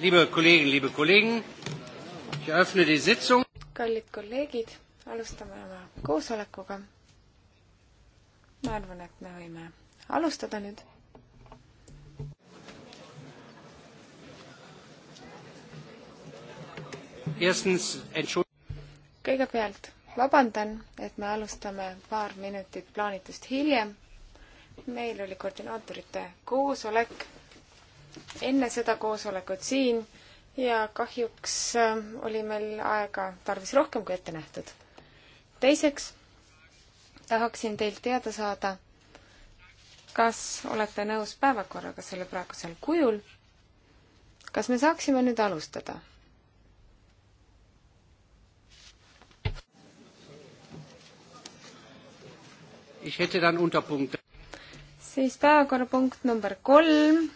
Liebe Kollegen, liebe Kollegen, ich eröffne die Sitzung. kallid kolleegid, alustame oma koosolekuga. ma arvan, et me võime alustada nüüd. kõigepealt vabandan, et me alustame paar minutit plaanitust hiljem. meil oli koordinaatorite koosolek enne seda koosolekut siin ja kahjuks äh, oli meil aega tarvis rohkem kui ette nähtud. teiseks tahaksin teilt teada saada, kas olete nõus päevakorraga selle praegusel kujul? kas me saaksime nüüd alustada? siis päevakorrapunkt number kolm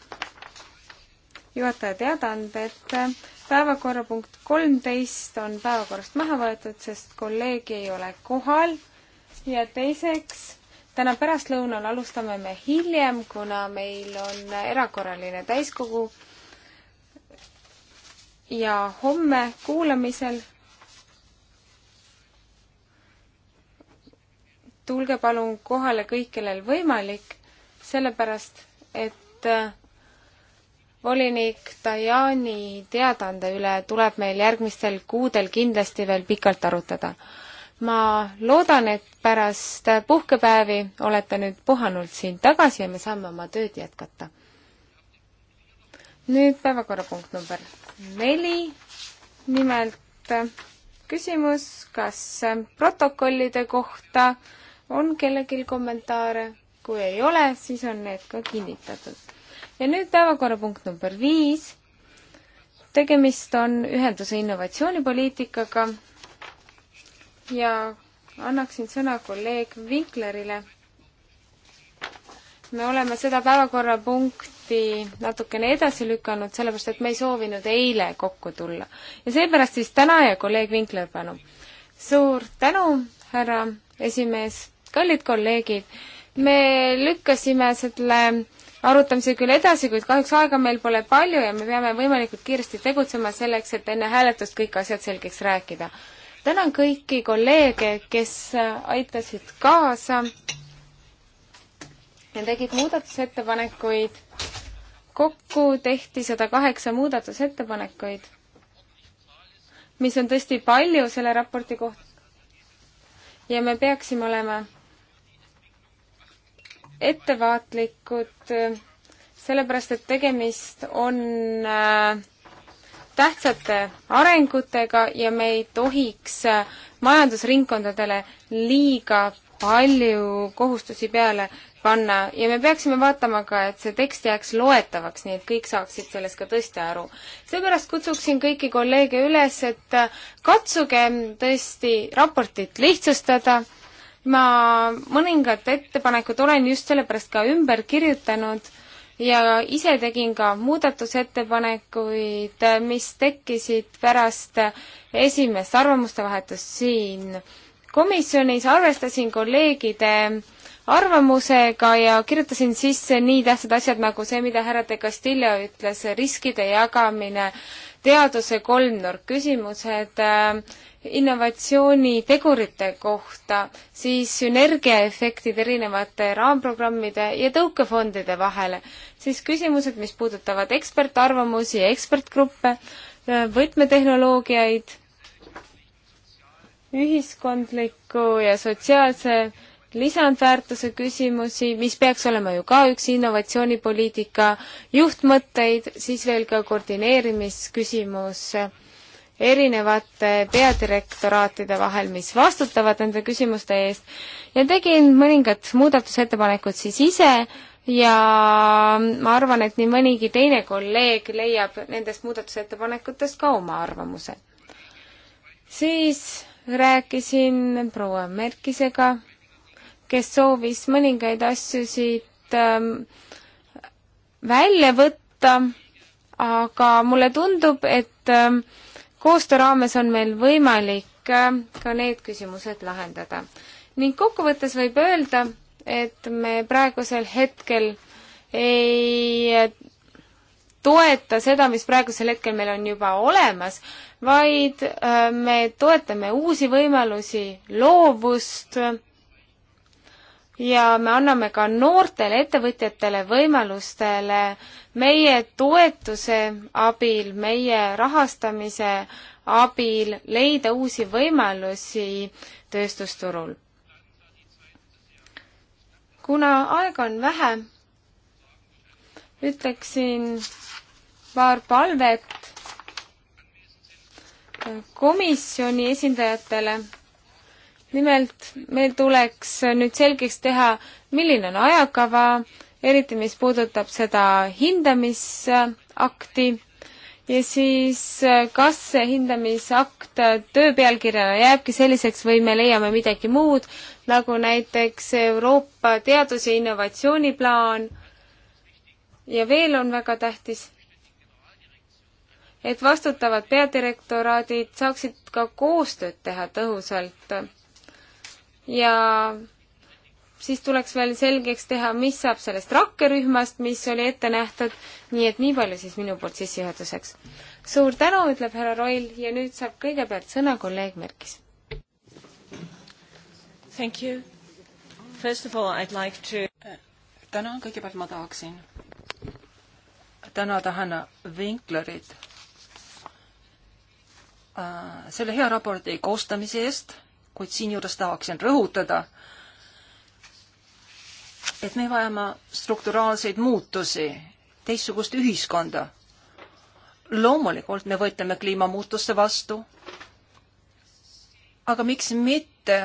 juhataja teadaanded. päevakorrapunkt kolmteist on päevakorrast maha võetud, sest kolleegi ei ole kohal. ja teiseks, täna pärastlõunal alustame me hiljem, kuna meil on erakorraline täiskogu. ja homme kuulamisel tulge palun kohale kõik, kellel võimalik, sellepärast et volinik Tajani teadande üle tuleb meil järgmistel kuudel kindlasti veel pikalt arutada. ma loodan, et pärast puhkepäevi olete nüüd puhanult siin tagasi ja me saame oma tööd jätkata. nüüd päevakorrapunkt number neli, nimelt küsimus, kas protokollide kohta on kellelgi kommentaare, kui ei ole, siis on need ka kinnitatud ja nüüd päevakorrapunkt number viis. tegemist on ühenduse innovatsioonipoliitikaga ja annaksin sõna kolleeg Vinklerile. me oleme seda päevakorrapunkti natukene edasi lükanud, sellepärast et me ei soovinud eile kokku tulla. ja seepärast siis täna ja kolleeg Vinkler, palun. suur tänu, härra esimees, kallid kolleegid, me lükkasime selle arutamisega küll edasi, kuid kahjuks aega meil pole palju ja me peame võimalikult kiiresti tegutsema selleks, et enne hääletust kõik asjad selgeks rääkida. tänan kõiki kolleege, kes aitasid kaasa ja tegid muudatusettepanekuid. kokku tehti sada kaheksa muudatusettepanekuid, mis on tõesti palju selle raporti kohta ja me peaksime olema ettevaatlikud, sellepärast et tegemist on äh, tähtsate arengutega ja me ei tohiks äh, majandusringkondadele liiga palju kohustusi peale panna ja me peaksime vaatama ka, et see tekst jääks loetavaks, nii et kõik saaksid sellest ka tõesti aru. seepärast kutsuksin kõiki kolleege üles, et äh, katsuge tõesti raportit lihtsustada ma mõningad ettepanekud olen just sellepärast ka ümber kirjutanud ja ise tegin ka muudatusettepanekuid, mis tekkisid pärast esimest arvamuste vahetust siin komisjonis, arvestasin kolleegide arvamusega ja kirjutasin sisse nii tähtsad asjad nagu see, mida härra De Castillo ütles, riskide jagamine, teaduse kolmnurk, küsimused äh, innovatsioonitegurite kohta, siis sünergiaefektid erinevate raamprogrammide ja tõukefondide vahele, siis küsimused, mis puudutavad ekspertarvamusi ja ekspertgruppe, äh, võtmetehnoloogiaid, ühiskondliku ja sotsiaalse lisandväärtuse küsimusi, mis peaks olema ju ka üks innovatsioonipoliitika juhtmõtteid, siis veel ka koordineerimisküsimus erinevate peadirektoraatide vahel, mis vastutavad nende küsimuste eest ja tegin mõningad muudatusettepanekud siis ise ja ma arvan, et nii mõnigi teine kolleeg leiab nendest muudatusettepanekutest ka oma arvamuse. siis rääkisin proua Merkisega kes soovis mõningaid asju siit ähm, välja võtta, aga mulle tundub, et ähm, koostöö raames on meil võimalik äh, ka need küsimused lahendada. ning kokkuvõttes võib öelda, et me praegusel hetkel ei toeta seda, mis praegusel hetkel meil on juba olemas, vaid äh, me toetame uusi võimalusi, loovust ja me anname ka noortele ettevõtjatele võimalustele meie toetuse abil, meie rahastamise abil leida uusi võimalusi tööstusturul. kuna aega on vähe, ütleksin paar palvet komisjoni esindajatele nimelt meil tuleks nüüd selgeks teha, milline on ajakava, eriti mis puudutab seda hindamisakti ja siis kas see hindamisakt tööpealkirjana jääbki selliseks või me leiame midagi muud, nagu näiteks Euroopa teadus- ja innovatsiooniplaan. ja veel on väga tähtis, et vastutavad peadirektoraadid saaksid ka koostööd teha tõhusalt ja siis tuleks veel selgeks teha, mis saab sellest rakkerühmast, mis oli ette nähtud, nii et nii palju siis minu poolt sissejuhatuseks. suur tänu, ütleb härra Roil ja nüüd saab kõigepealt sõna kolleeg Merkis. Thank you. First of all I would like to tänan, kõigepealt ma tahaksin tänada Hanna Winklerit äh, selle hea raporti koostamise eest kuid siinjuures tahaksin rõhutada, et me vajame strukturaalseid muutusi, teistsugust ühiskonda. loomulikult me võitleme kliimamuutuste vastu, aga miks mitte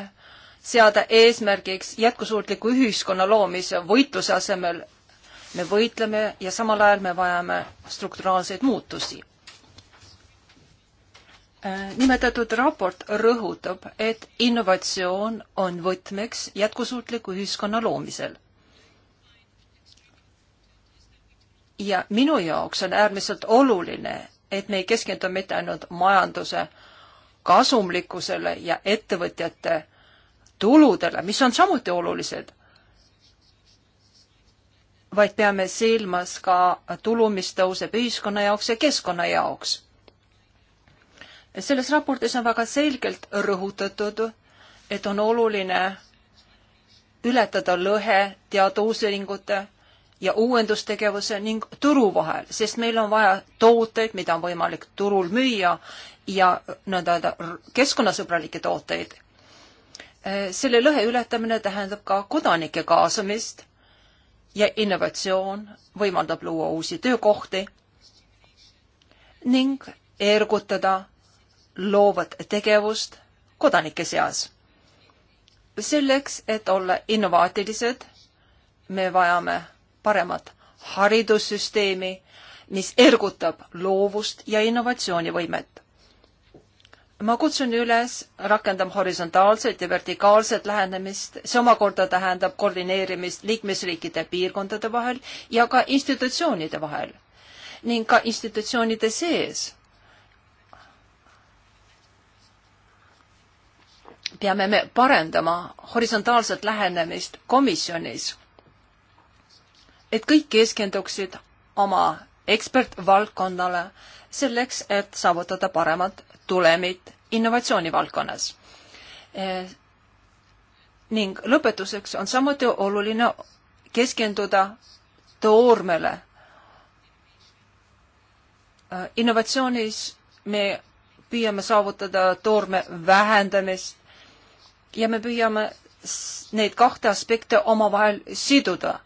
seada eesmärgiks jätkusuutliku ühiskonna loomise võitluse asemel me võitleme ja samal ajal me vajame strukturaalseid muutusi. Äh, nimetatud raport rõhutab, et innovatsioon on võtmeks jätkusuutliku ühiskonna loomisel. ja minu jaoks on äärmiselt oluline, et me ei keskendu mitte ainult majanduse kasumlikkusele ja ettevõtjate tuludele, mis on samuti olulised, vaid peame silmas ka tulu, mis tõuseb ühiskonna jaoks ja keskkonna jaoks selles raportis on väga selgelt rõhutatud, et on oluline ületada lõhe teadusuuringute ja uuendustegevuse ning turu vahel, sest meil on vaja tooteid, mida on võimalik turul müüa ja nõnda öelda keskkonnasõbralikke tooteid. selle lõhe ületamine tähendab ka kodanike kaasamist ja innovatsioon võimaldab luua uusi töökohti ning ergutada loovat tegevust kodanike seas. selleks, et olla innovaatilised, me vajame paremat haridussüsteemi, mis ergutab loovust ja innovatsioonivõimet. ma kutsun üles rakendama horisontaalset ja vertikaalset lähenemist, see omakorda tähendab koordineerimist liikmesriikide piirkondade vahel ja ka institutsioonide vahel ning ka institutsioonide sees peame me parendama horisontaalset lähenemist komisjonis, et kõik keskenduksid oma ekspertvaldkonnale selleks, et saavutada paremat tulemit innovatsiooni valdkonnas eh,. ning lõpetuseks on samuti oluline keskenduda toormele eh,. innovatsioonis me püüame saavutada toorme vähendamist ja me püüame neid kahte aspekte omavahel siduda.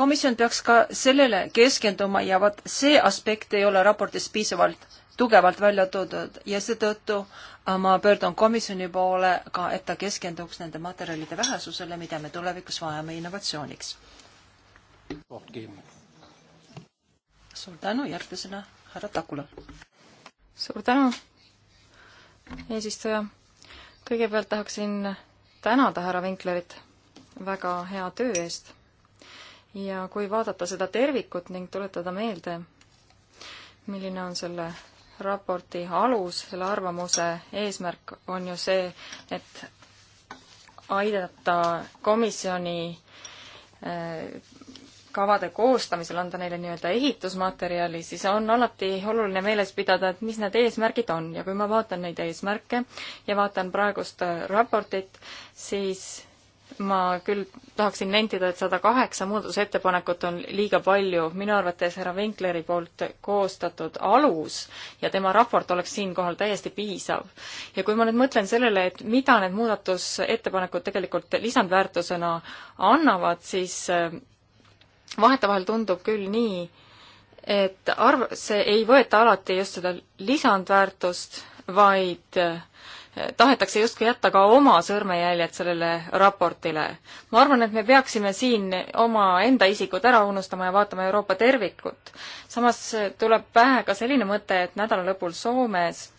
komisjon peaks ka sellele keskenduma ja vot see aspekt ei ole raportis piisavalt tugevalt välja toodud ja seetõttu äh, ma pöördun komisjoni poole ka, et ta keskenduks nende materjalide vähesusele, mida me tulevikus vajame innovatsiooniks. suur tänu, järgmisena härra Takula. suur tänu eesistuja. kõigepealt tahaksin tänada härra Vinklerit väga hea töö eest ja kui vaadata seda tervikut ning tuletada meelde, milline on selle raporti alus, selle arvamuse eesmärk on ju see, et aidata komisjoni eh, kavade koostamisel anda neile nii-öelda ehitusmaterjali, siis on alati oluline meeles pidada, et mis need eesmärgid on ja kui ma vaatan neid eesmärke ja vaatan praegust äh, raportit, siis ma küll tahaksin nentida, et sada kaheksa muudatusettepanekut on liiga palju. minu arvates härra Winkleri poolt koostatud alus ja tema raport oleks siinkohal täiesti piisav. ja kui ma nüüd mõtlen sellele, et mida need muudatusettepanekud tegelikult lisandväärtusena annavad, siis äh, vahetevahel tundub küll nii, et arv, see ei võeta alati just seda lisandväärtust, vaid eh, tahetakse justkui jätta ka oma sõrmejäljed sellele raportile. ma arvan, et me peaksime siin omaenda isikud ära unustama ja vaatama Euroopa tervikut. samas eh, tuleb pähe ka selline mõte, et nädala lõpul Soomes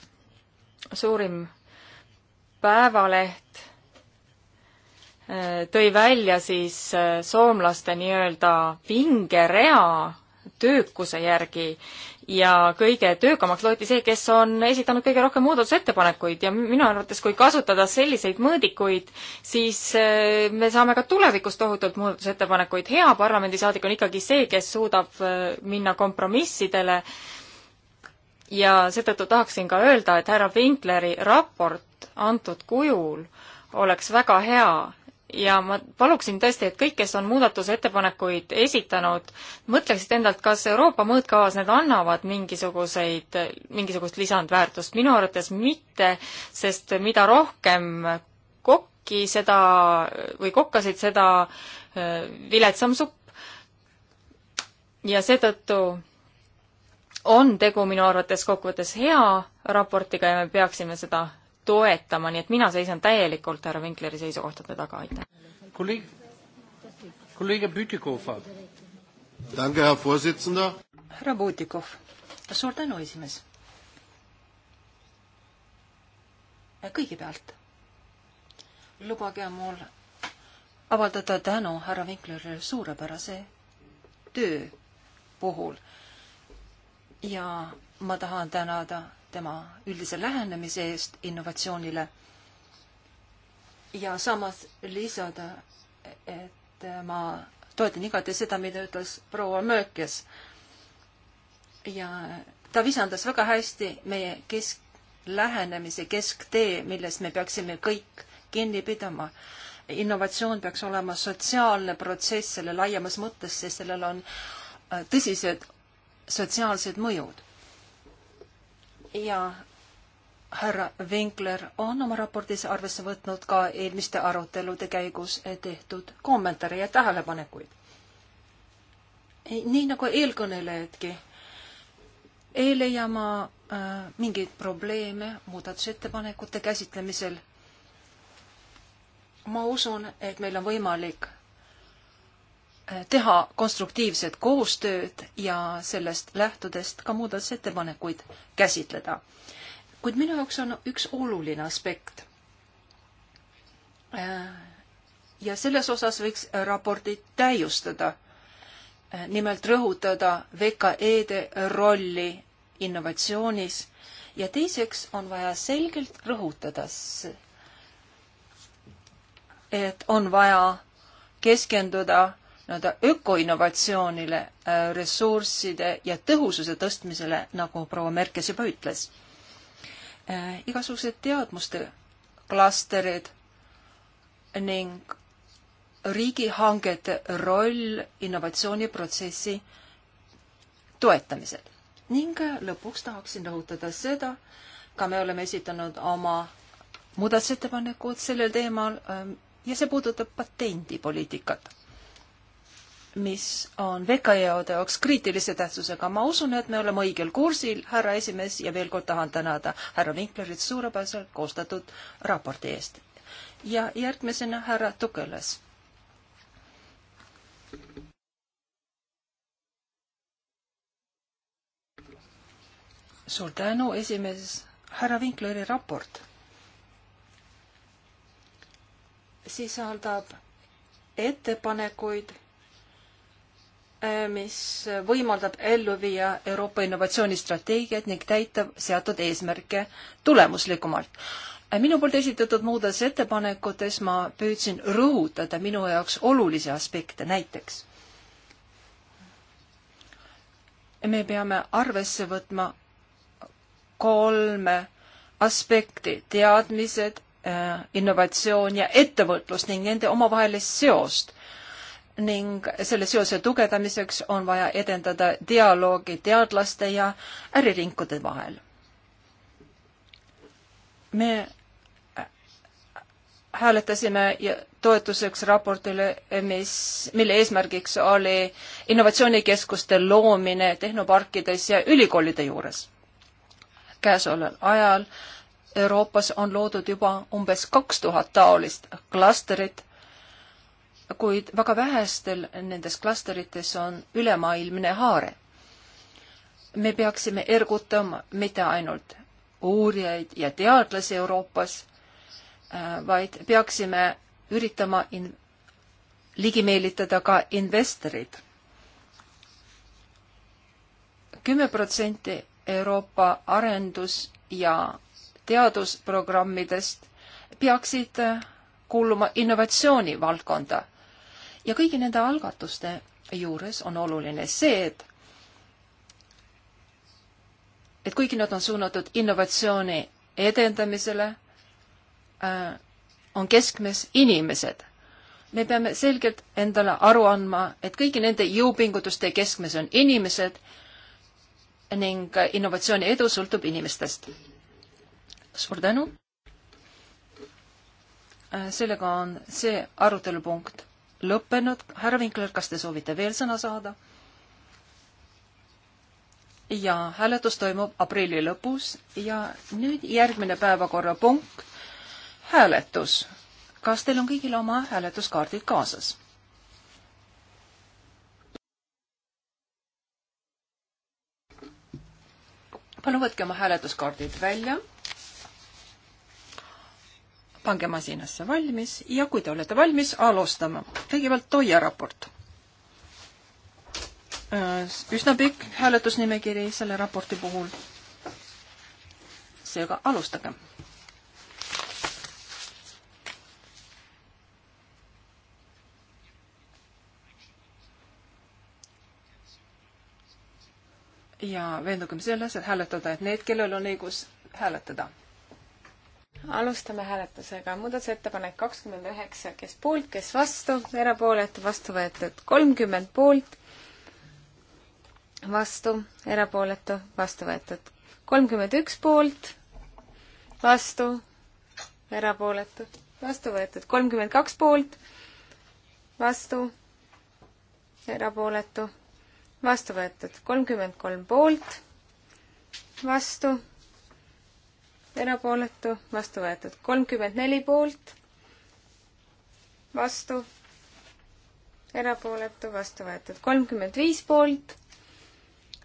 suurim päevaleht tõi välja siis äh, soomlaste nii-öelda pingerea töökuse järgi ja kõige töökamaks loeti see, kes on esitanud kõige rohkem muudatusettepanekuid ja minu arvates, kui kasutada selliseid mõõdikuid, siis äh, me saame ka tulevikus tohutult muudatusettepanekuid. hea parlamendisaadik on ikkagi see, kes suudab äh, minna kompromissidele ja seetõttu tahaksin ka öelda, et härra Winkleri raport antud kujul oleks väga hea ja ma paluksin tõesti, et kõik, kes on muudatusettepanekuid esitanud, mõtleksid endalt, kas Euroopa mõõtkavas need annavad mingisuguseid, mingisugust lisandväärtust. minu arvates mitte, sest mida rohkem kokki seda või kokkasid, seda äh, viletsam supp. ja seetõttu on tegu minu arvates kokkuvõttes hea raportiga ja me peaksime seda toetama, nii et mina seisan täielikult härra Vinkleri seisukohtade taga, aitäh. kolleeg, kolleeg Pütikofa. Danke, härra Vorsitzender. härra Puutikov, suur tänu, esimees. kõigepealt lubage mul avaldada tänu härra Vinklerile suurepärase töö puhul ja ma tahan tänada tema üldise lähenemise eest innovatsioonile ja samas lisada, et ma toetan igati seda, mida ütles proua Möökes. ja ta visandas väga hästi meie kesk, lähenemise kesktee, millest me peaksime kõik kinni pidama. innovatsioon peaks olema sotsiaalne protsess selle laiemas mõttes, sest sellel on äh, tõsised sotsiaalsed mõjud ja härra Winkler on oma raportis arvesse võtnud ka eelmiste arutelude käigus tehtud kommentaare ja tähelepanekuid. nii nagu eelkõnelejadki, ei leia ma äh, mingeid probleeme muudatusettepanekute käsitlemisel. ma usun, et meil on võimalik teha konstruktiivset koostööd ja sellest lähtudest ka muudatusettepanekuid käsitleda. kuid minu jaoks on üks oluline aspekt. Äh, ja selles osas võiks raportit täiustada. Äh, nimelt rõhutada VKE-de rolli innovatsioonis ja teiseks on vaja selgelt rõhutada, et on vaja keskenduda nii-öelda ökoinnovatsioonile, äh, ressursside ja tõhususe tõstmisele, nagu proua Merkes juba ütles. Äh, igasugused teadmuste klasterid ning riigihangete roll innovatsiooniprotsessi toetamisel. ning äh, lõpuks tahaksin rõhutada seda, ka me oleme esitanud oma muudatusettepanekud sellel teemal ähm, ja see puudutab patendipoliitikat mis on VKE-de jaoks kriitilise tähtsusega. ma usun, et me oleme õigel kursil, härra esimees, ja veel kord tahan tänada härra Vinklerit suurepäraselt koostatud raporti eest. ja järgmisena härra Tukeles. suur tänu, esimees, härra Vinkleri raport sisaldab ettepanekuid Äh, mis võimaldab ellu viia Euroopa innovatsioonistrateegiat ning täita seatud eesmärke tulemuslikumalt. Äh, minu poolt esitatud muudatusettepanekutes ma püüdsin rõhutada minu jaoks olulisi aspekte, näiteks me peame arvesse võtma kolme aspekti, teadmised, äh, innovatsioon ja ettevõtlus ning nende omavahelist seost ning selle seose tugevdamiseks on vaja edendada dialoogi teadlaste ja äriringkude vahel. me äh, hääletasime toetuseks raportile, mis, mille eesmärgiks oli innovatsioonikeskuste loomine tehnoparkides ja ülikoolide juures. käesoleval ajal Euroopas on loodud juba umbes kaks tuhat taolist klastrit kuid väga vähestel nendes klasterites on ülemaailmne haare. me peaksime ergutama mitte ainult uurijaid ja teadlasi Euroopas, äh, vaid peaksime üritama in-, ligi meelitada ka investorid. kümme protsenti Euroopa arendus- ja teadusprogrammidest peaksid kuuluma innovatsiooni valdkonda ja kõigi nende algatuste juures on oluline see, et et kuigi nad on suunatud innovatsiooni edendamisele, äh, on keskmes inimesed. me peame selgelt endale aru andma, et kõigi nende jõupingutuste keskmes on inimesed ning innovatsiooni edu sõltub inimestest. suur tänu. Äh, sellega on see arutelupunkt lõppenud. härra Vinkler, kas te soovite veel sõna saada? ja hääletus toimub aprilli lõpus ja nüüd järgmine päevakorrapunkt, hääletus. kas teil on kõigil oma hääletuskaardid kaasas? palun võtke oma hääletuskaardid välja pange masinasse valmis ja kui te olete valmis, alustame. kõigepealt Toia raport. Äh, üsna pikk hääletusnimekiri selle raporti puhul. seega alustage. ja veendugem selles, et hääletada, et need, kellel on õigus hääletada alustame hääletusega. muudatusettepanek kakskümmend üheksa, kes poolt, kes vastu, erapooletu, vastu võetud. kolmkümmend poolt, vastu, erapooletu, vastu võetud. kolmkümmend üks poolt, vastu, erapooletu, vastu võetud. kolmkümmend kaks poolt, vastu, erapooletu, vastu võetud. kolmkümmend kolm poolt, vastu erapooletu, vastu võetud. kolmkümmend neli poolt, vastu, erapooletu, vastu võetud. kolmkümmend viis poolt,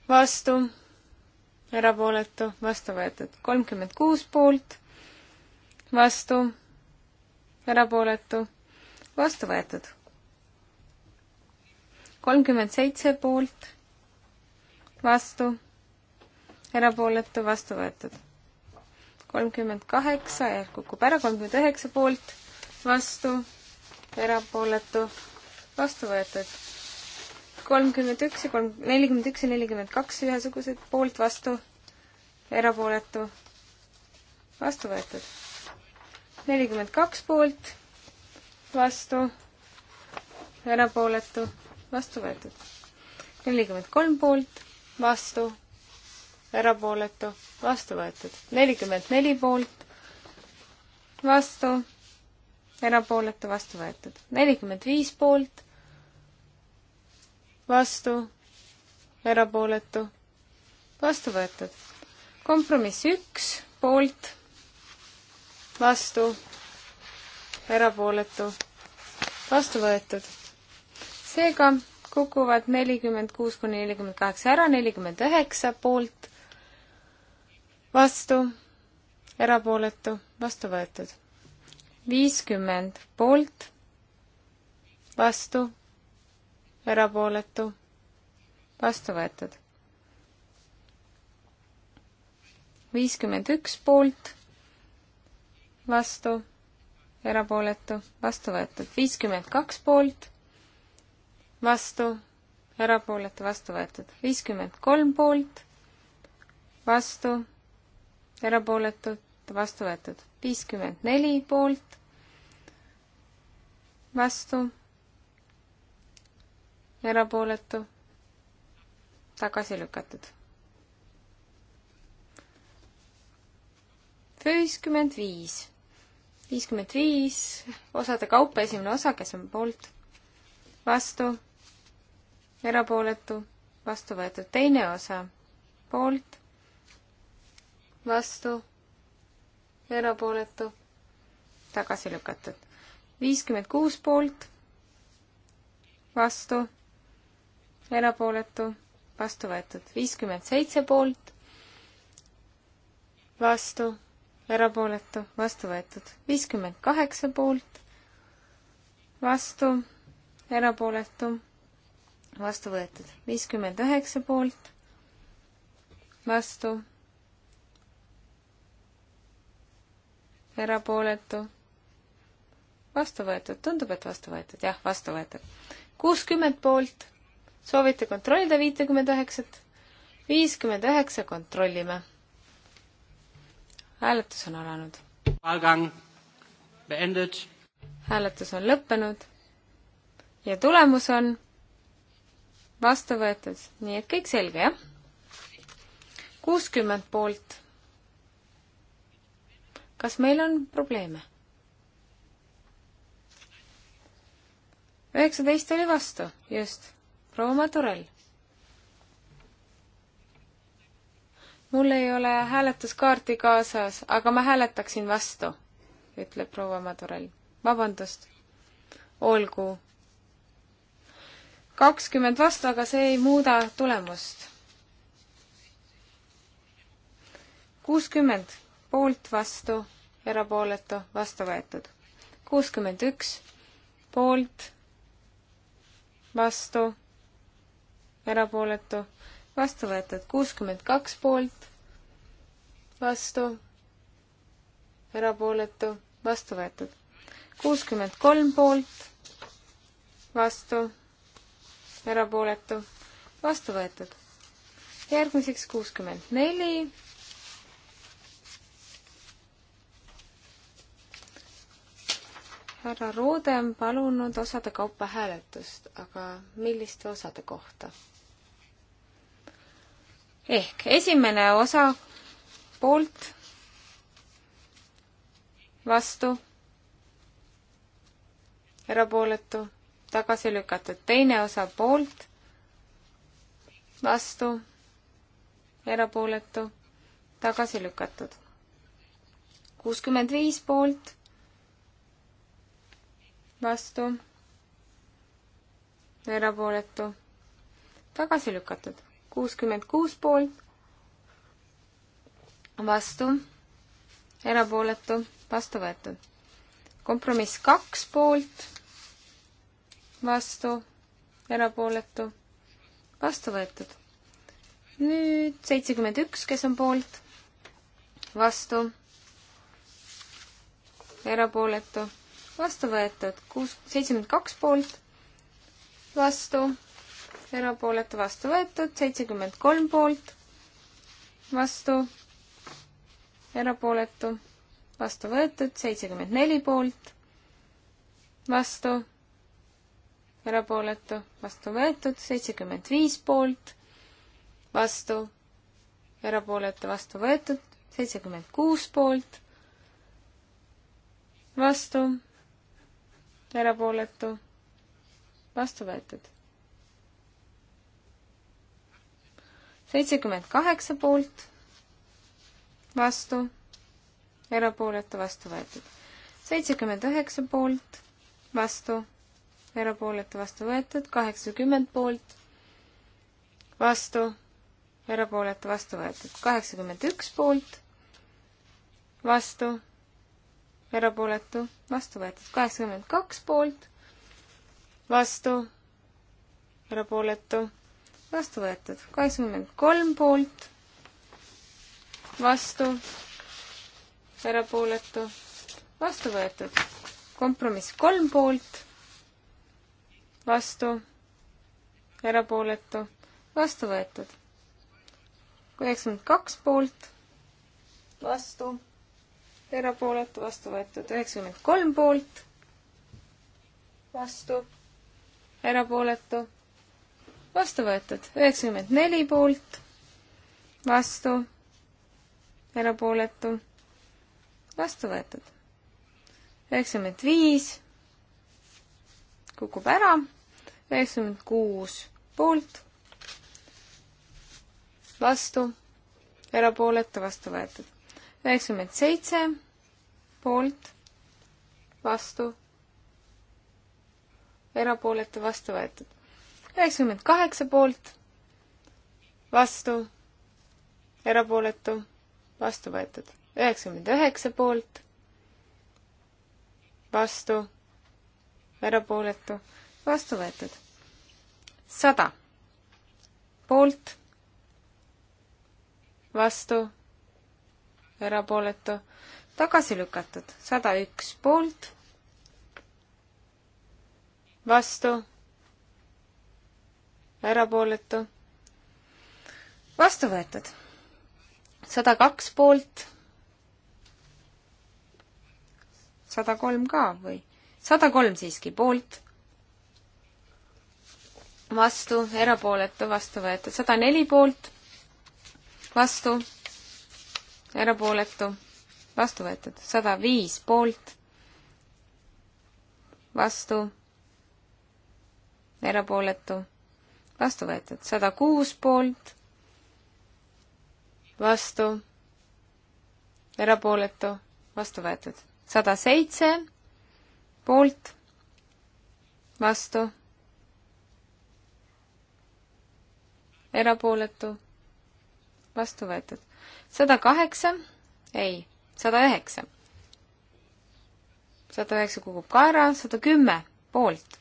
vastu, erapooletu, vastu võetud. kolmkümmend kuus poolt, vastu, erapooletu, vastu võetud. kolmkümmend seitse poolt, vastu, erapooletu, vastu võetud kolmkümmend kaheksa ja kukub ära, kolmkümmend üheksa poolt, vastu, erapooletu, vastu võetud. kolmkümmend üks ja kolm, nelikümmend üks ja nelikümmend kaks ühesugused, poolt, vastu, erapooletu, vastu võetud. nelikümmend kaks poolt, vastu, erapooletu, vastu võetud. nelikümmend kolm poolt, vastu erapooletu, vastu võetud. nelikümmend neli poolt, vastu, erapooletu, vastu võetud. nelikümmend viis poolt, vastu, erapooletu, vastu võetud. kompromiss üks, poolt, vastu, erapooletu, vastu võetud. seega kukuvad nelikümmend kuus kuni nelikümmend kaheksa ära, nelikümmend üheksa poolt, vastu, erapooletu, vastu võetud. viiskümmend poolt, vastu, erapooletu, vastu võetud. viiskümmend üks poolt, vastu, erapooletu, vastu võetud. viiskümmend kaks poolt, vastu, erapooletu, vastu võetud. viiskümmend kolm poolt, vastu erapooletud, vastu võetud. viiskümmend neli poolt, vastu, erapooletu, tagasi lükatud. viiskümmend viis, viiskümmend viis osade kaupa esimene osa, kes on poolt, vastu, erapooletu, vastu võetud teine osa, poolt vastu, erapooletu, tagasi lükatud. viiskümmend kuus poolt, vastu, erapooletu, vastu võetud. viiskümmend seitse poolt, vastu, erapooletu, vastu võetud. viiskümmend kaheksa poolt, vastu, erapooletu, vastu võetud. viiskümmend üheksa poolt, vastu erapooletu, vastu võetud, tundub, et vastu võetud, jah, vastu võetud. kuuskümmend poolt, soovite kontrollida viitekümmet üheksat? viiskümmend üheksa, kontrollime. hääletus on alanud. hääletus on lõppenud ja tulemus on vastu võetud, nii et kõik selge, jah? kuuskümmend poolt kas meil on probleeme? üheksateist oli vastu, just. proua Madurell. mul ei ole hääletuskaarti kaasas, aga ma hääletaksin vastu, ütleb proua Madurell. vabandust. olgu. kakskümmend vastu, aga see ei muuda tulemust. kuuskümmend poolt, vastu, erapooletu, vastu võetud. kuuskümmend üks, poolt, vastu, erapooletu, vastu võetud. kuuskümmend kaks poolt, vastu, erapooletu, vastu võetud. kuuskümmend kolm poolt, vastu, erapooletu, vastu võetud. järgmiseks kuuskümmend neli härra Roode on palunud osade kaupa hääletust, aga milliste osade kohta? ehk esimene osa poolt, vastu, erapooletu, tagasi lükatud, teine osa poolt, vastu, erapooletu, tagasi lükatud. kuuskümmend viis poolt vastu, erapooletu, tagasi lükatud. kuuskümmend kuus poolt, vastu, erapooletu, vastu võetud. kompromiss kaks poolt, vastu, erapooletu, vastu võetud. nüüd seitsekümmend üks, kes on poolt, vastu, erapooletu vastu võetud kuus, seitsekümmend kaks poolt, vastu, erapooletu vastu võetud, seitsekümmend kolm poolt, vastu, erapooletu, vastu võetud, seitsekümmend neli poolt, vastu, erapooletu, vastu võetud, seitsekümmend viis poolt, vastu, erapooletu, vastu võetud, seitsekümmend kuus poolt, vastu erapooletu, vastu võetud. seitsekümmend kaheksa poolt, vastu, erapooletu, vastu võetud. seitsekümmend üheksa poolt, vastu, erapooletu, vastu võetud, kaheksakümmend poolt, vastu, erapooletu, vastu võetud, kaheksakümmend üks poolt, vastu erapooletu, vastu võetud. kaheksakümmend kaks poolt, vastu, erapooletu, vastu võetud. kaheksakümmend kolm poolt, vastu, erapooletu, vastu võetud. kompromiss kolm poolt, vastu, erapooletu, vastu võetud. üheksakümmend kaks poolt, vastu erapooletu, vastu võetud üheksakümmend kolm poolt, vastu, erapooletu, vastu võetud üheksakümmend neli poolt, vastu, erapooletu, vastu võetud üheksakümmend viis, kukub ära, üheksakümmend kuus poolt, vastu, erapooletu, vastu võetud üheksakümmend seitse poolt, vastu, erapooletu vastu võetud. üheksakümmend kaheksa poolt, vastu, erapooletu, vastu võetud. üheksakümmend üheksa poolt, vastu, erapooletu, vastu võetud. sada poolt, vastu erapooletu, tagasi lükatud, sada üks poolt, vastu, erapooletu, vastu võetud, sada kaks poolt, sada kolm ka või, sada kolm siiski poolt vastu, erapooletu, vastu võetud, sada neli poolt, vastu, erapooletu, vastu võetud. sada viis poolt, vastu, erapooletu, vastu võetud. sada kuus poolt, vastu, erapooletu, vastu võetud. sada seitse poolt, vastu, erapooletu, vastu võetud sada kaheksa, ei, sada üheksa. sada üheksa kukub ka ära, sada kümme poolt.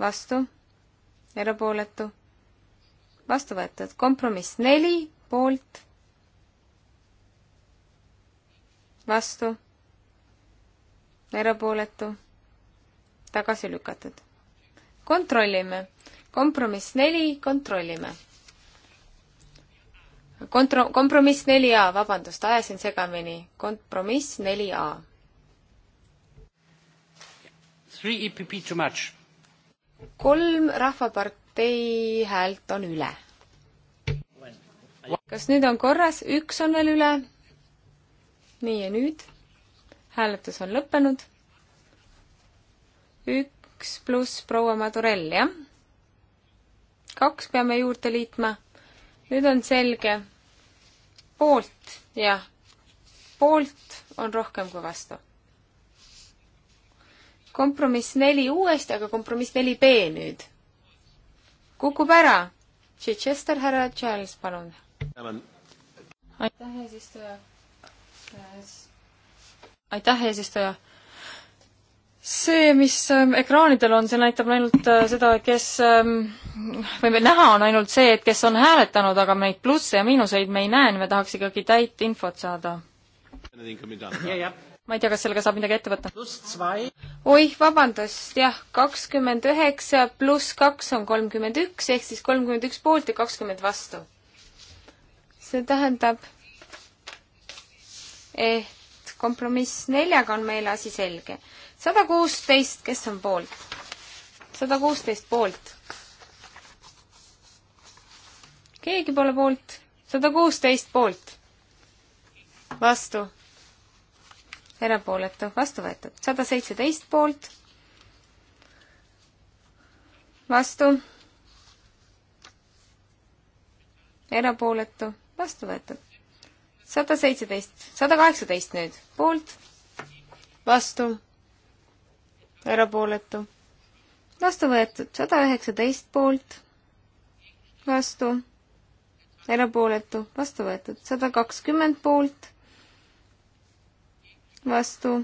vastu, erapooletu, vastu võetud, kompromiss neli poolt, vastu, erapooletu, tagasi lükatud. kontrollime, kompromiss neli, kontrollime kontro-, kompromiss neli A, vabandust, ajasin segamini. kompromiss neli A. E kolm Rahvapartei häält on üle. kas nüüd on korras, üks on veel üle? nii ja nüüd? hääletus on lõppenud. üks pluss proua Madurell, jah? kaks peame juurde liitma nüüd on selge. poolt, jah. poolt on rohkem kui vastu. kompromiss neli uuesti, aga kompromiss neli B nüüd. kukub ära. Chichester, härra Charles, palun. aitäh, eesistuja. aitäh, eesistuja see, mis ähm, ekraanidel on, see näitab ainult äh, seda, kes ähm, või näha on ainult see, et kes on hääletanud, aga neid plusse ja miinuseid me ei näe, me tahaks ikkagi täit infot saada. ma ei tea, kas sellega saab midagi ette võtta. oih, vabandust, jah, kakskümmend üheksa pluss kaks on kolmkümmend üks, ehk siis kolmkümmend üks poolt ja kakskümmend vastu. see tähendab, et kompromiss neljaga on meil asi selge sada kuusteist, kes on poolt? sada kuusteist poolt. keegi pole poolt. sada kuusteist poolt. vastu. erapooletu, vastu võetud. sada seitseteist poolt. vastu. erapooletu, vastu võetud. sada seitseteist, sada kaheksateist nüüd, poolt, vastu erapooletu, vastu võetud sada üheksateist poolt, vastu, erapooletu, vastu võetud sada kakskümmend poolt, vastu,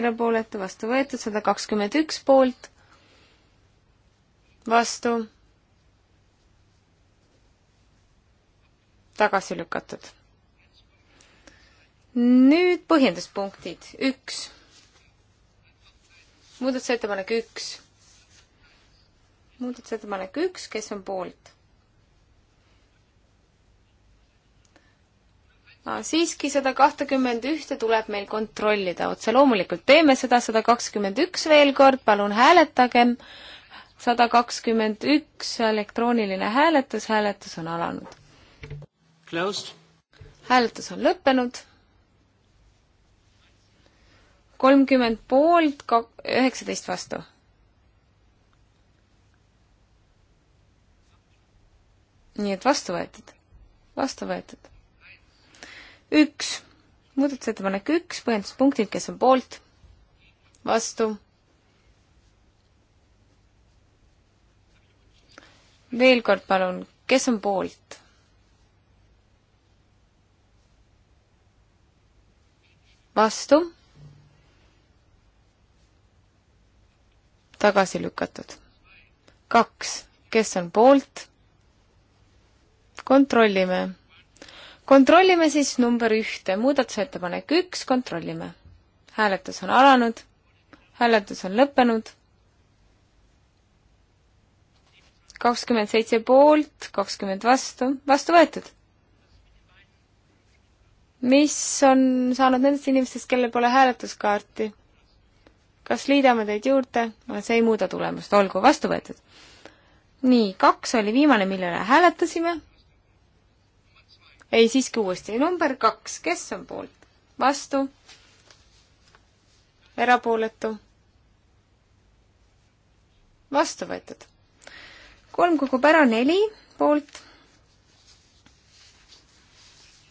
erapooletu, vastu võetud sada kakskümmend üks poolt, vastu, tagasi lükatud. nüüd põhjenduspunktid, üks muudatusettepanek üks. muudatusettepanek üks, kes on poolt? siiski sada kahtekümmend ühte tuleb meil kontrollida otse, loomulikult teeme seda, sada kakskümmend üks veel kord, palun hääletagem. sada kakskümmend üks elektrooniline hääletus, hääletus on alanud. hääletus on lõppenud kolmkümmend poolt, üheksateist vastu. nii et vastu võetud, vastu võetud. üks, muudatusettepanek üks, põhjenduspunktid, kes on poolt, vastu. veel kord palun, kes on poolt? vastu tagasi lükatud. kaks, kes on poolt? kontrollime. kontrollime siis number ühte, muudatusettepanek üks, kontrollime. hääletus on alanud, hääletus on lõppenud. kakskümmend seitse poolt, kakskümmend vastu, vastu võetud. mis on saanud nendest inimestest, kellel pole hääletuskaarti? kas liidame teid juurde, see ei muuda tulemust, olgu, vastu võetud. nii, kaks oli viimane, mille üle hääletasime. ei, siiski uuesti, number kaks, kes on poolt? vastu? erapooletu? vastu võetud. kolm kogub ära neli poolt,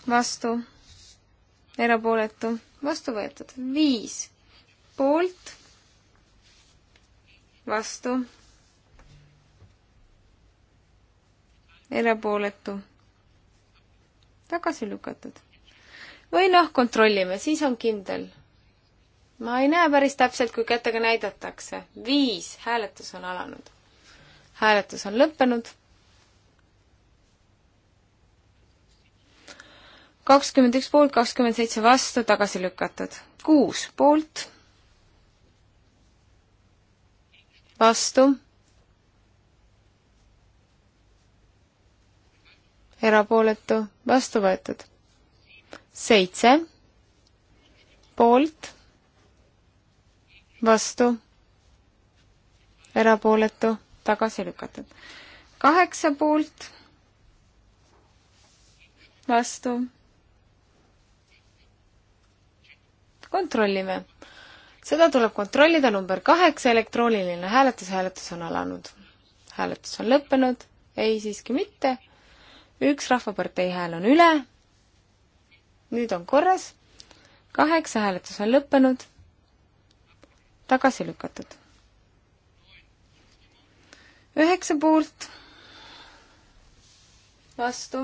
vastu, erapooletu, vastu võetud. viis poolt, vastu, erapooletu, tagasi lükatud. või noh, kontrollime, siis on kindel. ma ei näe päris täpselt, kui kätega näidatakse. viis, hääletus on alanud. hääletus on lõppenud. kakskümmend üks poolt, kakskümmend seitse vastu, tagasi lükatud. kuus poolt vastu, erapooletu, vastu võetud. seitse, poolt, vastu, erapooletu, tagasi lükatud. kaheksa poolt, vastu kontrollime seda tuleb kontrollida, number kaheksa, elektrooniline hääletus, hääletus on alanud. hääletus on lõppenud, ei siiski mitte, üks Rahvapartei hääl on üle, nüüd on korras, kaheksa hääletus on lõppenud, tagasi lükatud. üheksa poolt, vastu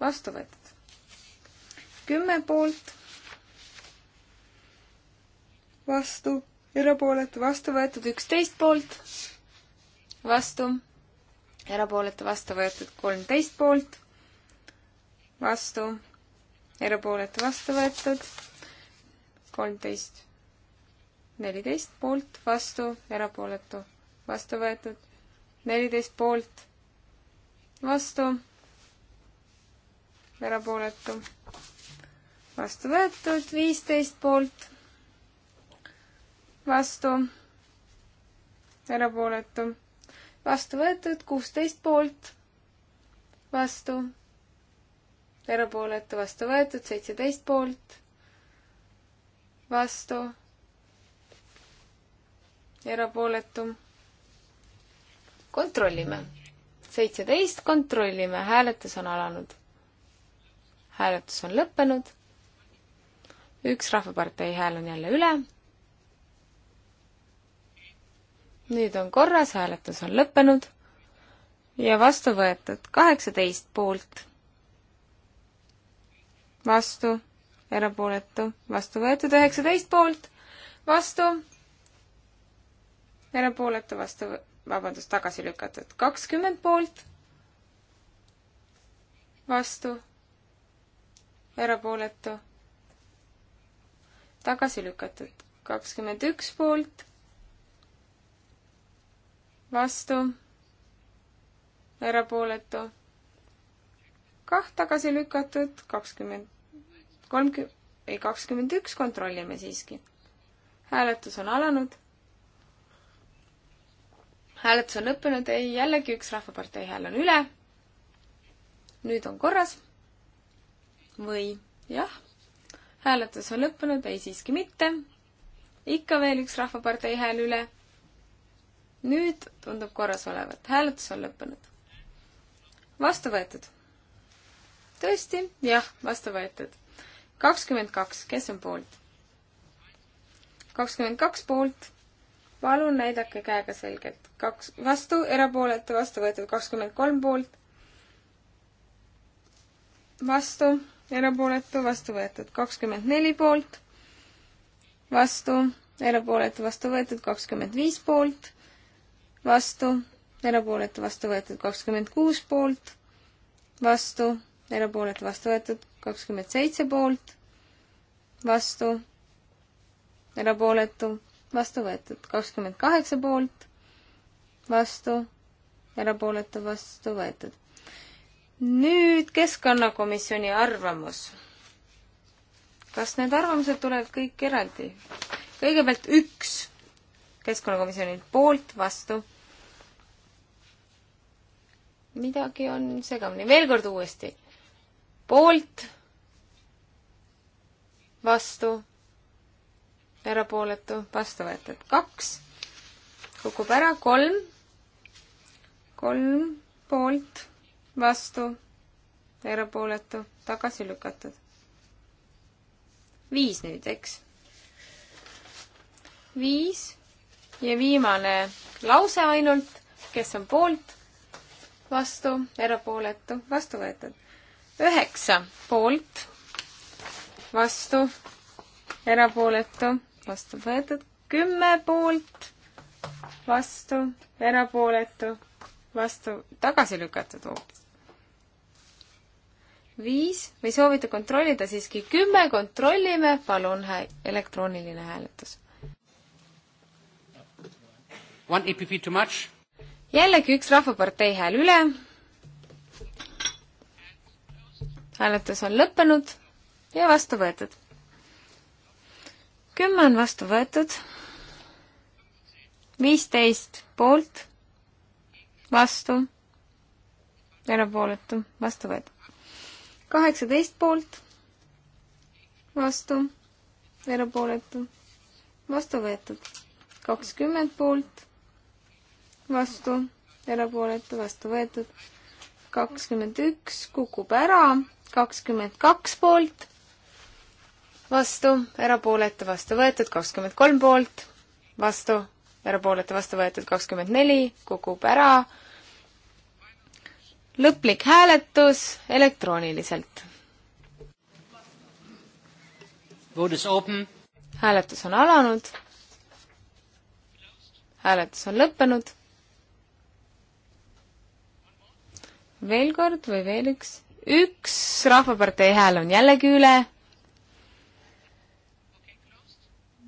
vastu võetud. kümme poolt, vastu, erapooletu, vastu võetud, üksteist poolt, vastu, erapooletu, vastu võetud, kolmteist poolt, vastu, erapooletu, vastu võetud, kolmteist, neliteist poolt, vastu, erapooletu, vastu võetud, neliteist poolt, vastu erapooletu, vastu võetud, viisteist poolt, vastu, erapooletu, vastu võetud, kuusteist poolt, vastu, erapooletu, vastu võetud, seitseteist poolt, vastu, erapooletu. kontrollime, seitseteist kontrollime, hääletus on alanud hääletus on lõppenud. üks Rahvapartei hääl on jälle üle. nüüd on korras, hääletus on lõppenud ja vastu võetud kaheksateist poolt. vastu, erapooletu, vastu võetud üheksateist poolt, vastu, erapooletu, vastu, vabandust, tagasi lükatud kakskümmend poolt, vastu erapooletu, tagasi lükatud. kakskümmend üks poolt, vastu, erapooletu, kah tagasi lükatud, kakskümmend, kolmkümmend, ei kakskümmend üks, kontrollime siiski. hääletus on alanud. hääletus on lõppenud, ei jällegi üks Rahvapartei hääl on üle. nüüd on korras või jah, hääletus on lõppenud, ei siiski mitte. ikka veel üks Rahvapartei hääl üle. nüüd tundub korras olevat, hääletus on lõppenud. vastu võetud. tõesti, jah, vastu võetud. kakskümmend kaks, kes on poolt? kakskümmend kaks poolt. palun näidake käega selgelt. kaks vastu, erapooletu, vastu võetud kakskümmend kolm poolt. vastu erapooletu, vastu võetud kakskümmend neli poolt, vastu, erapooletu, vastu võetud kakskümmend viis poolt, vastu, erapooletu, vastu võetud kakskümmend kuus poolt, vastu, erapooletu, vastu võetud kakskümmend seitse poolt, vastu, erapooletu, vastu võetud kakskümmend kaheksa poolt, vastu, erapooletu, vastu võetud nüüd Keskkonnakomisjoni arvamus. kas need arvamused tulevad kõik eraldi? kõigepealt üks Keskkonnakomisjonilt poolt, vastu. midagi on segamini, veel kord uuesti. poolt, vastu, erapooletu, vastu võetud. kaks, kukub ära, kolm, kolm poolt vastu, erapooletu, tagasi lükatud. viis nüüd, eks? viis ja viimane lause ainult, kes on poolt, vastu, erapooletu, vastu võetud. üheksa poolt, vastu, erapooletu, vastu võetud. kümme poolt, vastu, erapooletu, vastu, tagasi lükatud hoopis viis või soovite kontrollida siiski kümme, kontrollime, palun, elektrooniline hääletus. E jällegi üks Rahvapartei hääl üle. hääletus on lõppenud ja vastu võetud. kümme on vastu võetud, viisteist poolt, vastu, erapooletu, vastu võetud kaheksateist poolt, vastu, erapooletu, vastu võetud. kakskümmend poolt, vastu, erapooletu, vastu võetud. kakskümmend üks kukub ära, kakskümmend kaks poolt, vastu, erapooletu, vastu võetud, kakskümmend kolm poolt, vastu, erapooletu, vastu võetud, kakskümmend neli, kukub ära, lõplik hääletus elektrooniliselt. hääletus on alanud. hääletus on lõppenud. veel kord või veel üks? üks Rahvapartei hääl on jällegi üle.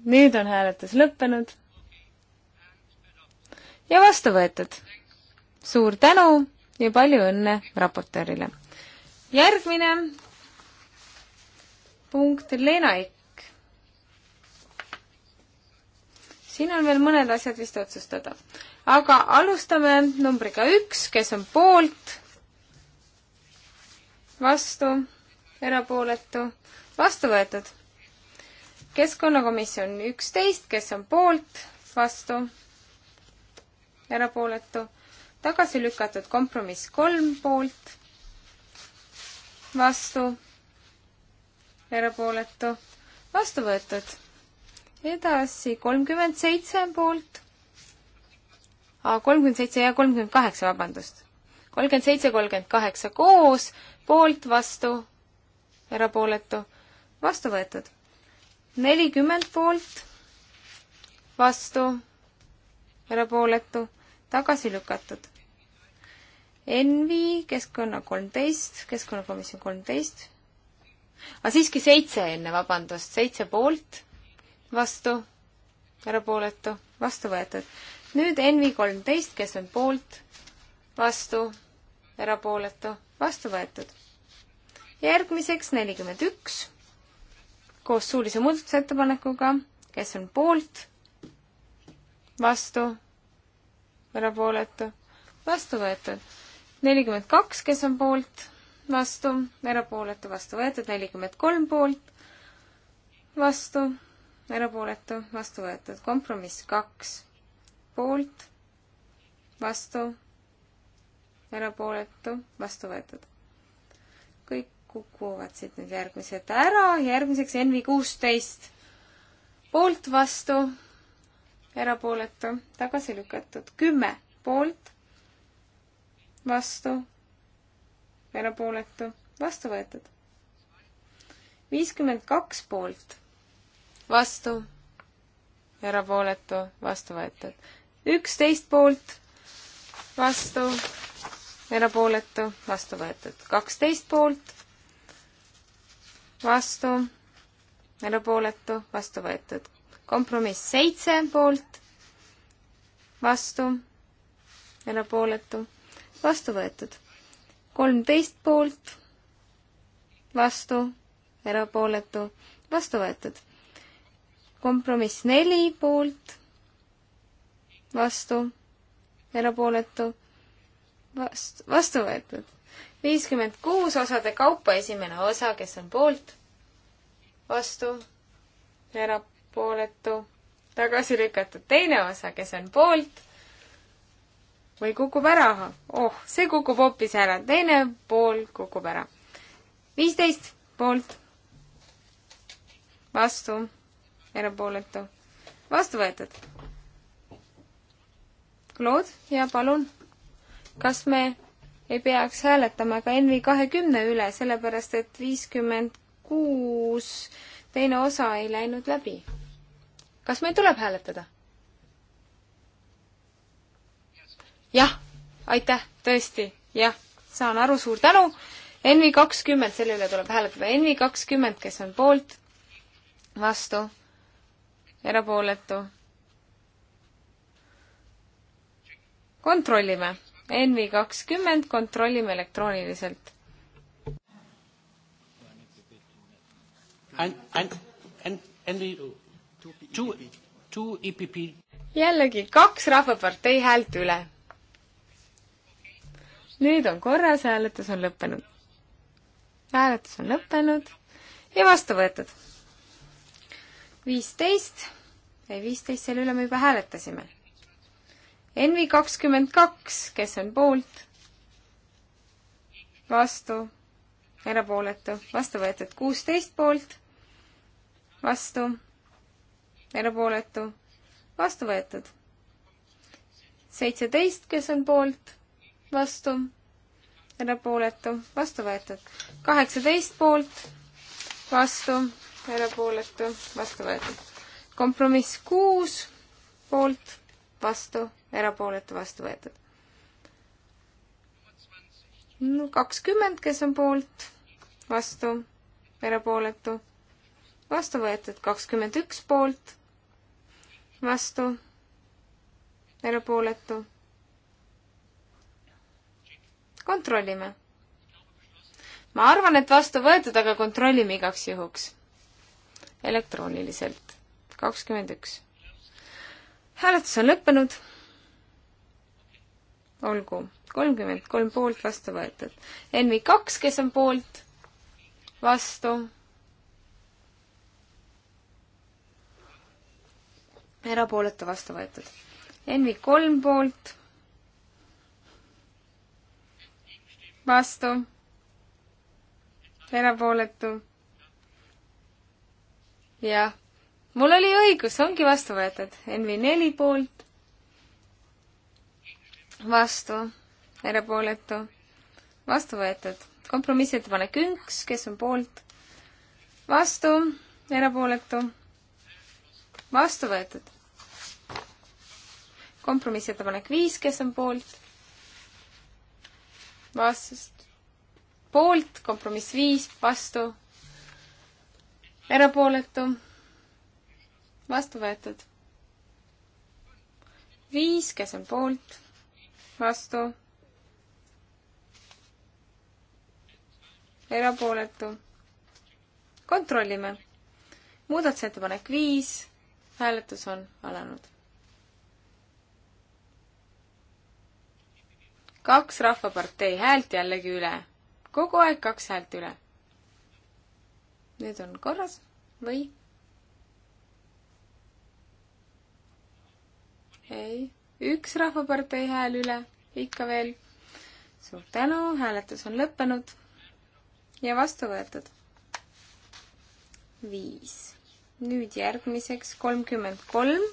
nüüd on hääletus lõppenud ja vastu võetud. suur tänu ja palju õnne raportöörile. järgmine punkt, Leena Ikk. siin on veel mõned asjad vist otsustada. aga alustame numbriga üks, kes on poolt, vastu, erapooletu, vastu võetud. keskkonnakomisjon üksteist, kes on poolt, vastu, erapooletu tagasi lükatud kompromiss kolm poolt, vastu, erapooletu, vastu võetud. edasi kolmkümmend seitse poolt, kolmkümmend seitse ja kolmkümmend kaheksa, vabandust. kolmkümmend seitse, kolmkümmend kaheksa koos, poolt, vastu, erapooletu, vastu võetud. nelikümmend poolt, vastu, erapooletu tagasi lükatud. Envi, keskkonna kolmteist, keskkonnakomisjon kolmteist. aga ah, siiski seitse enne, vabandust, seitse poolt, vastu, erapooletu, vastu võetud. nüüd Envi kolmteist, kes on poolt, vastu, erapooletu, vastu võetud. järgmiseks nelikümmend üks koos suulise muudatusettepanekuga, kes on poolt, vastu erapooletu, vastu võetud. nelikümmend kaks, kes on poolt, vastu, erapooletu, vastu võetud, nelikümmend kolm poolt, vastu, erapooletu, vastu võetud. kompromiss kaks, poolt, vastu, erapooletu, vastu võetud. kõik kukuvad siit nüüd järgmised ära, järgmiseks Envi kuusteist, poolt, vastu erapooletu, tagasi lükatud. kümme poolt, vastu, erapooletu, vastu võetud. viiskümmend kaks poolt, vastu, erapooletu, vastu võetud. üksteist poolt, vastu, erapooletu, vastu võetud. kaksteist poolt, vastu, erapooletu, vastu võetud kompromiss seitse poolt, vastu, erapooletu, vastu võetud. kolmteist poolt, vastu, erapooletu, vastu võetud. kompromiss neli poolt, vastu, erapooletu, vastu, vastu võetud. viiskümmend kuus osade kaupa esimene osa, kes on poolt, vastu, erapooletu erapooletu, tagasi lükatud. teine osa, kes on poolt või kukub ära. oh, see kukub hoopis ära, teine pool kukub ära. viisteist poolt, vastu, erapooletu, vastu võetud. Claude ja palun, kas me ei peaks hääletama ka NV kahekümne üle, sellepärast et viiskümmend kuus teine osa ei läinud läbi kas meil tuleb hääletada? jah, aitäh, tõesti, jah, saan aru, suur tänu. NV kakskümmend, selle üle tuleb hääletada. NV kakskümmend, kes on poolt, vastu, erapooletu. kontrollime. NV kakskümmend, kontrollime elektrooniliselt. NV E jällegi kaks Rahvapartei häält üle. nüüd on korras, hääletus on lõppenud. hääletus on lõppenud ja vastu võetud. viisteist, ei viisteist, selle üle me juba hääletasime. Envi kakskümmend kaks, kes on poolt, vastu, erapooletu, vastu võetud kuusteist poolt, vastu erapooletu, vastu võetud. seitseteist, kes on poolt, vastu, erapooletu, vastu võetud. kaheksateist poolt, vastu, erapooletu, vastu võetud. kompromiss kuus, poolt, vastu, erapooletu, vastu võetud. kakskümmend, kes on poolt, vastu, erapooletu vastu võetud kakskümmend üks poolt, vastu, erapooletu. kontrollime. ma arvan, et vastu võetud, aga kontrollime igaks juhuks. elektrooniliselt, kakskümmend üks. hääletus on lõppenud. olgu, kolmkümmend kolm poolt vastu võetud. NV kaks, kes on poolt, vastu erapooletu vastu võetud. Envi kolm poolt, vastu, erapooletu. jah, mul oli õigus, ongi vastu võetud. Envi neli poolt, vastu, erapooletu, vastu võetud. kompromissettepanek üks, kes on poolt, vastu, erapooletu, vastu võetud kompromissettepanek viis, kes on poolt? vastust. poolt, kompromiss viis, vastu. erapooletu. vastu võetud. viis, kes on poolt? vastu. erapooletu. kontrollime. muudatusettepanek viis, hääletus on alanud kaks Rahvapartei häält jällegi üle. kogu aeg kaks häält üle. nüüd on korras või? ei, üks Rahvapartei hääl üle, ikka veel. suur tänu, hääletus on lõppenud ja vastu võetud. viis. nüüd järgmiseks kolmkümmend kolm,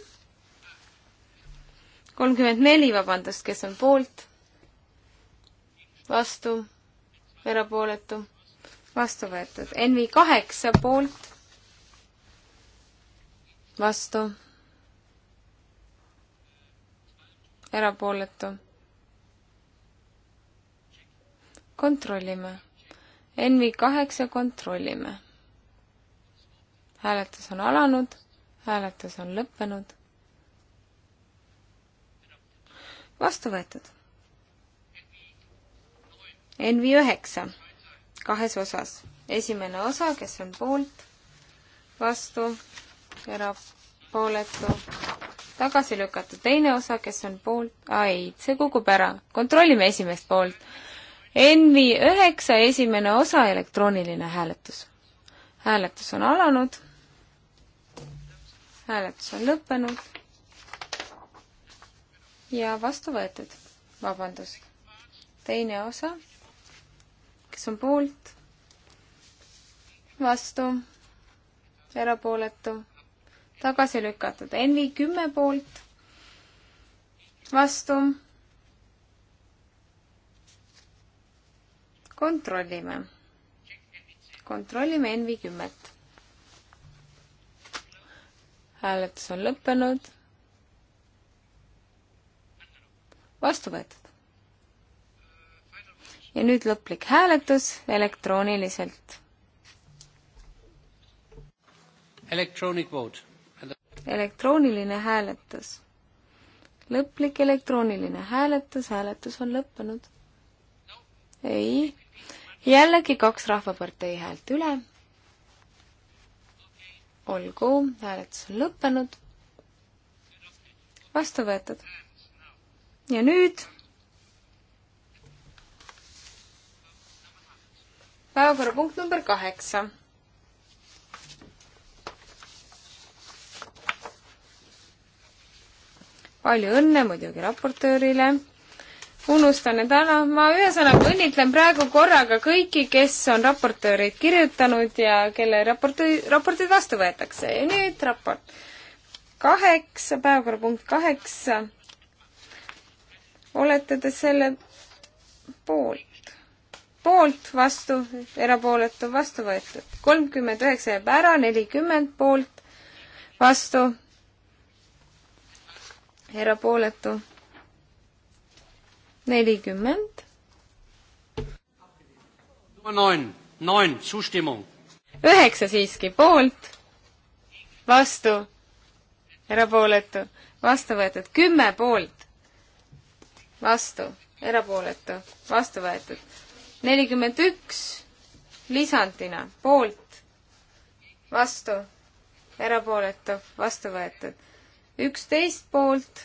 kolmkümmend neli, vabandust, kes on poolt vastu, erapooletu, vastu võetud. NV kaheksa poolt, vastu, erapooletu. kontrollime. NV kaheksa kontrollime. hääletus on alanud, hääletus on lõppenud. vastu võetud NV üheksa kahes osas. esimene osa, kes on poolt, vastu, erapooletu, tagasi lükatud. teine osa, kes on poolt, aa ei, see kukub ära. kontrollime esimest poolt. NV üheksa esimene osa, elektrooniline hääletus. hääletus on alanud. hääletus on lõppenud. ja vastu võetud. vabandust. teine osa kes on poolt, vastu, erapooletu, tagasi lükatud. Envi kümme poolt, vastu. kontrollime, kontrollime Envi kümmet. hääletus on lõppenud. vastu võetud ja nüüd lõplik hääletus elektrooniliselt. elektrooniline hääletus. lõplik elektrooniline hääletus, hääletus on lõppenud. ei, jällegi kaks Rahvapartei häält üle. olgu, hääletus on lõppenud. vastu võetud. ja nüüd päevakorrapunkt number kaheksa. palju õnne muidugi raportöörile. unustan need ära, ma ühesõnaga õnnitlen praegu korraga kõiki, kes on raportööreid kirjutanud ja kelle raporti, raportid vastu võetakse ja nüüd raport kaheksa, päevakorrapunkt kaheksa. olete te selle poolt? poolt, vastu, erapooletu, vastu võetud. kolmkümmend üheksa jääb ära, nelikümmend poolt, vastu, erapooletu, nelikümmend. üheksa siiski, poolt, vastu, erapooletu, vastu võetud, kümme poolt, vastu, erapooletu, vastu võetud nelikümmend üks lisandina poolt, vastu, erapooletu, vastu võetud. üksteist poolt,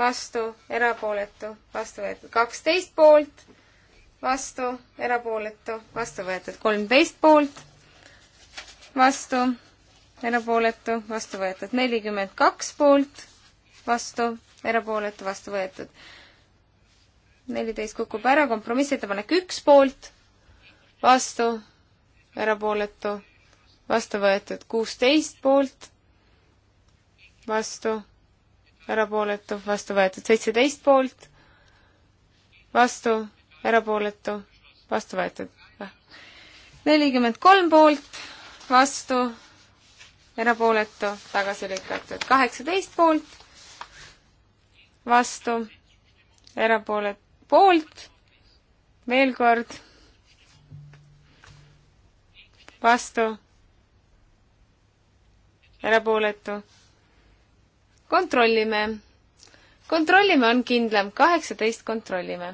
vastu, erapooletu, vastu võetud. kaksteist poolt, vastu, erapooletu, vastu võetud. kolmteist poolt, vastu, erapooletu, vastu võetud. nelikümmend kaks poolt, vastu, erapooletu, vastu võetud neliteist kukub ära, kompromissettepanek üks poolt, vastu, erapooletu, vastu võetud kuusteist poolt, vastu, erapooletu, vastu võetud seitseteist poolt, vastu, erapooletu, vastu võetud nelikümmend kolm poolt, vastu, erapooletu, tagasi lükatud kaheksateist poolt, vastu, erapooletu poolt, veel kord, vastu, erapooletu. kontrollime, kontrollime on kindlam, kaheksateist kontrollime.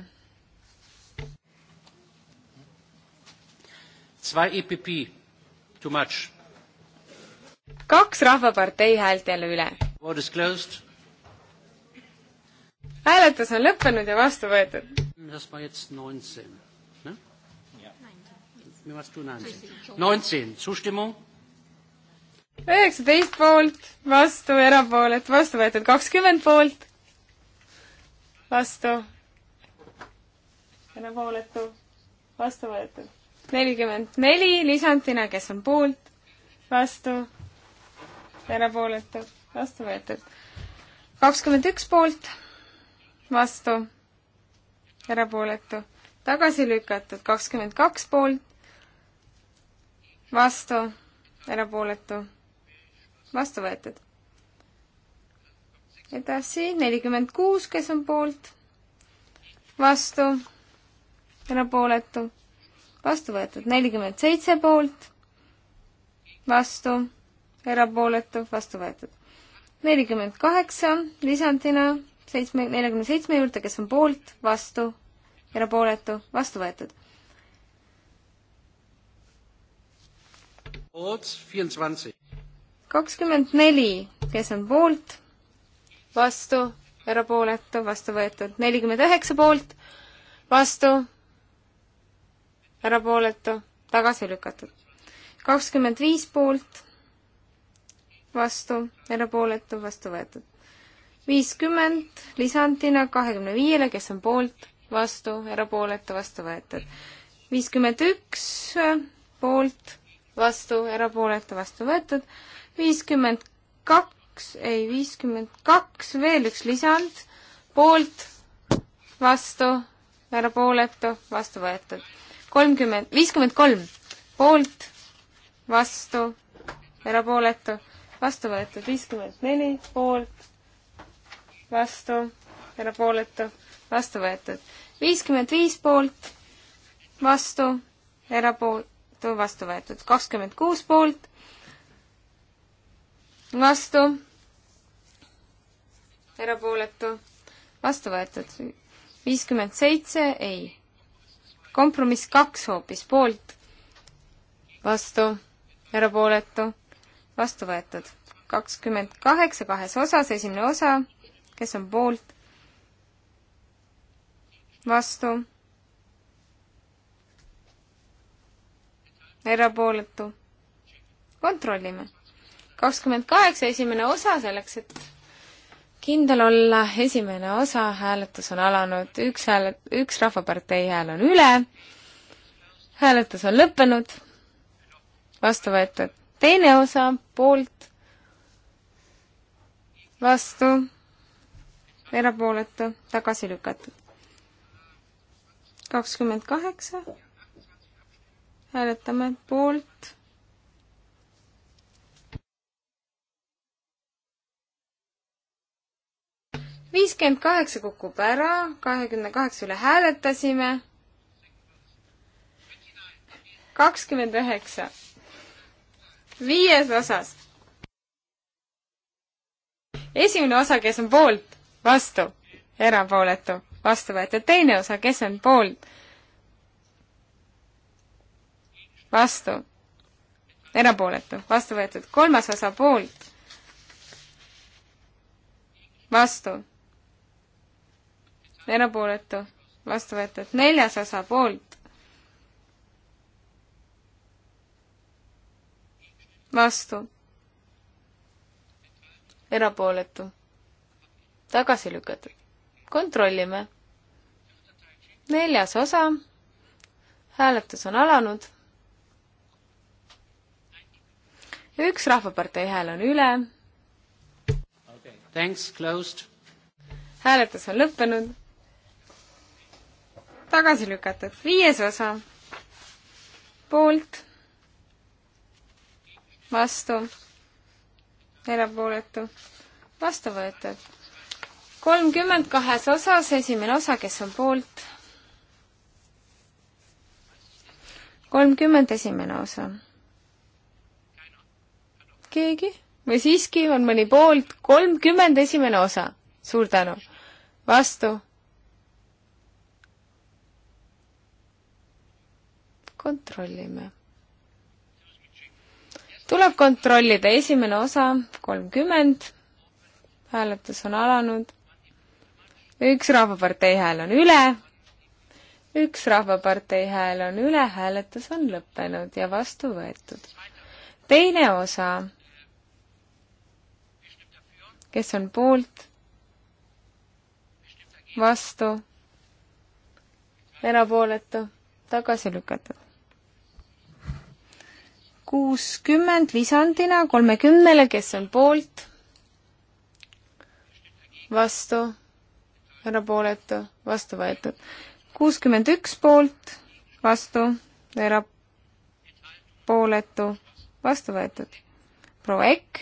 E kaks Rahvapartei häält jälle üle. Vote is closed hääletus on lõppenud ja vastu võetud. üheksateist poolt, vastu, erapoolet, vastu võetud kakskümmend poolt, vastu, erapooletu, vastu võetud nelikümmend neli lisandina, kes on poolt, vastu, erapooletu, vastu võetud kakskümmend üks poolt vastu, erapooletu, tagasi lükatud, kakskümmend kaks poolt, vastu, erapooletu, vastu võetud. edasi nelikümmend kuus, kes on poolt, vastu, erapooletu, vastu võetud, nelikümmend seitse poolt, vastu, erapooletu, vastu võetud. nelikümmend kaheksa lisandina seitsme, neljakümne seitsme juurde, kes on poolt, vastu, erapooletu, vastu võetud. kakskümmend neli, kes on poolt, vastu, erapooletu, vastu võetud, nelikümmend üheksa poolt, vastu, erapooletu, tagasi lükatud. kakskümmend viis poolt, vastu, erapooletu, vastu võetud viiskümmend lisandina kahekümne viiele, kes on poolt, vastu, erapooletu, vastu võetud. viiskümmend üks poolt, vastu, erapooletu, vastu võetud. viiskümmend kaks, ei, viiskümmend kaks, veel üks lisand, poolt, vastu, erapooletu, vastu võetud. kolmkümmend, viiskümmend kolm, poolt, vastu, erapooletu, vastu võetud. viiskümmend neli, poolt vastu, erapooletu, vastu võetud. viiskümmend viis poolt, vastu, erapooletu, vastu võetud. kakskümmend kuus poolt, vastu, erapooletu, vastu võetud. viiskümmend seitse, ei. kompromiss kaks hoopis, poolt, vastu, erapooletu, vastu võetud kakskümmend kaheksa kahes osas, esimene osa kes on poolt, vastu, erapooletu. kontrollime. kakskümmend kaheksa, esimene osa selleks, et kindel olla, esimene osa, hääletus on alanud, üks hääle, üks Rahvapartei hääl on üle, hääletus on lõppenud, vastu võetud. teine osa, poolt, vastu erapooletu, tagasi lükatud. kakskümmend kaheksa, hääletame poolt. viiskümmend kaheksa kukub ära, kahekümne kaheksa üle hääletasime. kakskümmend üheksa, viies osas esimene osa, kes on poolt vastu, erapooletu, vastu võetud. teine osa, kes on poolt, vastu, erapooletu, vastu võetud. kolmas osa poolt, vastu, erapooletu, vastu võetud. neljas osa poolt, vastu, erapooletu tagasi lükatud. kontrollime. neljas osa. hääletus on alanud. üks Rahvapartei hääl on üle. Thanks, closed. hääletus on lõppenud. tagasi lükatud. viies osa. poolt. vastu. erapooletu. vastu võetud kolmkümmend kahes osas, esimene osa, kes on poolt? kolmkümmend esimene osa. keegi? või siiski on mõni poolt, kolmkümmend esimene osa. suur tänu. vastu kontrollime. tuleb kontrollida esimene osa, kolmkümmend. hääletus on alanud üks Rahvapartei hääl on üle, üks Rahvapartei hääl on üle, hääletus on lõppenud ja vastu võetud. teine osa, kes on poolt, vastu, erapooletu, tagasi lükatud. kuuskümmend lisandina kolmekümnele, kes on poolt, vastu erapooletu, vastu võetud. kuuskümmend üks poolt, vastu, erapooletu, vastu võetud. proua Ekk.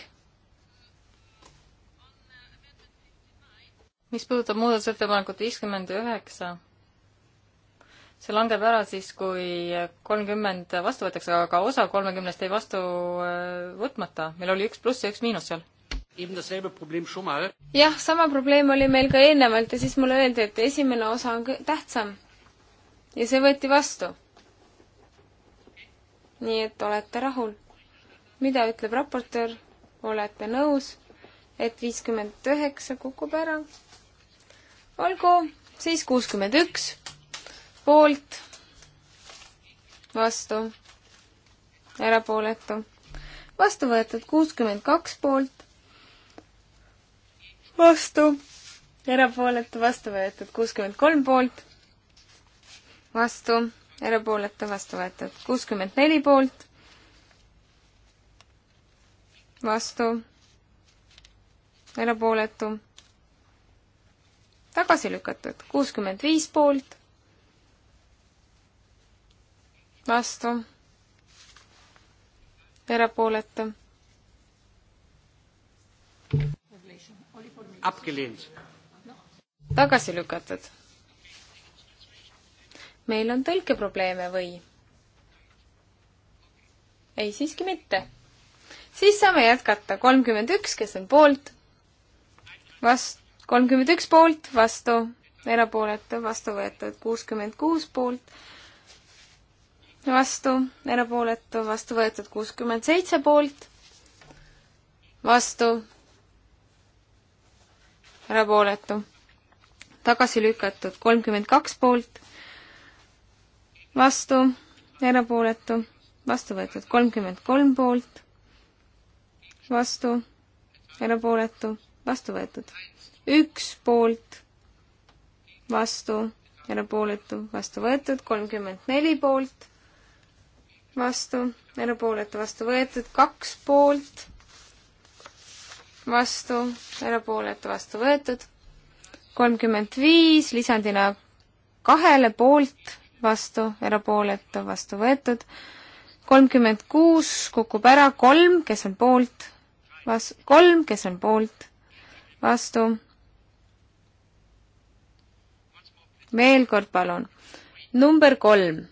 mis puudutab muudatusettepanekut viiskümmend üheksa, see langeb ära siis, kui kolmkümmend vastu võetakse, aga osa kolmekümnest jäi vastu äh, võtmata, meil oli üks pluss ja üks miinus seal jah, sama probleem oli meil ka eelnevalt ja siis mulle öeldi, et esimene osa on tähtsam. ja see võeti vastu. nii et olete rahul. mida ütleb raportöör? olete nõus, et viiskümmend üheksa kukub ära? olgu, siis kuuskümmend üks poolt, vastu, erapooletu vastu võetud kuuskümmend kaks poolt, vastu, erapooletu, vastu võetud kuuskümmend kolm poolt, vastu, erapooletu, vastu võetud kuuskümmend neli poolt, vastu, erapooletu, tagasi lükatud kuuskümmend viis poolt, vastu, erapooletu tagasi lükatud. meil on tõlkeprobleeme või? ei, siiski mitte. siis saame jätkata. kolmkümmend üks, kes on poolt, vast-, kolmkümmend üks poolt, vastu, erapooletu, vastu võetud, kuuskümmend kuus poolt, vastu, erapooletu, vastu võetud, kuuskümmend seitse poolt, vastu, erapooletu, tagasi lükatud kolmkümmend kaks poolt, vastu, erapooletu, vastu võetud kolmkümmend kolm poolt, vastu, erapooletu, vastu võetud üks poolt, vastu, erapooletu, vastu võetud kolmkümmend neli poolt, vastu, erapooletu, vastu võetud kaks poolt vastu, erapooletu vastu võetud, kolmkümmend viis lisandina kahele poolt, vastu, erapooletu vastu võetud, kolmkümmend kuus kukub ära, kolm, kes on poolt, vas-, kolm, kes on poolt, vastu. veel kord palun, number kolm,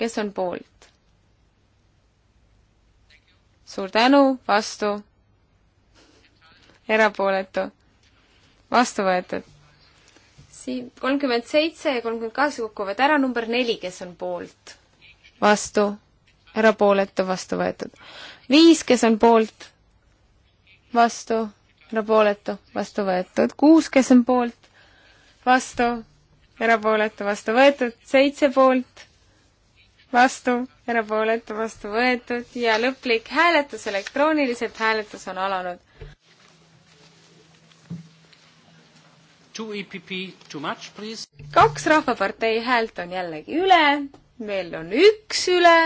kes on poolt? suur tänu, vastu erapooletu, vastu võetud. siin kolmkümmend seitse ja kolmkümmend kaheksa kukuvad ära, number neli, kes on poolt, vastu, erapooletu, vastu võetud. viis, kes on poolt, vastu, erapooletu, vastu võetud. kuus, kes on poolt, vastu, erapooletu, vastu võetud. seitse poolt vastu, erapooletu vastu võetud ja lõplik hääletus elektrooniliselt, hääletus on alanud. E kaks Rahvapartei häält on jällegi üle, meil on üks üle.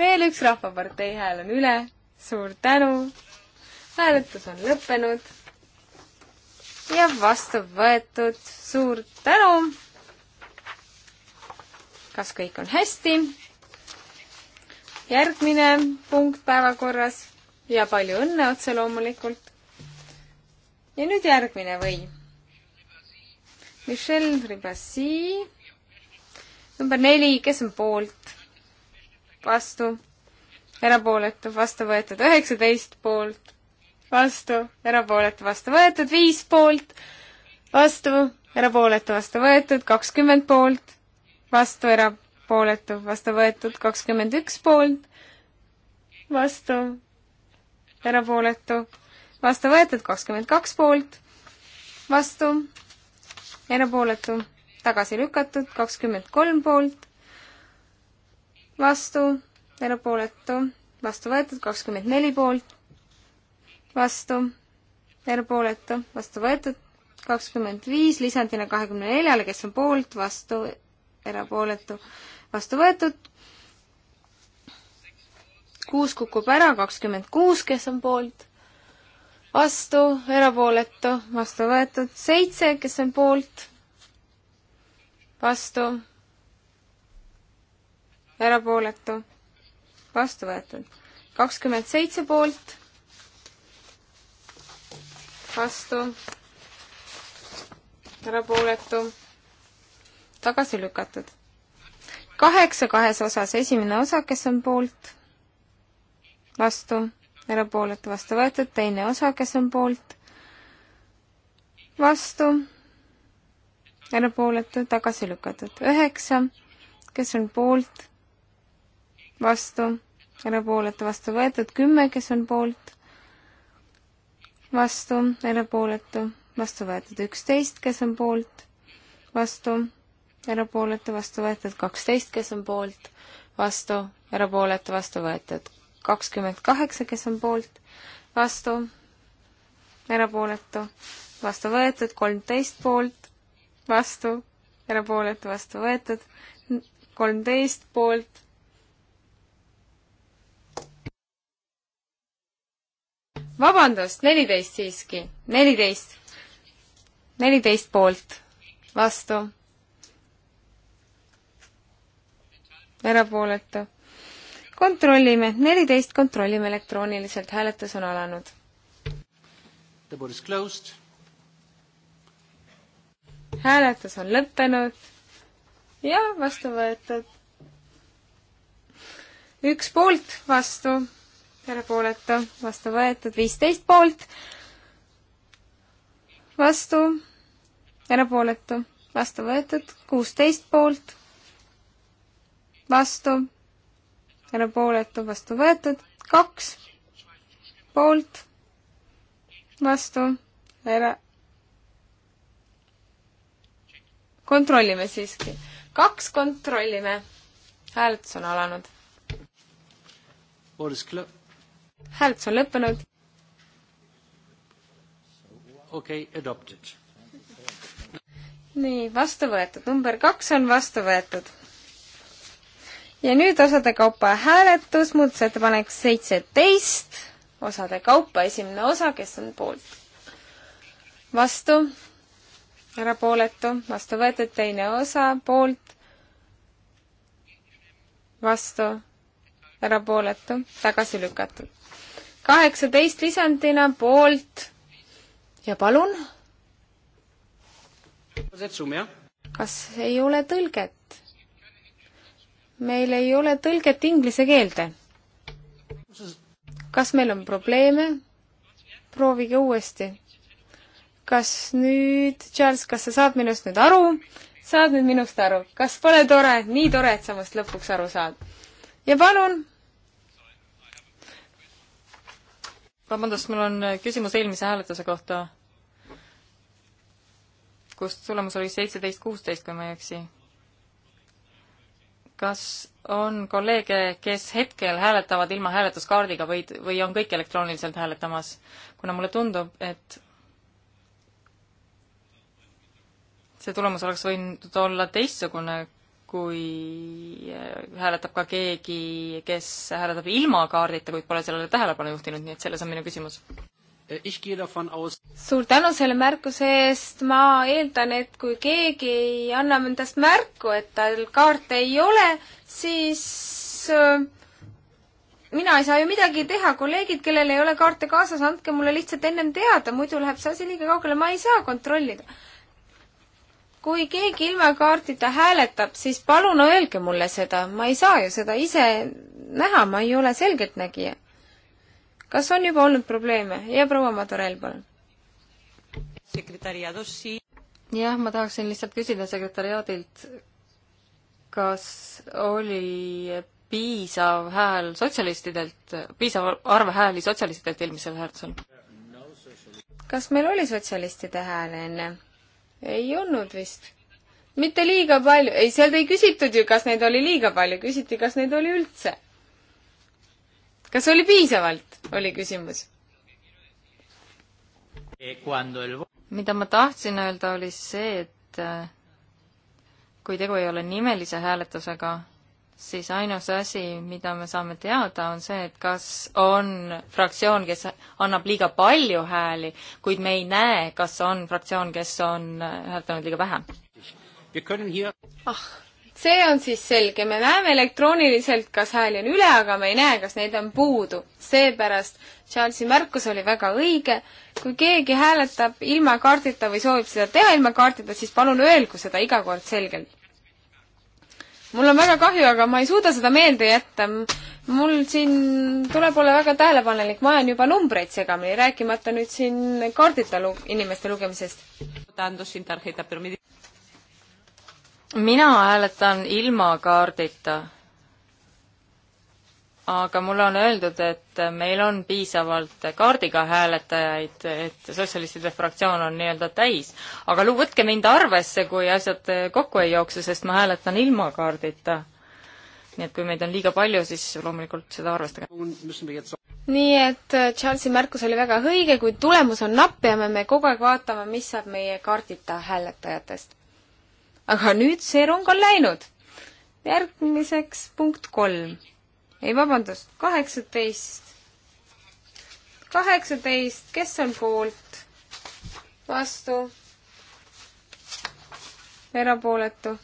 veel üks Rahvapartei hääl on üle, suur tänu. hääletus on lõppenud ja vastu võetud, suur tänu. kas kõik on hästi? järgmine punkt päevakorras ja palju õnne otse loomulikult. ja nüüd järgmine või? Michelle Ribasi, number neli, kes on poolt? vastu, erapooletu, vastu võetud üheksateist poolt, vastu, erapooletu, vastu võetud viis poolt, vastu, erapooletu, vastu võetud kakskümmend poolt, vastu, erapooletu, vastu võetud kakskümmend üks poolt, vastu, erapooletu, vastu võetud kakskümmend kaks poolt, vastu, erapooletu, tagasi lükatud kakskümmend kolm poolt, vastu, erapooletu, vastu võetud kakskümmend neli poolt, vastu, erapooletu, vastu võetud kakskümmend viis, lisandina kahekümne neljale, kes on poolt, vastu, erapooletu, vastu võetud kuus kukub ära, kakskümmend kuus, kes on poolt, vastu, erapooletu, vastu võetud, seitse, kes on poolt, vastu, erapooletu, vastu võetud, kakskümmend seitse poolt, vastu, erapooletu, tagasi lükatud kaheksa kahes osas, esimene osa, kes on poolt, vastu, erapooletu vastu võetud, teine osa, kes on poolt, vastu, erapooletu tagasi lükatud, üheksa, kes on poolt, vastu, erapooletu vastu võetud, kümme, kes on poolt, vastu, erapooletu vastu võetud, üksteist, kes on poolt, vastu, erapooletu vastu võetud, kaksteist, kes on poolt, vastu, erapooletu vastu võetud, kakskümmend kaheksa, kes on poolt, vastu, erapooletu, vastu võetud, kolmteist poolt, vastu, erapooletu, vastu võetud, kolmteist poolt, vabandust, neliteist siiski, neliteist, neliteist poolt, vastu, erapooletu kontrollime, neliteist kontrollime elektrooniliselt, hääletus on alanud. hääletus on lõppenud ja vastu võetud. üks poolt vastu, erapooletu, vastu võetud, viisteist poolt, vastu, erapooletu, vastu võetud, kuusteist poolt, vastu erapooletu, vastu võetud, kaks poolt, vastu, ära. kontrollime siiski, kaks kontrollime. hääletus on alanud. hääletus on lõppenud. okei okay,, adopted. nii, vastu võetud, number kaks on vastu võetud ja nüüd osade kaupa hääletus, muudatusettepanek seitseteist, osade kaupa esimene osa, kes on poolt? vastu, erapooletu, vastu võetud, teine osa poolt, vastu, erapooletu, tagasi lükatud. kaheksateist lisandina poolt ja palun? kas ei ole tõlget? meil ei ole tõlget inglise keelde. kas meil on probleeme? proovige uuesti. kas nüüd, Charles, kas sa saad minust nüüd aru? saad nüüd minust aru? kas pole tore, nii tore, et sa must lõpuks aru saad? ja palun! vabandust, mul on äh, küsimus eelmise hääletuse kohta, kus tulemus oli seitseteist, kuusteist, kui ma ei eksi kas on kolleege, kes hetkel hääletavad ilma hääletuskaardiga või, või on kõik elektrooniliselt hääletamas? kuna mulle tundub, et see tulemus oleks võinud olla teistsugune, kui äh, hääletab ka keegi, kes hääletab ilma kaardita, kuid pole sellele tähelepanu juhtinud, nii et selles on minu küsimus. Äh, suur tänu selle märkuse eest, ma eeldan, et kui keegi annab endast märku, et tal kaarte ei ole, siis äh, mina ei saa ju midagi teha, kolleegid, kellel ei ole kaarte kaasas, andke mulle lihtsalt ennem teada, muidu läheb see asi liiga kaugele, ma ei saa kontrollida. kui keegi ilma kaardita hääletab, siis palun öelge mulle seda, ma ei saa ju seda ise näha, ma ei ole selgeltnägija kas on juba olnud probleeme? ja proua Madurell, palun. jah, ma tahaksin lihtsalt küsida sekretäriaadilt, kas oli piisav hääl sotsialistidelt, piisav arv hääli sotsialistidelt eelmisel hääletusel? kas meil oli sotsialistide hääl enne? ei olnud vist. mitte liiga palju, ei, sealt ei küsitud ju, kas neid oli liiga palju, küsiti, kas neid oli üldse kas oli piisavalt, oli küsimus. Eh, mida ma tahtsin öelda, oli see, et eh, kui tegu ei ole nimelise hääletusega, siis ainus asi, mida me saame teada, on see, et kas on fraktsioon, kes annab liiga palju hääli, kuid me ei näe, kas on fraktsioon, kes on eh, hääletanud liiga vähe. ah, see on siis selge, me näeme elektrooniliselt, kas hääli on üle, aga me ei näe, kas neid on puudu. seepärast Charlesi märkus oli väga õige. kui keegi hääletab ilma kaardita või soovib seda teha ilma kaardita, siis palun öelgu seda iga kord selgelt. mul on väga kahju, aga ma ei suuda seda meelde jätta. mul siin tuleb olla väga tähelepanelik, ma ajan juba numbreid segamini, rääkimata nüüd siin kaardita lu-, inimeste lugemisest mina hääletan ilma kaardita. aga mulle on öeldud, et meil on piisavalt kaardiga hääletajaid, et sotsialistide fraktsioon on nii-öelda täis. aga võtke mind arvesse, kui asjad kokku ei jookse, sest ma hääletan ilma kaardita nii et kui meid on liiga palju, siis loomulikult seda arvestage. nii et äh, Charlesi märkus oli väga õige, kui tulemus on napp, peame me kogu aeg vaatama, mis saab meie kaardita hääletajatest aga nüüd see rong on läinud. järgmiseks punkt kolm. ei, vabandust, kaheksateist. kaheksateist, kes on poolt? vastu? erapooletu?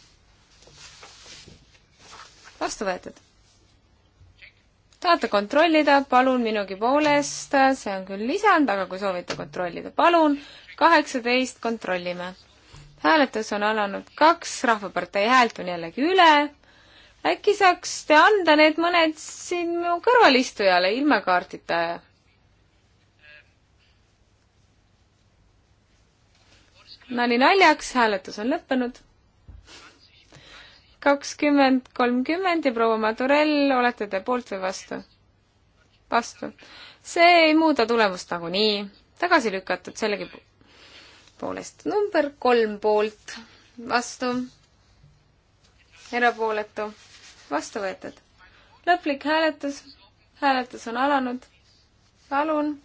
vastu võetud tahate kontrollida, palun minugi poolest, see on küll lisand, aga kui soovite kontrollida, palun, kaheksateist, kontrollime hääletus on alanud, kaks Rahvapartei häält on jällegi üle. äkki saaks te anda need mõned siin mu kõrvalistujale ilma kaardita? nali naljaks, hääletus on lõppenud. kakskümmend, kolmkümmend ja proua Madurell, olete te poolt või vastu? vastu. see ei muuda tulemust nagunii. tagasi lükatud sellegi puhul poolest. number kolm poolt, vastu, erapooletu, vastu võetud. lõplik hääletus, hääletus on alanud. palun,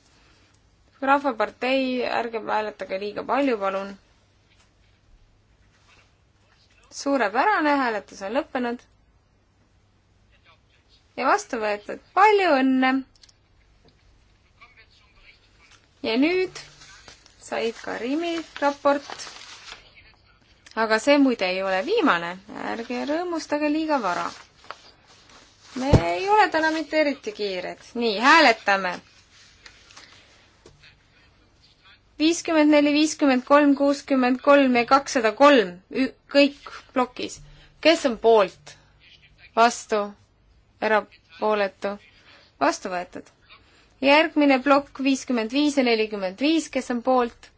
Rahvapartei, ärge hääletage liiga palju, palun. suurepärane, hääletus on lõppenud. ja vastu võetud, palju õnne! ja nüüd Said Karimi raport. aga see muide ei ole viimane, ärge rõõmustage liiga vara. me ei ole täna mitte eriti kiired. nii, hääletame. viiskümmend neli, viiskümmend kolm, kuuskümmend kolm ja kakssada kolm, kõik plokis. kes on poolt? vastu? erapooletu? vastu võetud järgmine plokk viiskümmend viis ja nelikümmend viis, kes on poolt?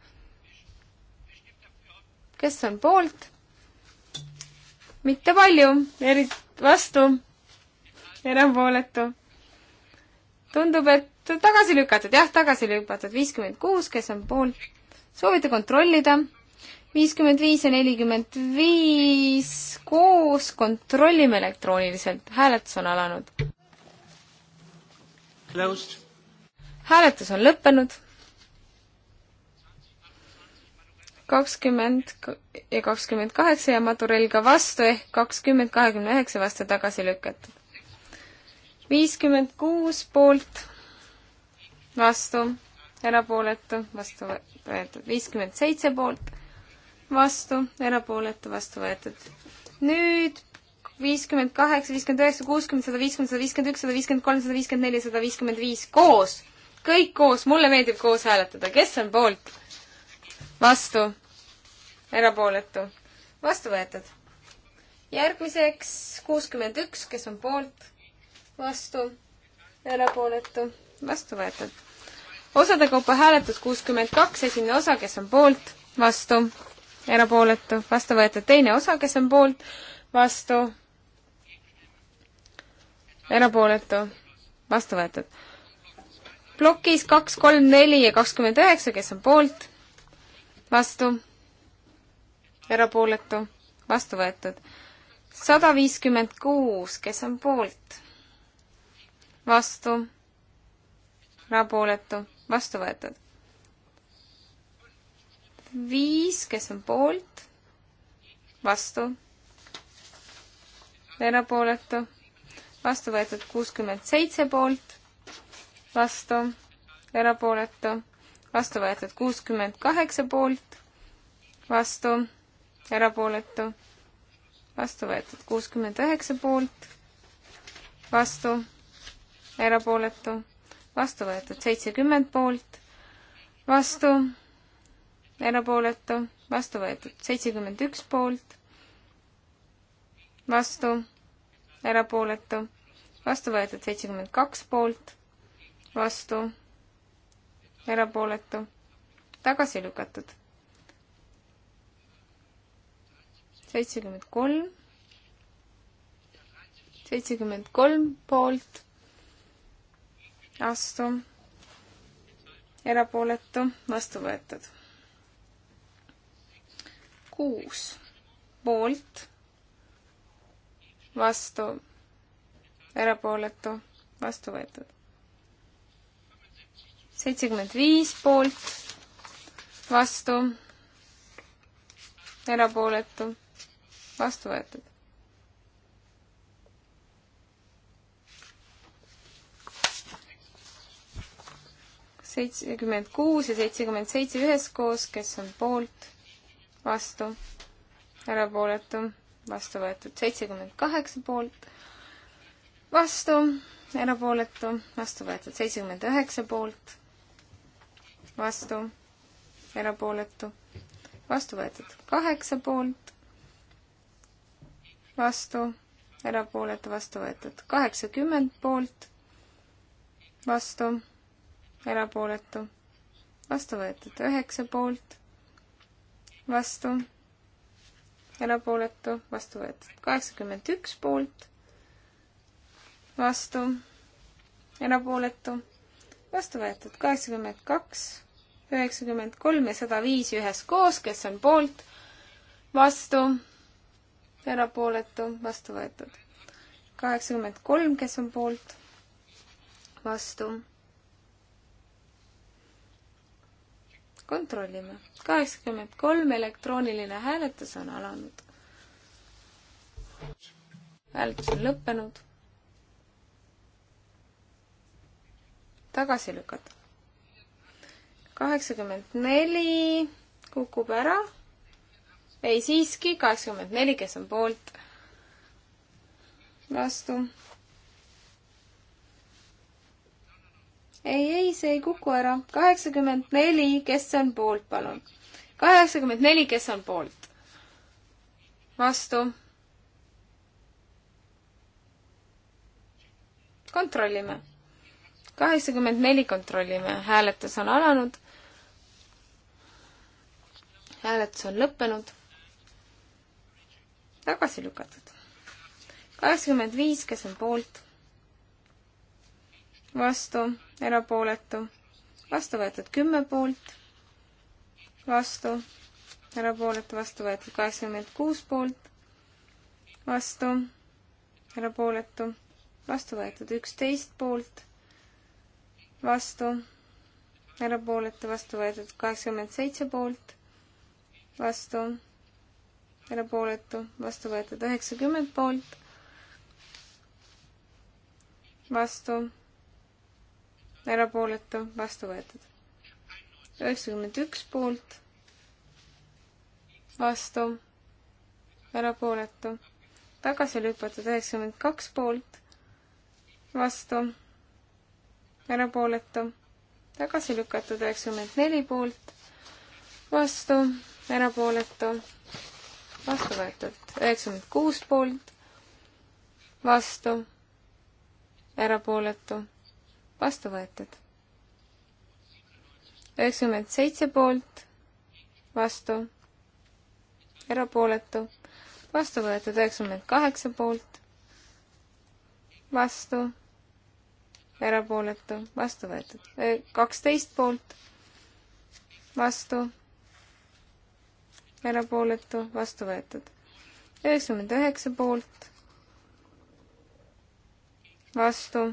kes on poolt? mitte palju, eriti vastu, erapooletu. tundub, et tagasi lükatud, jah, tagasi lükatud, viiskümmend kuus, kes on poolt. soovite kontrollida? viiskümmend viis ja nelikümmend viis koos kontrollime elektrooniliselt, hääletus on alanud. Closed hääletus on lõppenud. kakskümmend ja kakskümmend kaheksa ja Madurell ka vastu ehk kakskümmend kahekümne üheksa vastu tagasi lükatud. viiskümmend kuus poolt, vastu, erapooletu, vastu võetud. viiskümmend seitse poolt, vastu, erapooletu, vastu võetud. nüüd viiskümmend kaheksa, viiskümmend üheksa, kuuskümmend, sada viiskümmend, sada viiskümmend üks, sada viiskümmend kolm, sada viiskümmend neli, sada viiskümmend viis koos kõik koos, mulle meeldib koos hääletada, kes on poolt? vastu? erapooletu? vastu võetud. järgmiseks kuuskümmend üks, kes on poolt? vastu? erapooletu? vastu võetud. osade kaupa hääletus kuuskümmend kaks, esimene osa, kes on poolt? vastu? erapooletu? vastu võetud. teine osa, kes on poolt? vastu? erapooletu? vastu võetud plokis kaks, kolm, neli ja kakskümmend üheksa, kes on poolt, vastu, erapooletu, vastu võetud. sada viiskümmend kuus, kes on poolt, vastu, erapooletu, vastu võetud. viis, kes on poolt, vastu, erapooletu, vastu võetud kuuskümmend seitse poolt vastu, erapooletu, vastu võetud kuuskümmend kaheksa poolt, vastu, erapooletu, vastu võetud kuuskümmend üheksa poolt, vastu, erapooletu, vastu võetud seitsekümmend poolt, vastu, erapooletu, vastu võetud seitsekümmend üks poolt, vastu, erapooletu, vastu võetud seitsekümmend kaks poolt vastu, erapooletu, tagasi lükatud. seitsekümmend kolm, seitsekümmend kolm poolt, vastu, erapooletu, vastu võetud. kuus poolt, vastu, erapooletu, vastu võetud seitsekümmend viis poolt, vastu, erapooletu, vastu võetud. seitsekümmend kuus ja seitsekümmend seitse üheskoos, kes on poolt, vastu, erapooletu, vastu võetud, seitsekümmend kaheksa poolt, vastu, erapooletu, vastu võetud, seitsekümmend üheksa poolt vastu, erapooletu, vastu võetud. kaheksa poolt, vastu, erapooletu, vastu võetud. kaheksakümmend poolt, vastu, erapooletu, vastu võetud. üheksa poolt, vastu, erapooletu, vastu võetud. kaheksakümmend üks poolt, vastu, erapooletu, vastu võetud. kaheksakümmend kaks üheksakümmend kolm ja sada viis üheskoos, kes on poolt, vastu, erapooletu, vastu võetud. kaheksakümmend kolm, kes on poolt, vastu. kontrollime. kaheksakümmend kolm, elektrooniline hääletus on alanud. hääletus on lõppenud. tagasi lükata kaheksakümmend neli kukub ära. ei, siiski kaheksakümmend neli, kes on poolt, vastu. ei, ei, see ei kuku ära. kaheksakümmend neli, kes on poolt, palun. kaheksakümmend neli, kes on poolt, vastu. kontrollime kaheksakümmend neli kontrollime, hääletus on alanud hääletus on lõppenud. tagasi lükatud. kaheksakümmend viis, kes on poolt, vastu, erapooletu, vastu võetud kümme poolt, vastu, erapooletu, vastu võetud kaheksakümmend kuus poolt, vastu, erapooletu, vastu võetud üksteist poolt, vastu, erapooletu, vastu võetud kaheksakümmend seitse poolt vastu, erapooletu, vastu võetud üheksakümmend poolt, vastu, erapooletu, vastu võetud üheksakümmend üks poolt, vastu, erapooletu, tagasi lükatud üheksakümmend kaks poolt, vastu, erapooletu, tagasi lükatud üheksakümmend neli poolt, vastu, erapooletu, vastu võetud. üheksakümmend kuus poolt, vastu, erapooletu, vastu võetud. üheksakümmend seitse poolt, vastu, erapooletu, vastu võetud. üheksakümmend kaheksa poolt, vastu, erapooletu, vastu võetud. kaksteist poolt, vastu erapooletu, vastu võetud. üheksakümmend üheksa poolt, vastu.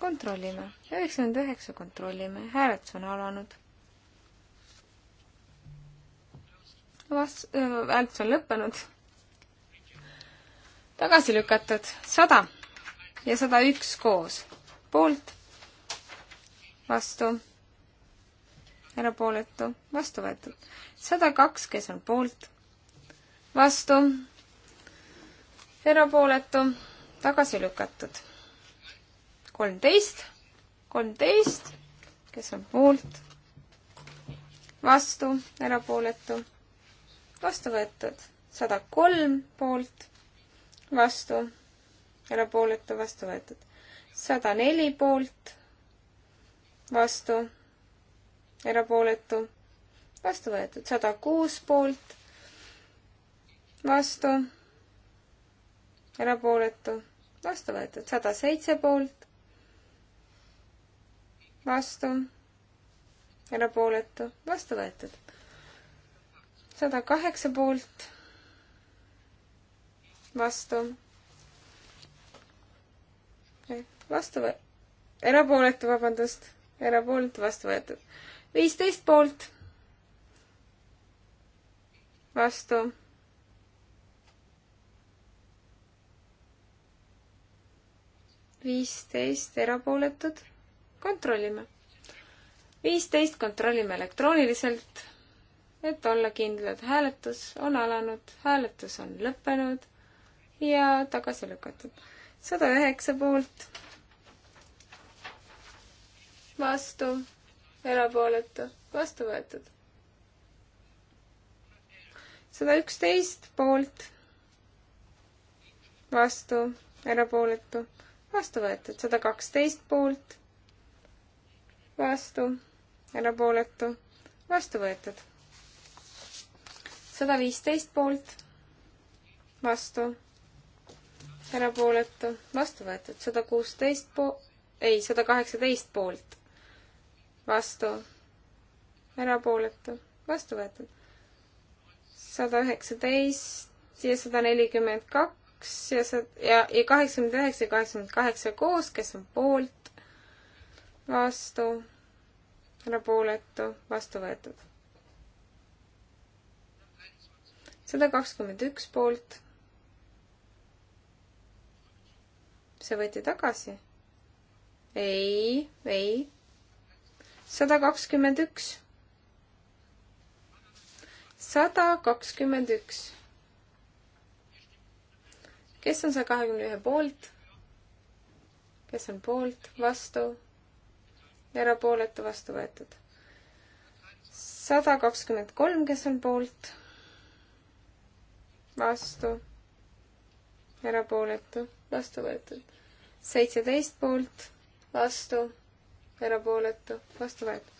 kontrollime, üheksakümmend üheksa kontrollime, hääletus on alanud. Vast- äh,, hääletus on lõppenud. tagasi lükatud sada ja sada üks koos, poolt, vastu erapooletu, vastu võetud. sada kaks, kes on poolt, vastu, erapooletu, tagasi lükatud. kolmteist, kolmteist, kes on poolt, vastu, erapooletu, vastu võetud. sada kolm poolt, vastu, erapooletu, vastu võetud. sada neli poolt, vastu erapooletu, vastu võetud sada kuus poolt, vastu, erapooletu, vastu võetud sada seitse poolt, vastu, erapooletu, vastu võetud sada kaheksa poolt, vastu, vastu, erapooletu, vabandust, erapooletu vastu võetud viisteist poolt. vastu. viisteist erapooletud. kontrollime. viisteist kontrollime elektrooniliselt, et olla kindlad. hääletus on alanud, hääletus on lõppenud ja tagasi lükatud. sada üheksa poolt. vastu erapooletu, vastu võetud. sada üksteist poolt, vastu, erapooletu, vastu võetud. sada kaksteist poolt, vastu, erapooletu, vastu võetud. sada viisteist poolt, vastu, erapooletu, vastu võetud. sada kuusteist po-, ei, sada kaheksateist poolt vastu, erapooletu, vastu võetud. sada üheksateist ja sada nelikümmend kaks ja sa-, ja, ja kaheksakümmend üheksa ja kaheksakümmend kaheksa koos, kes on poolt, vastu, erapooletu, vastu võetud. sada kakskümmend üks poolt see võeti tagasi. ei, ei sada kakskümmend üks. sada kakskümmend üks. kes on saja kahekümne ühe poolt? kes on poolt, vastu? erapooletu, vastu võetud. sada kakskümmend kolm, kes on poolt? vastu? erapooletu, vastu võetud. seitseteist poolt, vastu erapooletu, vastu võetud.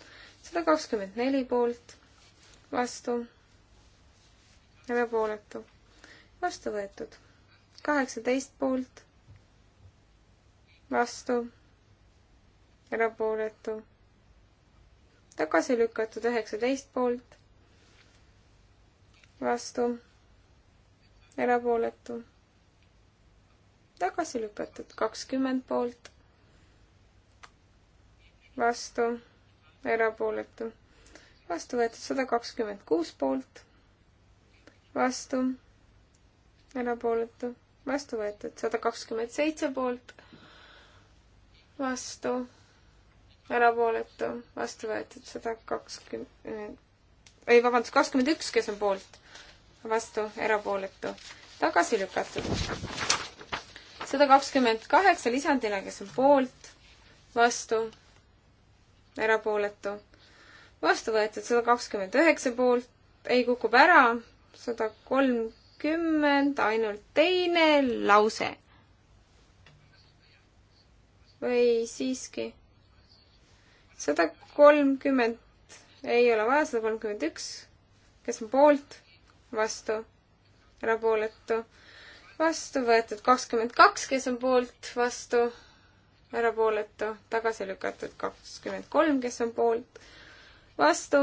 sada kakskümmend neli poolt, vastu, erapooletu, vastu võetud. kaheksateist poolt, vastu, erapooletu, tagasi lükatud üheksateist poolt, vastu, erapooletu, tagasi lükatud kakskümmend poolt vastu, erapooletu, vastu võetud sada kakskümmend kuus poolt, vastu, erapooletu, vastu võetud sada kakskümmend seitse poolt, vastu, erapooletu, vastu võetud sada kakskümmend, ei vabandust, kakskümmend üks, kes on poolt, vastu, erapooletu, tagasi lükatud sada kakskümmend kaheksa lisandina, kes on poolt, vastu, erapooletu. vastu võetud sada kakskümmend üheksa poolt, ei kukub ära, sada kolmkümmend, ainult teine lause. või siiski? sada kolmkümmend, ei ole vaja, sada kolmkümmend üks. kes on poolt? vastu? erapooletu? vastu võetud kakskümmend kaks, kes on poolt, vastu, erapooletu, tagasi lükatud kakskümmend kolm, kes on poolt, vastu,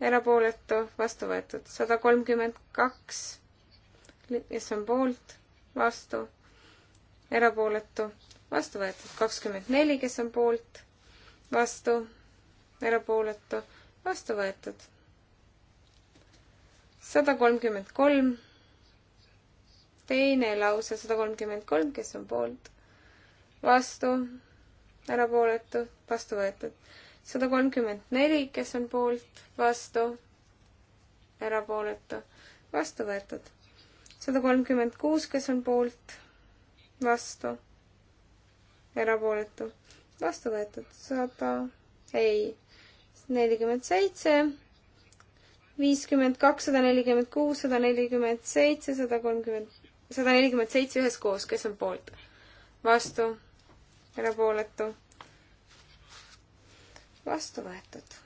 erapooletu, vastu võetud sada kolmkümmend kaks, kes on poolt, vastu, erapooletu, vastu võetud kakskümmend neli, kes on poolt, vastu, erapooletu, vastu võetud sada kolmkümmend kolm, teine lause sada kolmkümmend kolm, kes on poolt, vastu, erapooletu, vastu võetud. sada kolmkümmend neli, kes on poolt, vastu, erapooletu, vastu võetud. sada kolmkümmend kuus, kes on poolt, vastu, erapooletu, vastu võetud. sada, ei, nelikümmend seitse viiskümmend kaks, sada nelikümmend kuus, sada nelikümmend seitse, sada kolmkümmend, sada nelikümmend seitse üheskoos, kes on poolt? vastu, erapooletu, vastu võetud.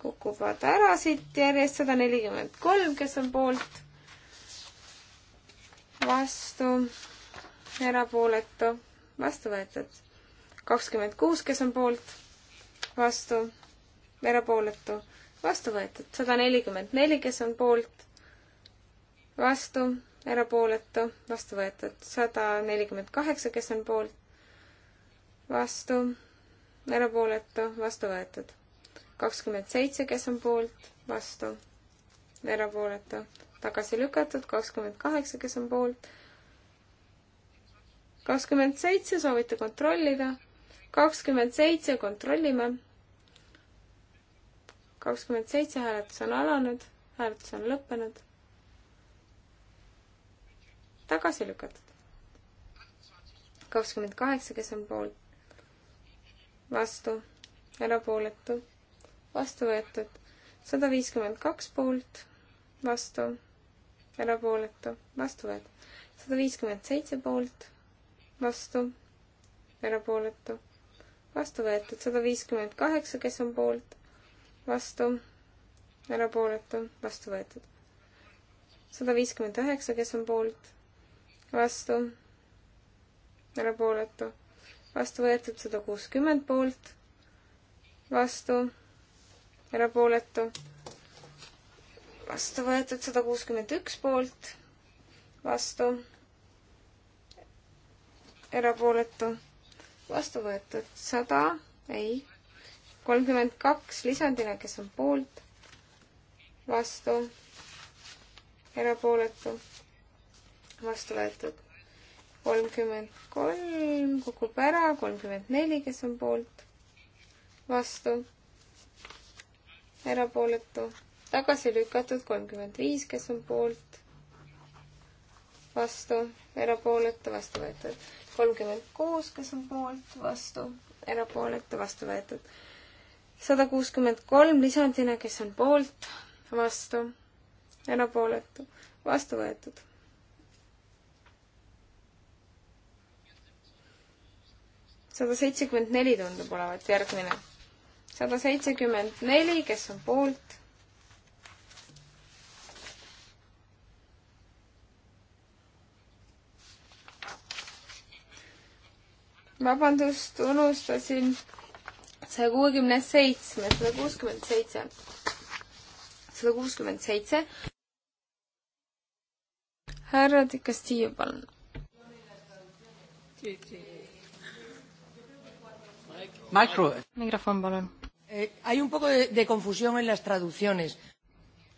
kukuvad ära siit järjest sada nelikümmend kolm, kes on poolt, vastu, erapooletu, vastu võetud. kakskümmend kuus, kes on poolt, vastu, erapooletu, vastu võetud. sada nelikümmend neli, kes on poolt, vastu, erapooletu, vastu võetud. sada nelikümmend kaheksa, kes on poolt, vastu, erapooletu, vastu võetud. kakskümmend seitse, kes on poolt, vastu, erapooletu, tagasi lükatud, kakskümmend kaheksa, kes on poolt, kakskümmend seitse, soovite kontrollida, kakskümmend seitse, kontrollime. kakskümmend seitse, hääletus on alanud, hääletus on lõppenud. tagasi lükatud. kakskümmend kaheksa, kes on poolt? vastu, erapooletu, vastu võetud. sada viiskümmend kaks poolt, vastu, erapooletu, vastu võetud. sada viiskümmend seitse poolt, vastu, erapooletu, vastu võetud. sada viiskümmend kaheksa, kes on poolt, vastu, erapooletu, vastu võetud. sada viiskümmend üheksa, kes on poolt, vastu, erapooletu vastu võetud sada kuuskümmend poolt, vastu, erapooletu, vastu võetud sada kuuskümmend üks poolt, vastu, erapooletu, vastu võetud sada, ei, kolmkümmend kaks lisandina, kes on poolt, vastu, erapooletu, vastu võetud kolmkümmend kolm kukub ära, kolmkümmend neli, kes on poolt, vastu, erapooletu, tagasi lükatud, kolmkümmend viis, kes on poolt, vastu, erapooletu, vastu võetud, kolmkümmend kuus, kes on poolt, vastu, erapooletu, vastu võetud, sada kuuskümmend kolm lisandina, kes on poolt, vastu, erapooletu, vastu võetud sada seitsekümmend neli tundub olevat järgmine. sada seitsekümmend neli, kes on poolt? vabandust, unustasin saja kuuekümne seitsme, sada kuuskümmend seitse. sada kuuskümmend seitse. härra Dikastiu, palun mikrofon, palun. Eh, hay un poco de, de confusión en las traducciones.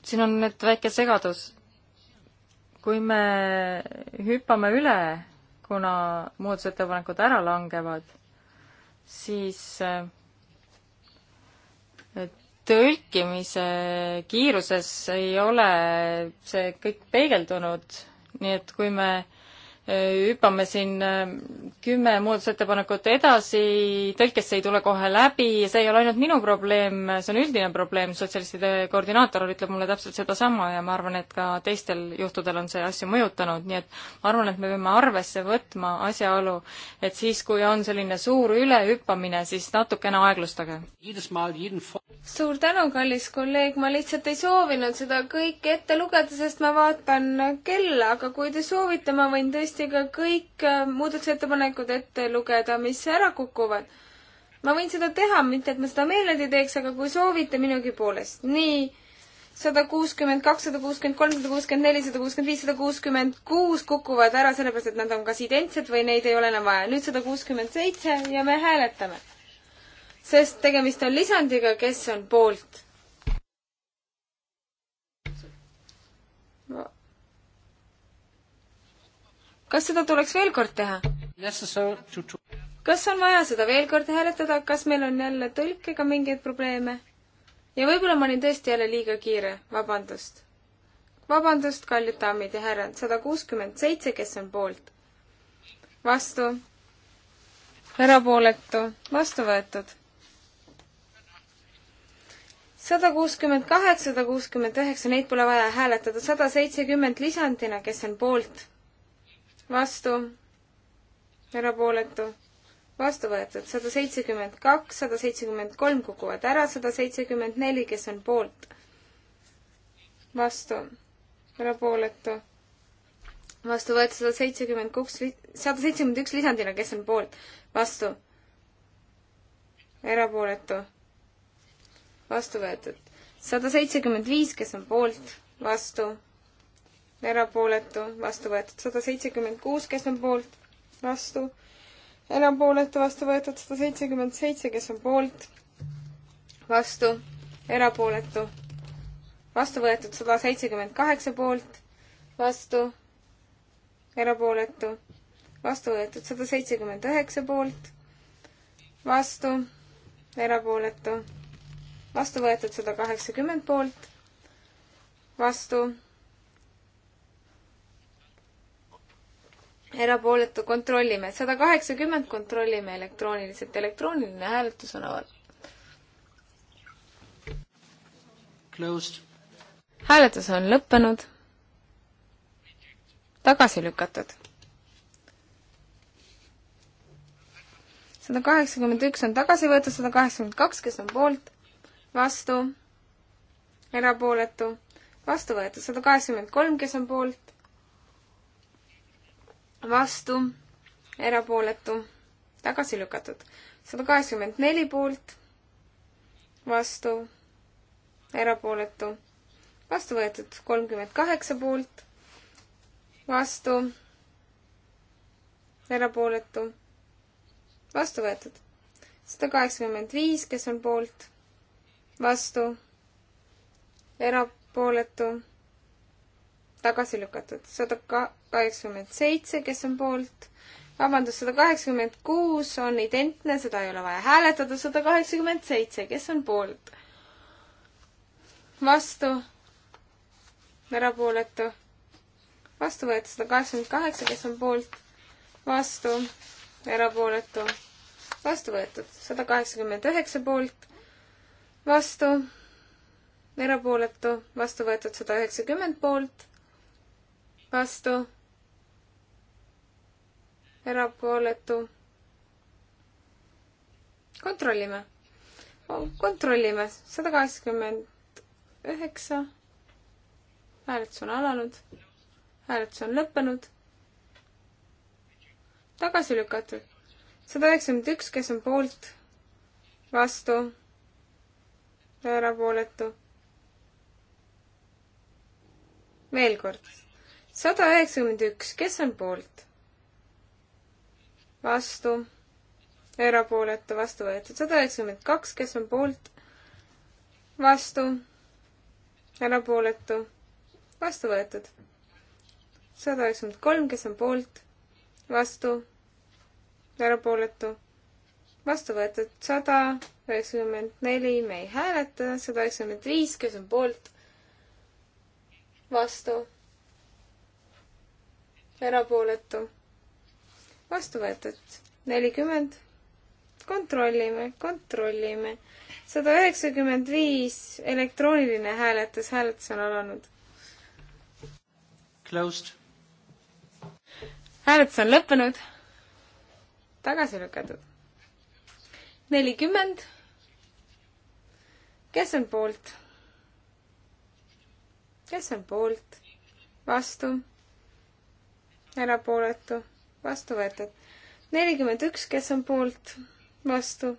siin on nüüd väike segadus. kui me hüppame üle, kuna muudatusettepanekud ära langevad, siis eh, tõlkimise kiiruses ei ole see kõik peegeldunud, nii et kui me hüppame siin äh, kümme muudatusettepanekut edasi, tõlkesse ei tule kohe läbi ja see ei ole ainult minu probleem, see on üldine probleem, sotsialistide koordinaator ütleb mulle täpselt sedasama ja ma arvan, et ka teistel juhtudel on see asju mõjutanud, nii et ma arvan, et me peame arvesse võtma asjaolu, et siis, kui on selline suur ülehüppamine, siis natukene aeglustage. suur tänu, kallis kolleeg, ma lihtsalt ei soovinud seda kõike ette lugeda, sest ma vaatan kella, aga kui te soovite, ma võin tõesti kompromissiga kõik äh, muudatusettepanekud ette lugeda, mis ära kukuvad. ma võin seda teha, mitte et ma seda meeleldi teeks, aga kui soovite, minugi poolest. nii, sada kuuskümmend, kakssada kuuskümmend, kolmsada kuuskümmend, nelisada kuuskümmend, viissada kuuskümmend kuus kukuvad ära sellepärast, et nad on kas identsed või neid ei ole enam vaja. nüüd sada kuuskümmend seitse ja me hääletame. sest tegemist on lisandiga, kes on poolt kas seda tuleks veel kord teha? kas on vaja seda veel kord hääletada, kas meil on jälle tõlkega mingeid probleeme? ja võib-olla ma olin tõesti jälle liiga kiire, vabandust. vabandust, kallid daamid ja härrad, sada kuuskümmend seitse, kes on poolt? vastu? erapooletu? vastu võetud? sada kuuskümmend kaheksa, sada kuuskümmend üheksa, neid pole vaja hääletada, sada seitsekümmend lisandina, kes on poolt vastu, erapooletu, vastu võetud sada seitsekümmend kaks, sada seitsekümmend kolm kukuvad ära, sada seitsekümmend neli, kes on poolt, vastu, erapooletu, vastu võetud sada seitsekümmend kuus, sada seitsekümmend üks lisandina, kes on poolt, vastu, erapooletu, vastu võetud sada seitsekümmend viis, kes on poolt, vastu erapooletu, vastu võetud sada seitsekümmend kuus, kes on poolt, vastu, erapooletu, vastu võetud sada seitsekümmend seitse, kes on poolt, vastu, erapooletu, vastu võetud sada seitsekümmend kaheksa poolt, vastu, erapooletu, vastu võetud sada seitsekümmend üheksa poolt, vastu, erapooletu, vastu võetud sada kaheksakümmend poolt, vastu erapooletu kontrollime, sada kaheksakümmend kontrollime elektrooniliselt, elektrooniline hääletus on avatud. Closed. hääletus on lõppenud. tagasi lükatud. sada kaheksakümmend üks on tagasi võetud, sada kaheksakümmend kaks, kes on poolt, vastu, erapooletu, vastu võetud, sada kaheksakümmend kolm, kes on poolt, vastu, erapooletu, tagasi lükatud. sada kaheksakümmend neli poolt, vastu, erapooletu, vastu võetud kolmkümmend kaheksa poolt, vastu, erapooletu, vastu võetud. sada kaheksakümmend viis, kes on poolt, vastu, erapooletu tagasi lükatud. sada kaheksakümmend seitse, kes on poolt, vabandust, sada kaheksakümmend kuus on identne, seda ei ole vaja hääletada, sada kaheksakümmend seitse, kes on poolt? vastu, erapooletu, vastu võetud sada kaheksakümmend kaheksa, kes on poolt, vastu, erapooletu, vastu võetud sada kaheksakümmend üheksa poolt, vastu, erapooletu, vastu võetud sada üheksakümmend poolt vastu, erapooletu. kontrollime, kontrollime, sada kaheksakümmend üheksa. hääletus on alanud, hääletus on lõppenud. tagasi lükatud, sada üheksakümmend üks, kes on poolt, vastu, erapooletu veel kord sada üheksakümmend üks, kes on poolt? vastu, erapooletu, vastu võetud. sada üheksakümmend kaks, kes on poolt? vastu, erapooletu, vastu võetud. sada üheksakümmend kolm, kes on poolt? vastu, erapooletu, vastu võetud. sada üheksakümmend neli, me ei hääleta. sada üheksakümmend viis, kes on poolt? vastu erapooletu, vastu võetud. nelikümmend, kontrollime, kontrollime. sada üheksakümmend viis, elektrooniline hääletus, hääletus on alanud. Closed. hääletus on lõppenud. tagasi lükatud nelikümmend. kes on poolt? kes on poolt? vastu? erapooletu, vastu võetud. nelikümmend üks, kes on poolt, vastu,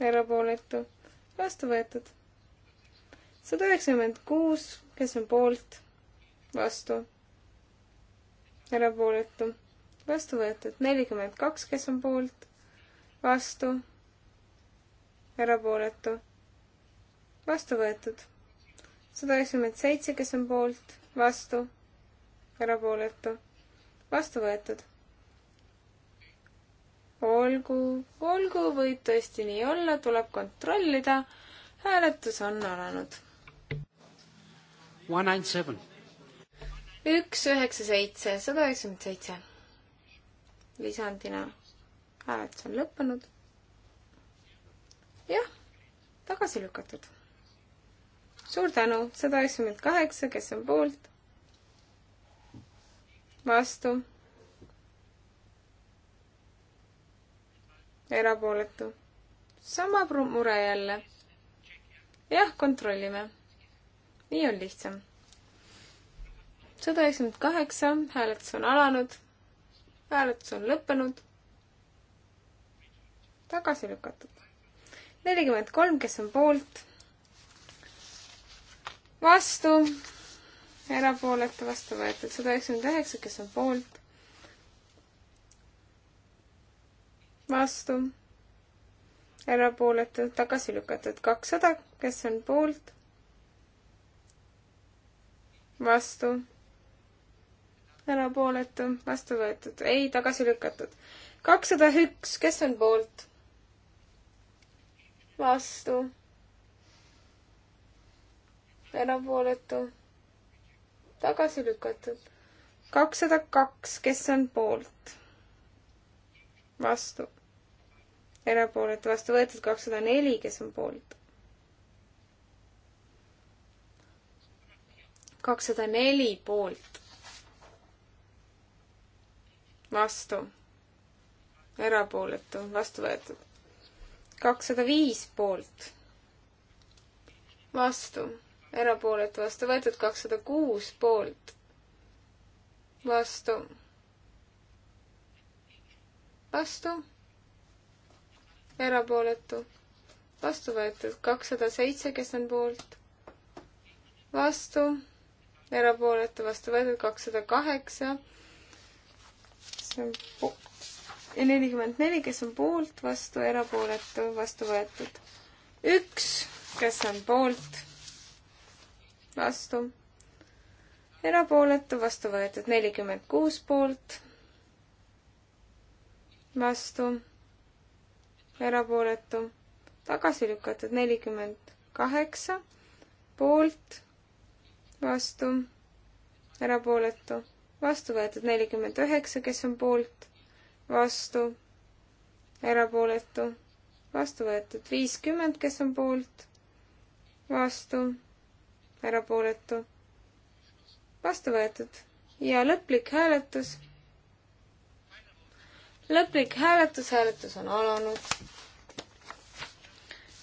erapooletu, vastu võetud. sada üheksakümmend kuus, kes on poolt, vastu, erapooletu, vastu võetud. nelikümmend kaks, kes on poolt, vastu, erapooletu, vastu võetud. sada üheksakümmend seitse, kes on poolt, vastu, erapooletu vastu võetud. olgu, olgu, võib tõesti nii olla, tuleb kontrollida. hääletus on alanud. üks üheksa seitse, sada üheksakümmend seitse. lisandina hääletus on lõppenud. jah, tagasi lükatud. suur tänu, sada üheksakümmend kaheksa, kes on poolt vastu, erapooletu. sama mure jälle. jah, kontrollime. nii on lihtsam. sada üheksakümmend kaheksa, hääletus on alanud, hääletus on lõppenud, tagasi lükatud. nelikümmend kolm, kes on poolt, vastu erapooletu, vastu võetud sada üheksakümmend üheksa, kes on poolt, vastu, erapooletu, tagasi lükatud kakssada, kes on poolt, vastu, erapooletu, vastu võetud, ei, tagasi lükatud. kakssada üks, kes on poolt, vastu, erapooletu tagasi lükatud. kakssada kaks, kes on poolt? vastu. erapooletu vastu võetud kakssada neli, kes on poolt? kakssada neli poolt. vastu. erapooletu, vastu võetud. kakssada viis poolt. vastu erapooletu vastu võetud, kakssada kuus poolt vastu, vastu, erapooletu, vastu võetud, kakssada seitse, kes on poolt, vastu, erapooletu, vastu võetud, kakssada kaheksa, see on po-, ja nelikümmend neli, kes on poolt, vastu, erapooletu, vastu võetud. üks, kes on poolt vastu, erapooletu, vastu võetud nelikümmend kuus poolt, vastu, erapooletu, tagasi lükatud nelikümmend kaheksa poolt, vastu, erapooletu, vastu võetud nelikümmend üheksa, kes on poolt, vastu, erapooletu, vastu võetud viiskümmend, kes on poolt, vastu erapooletu, vastu võetud ja lõplik hääletus. lõplik hääletus, hääletus on alanud.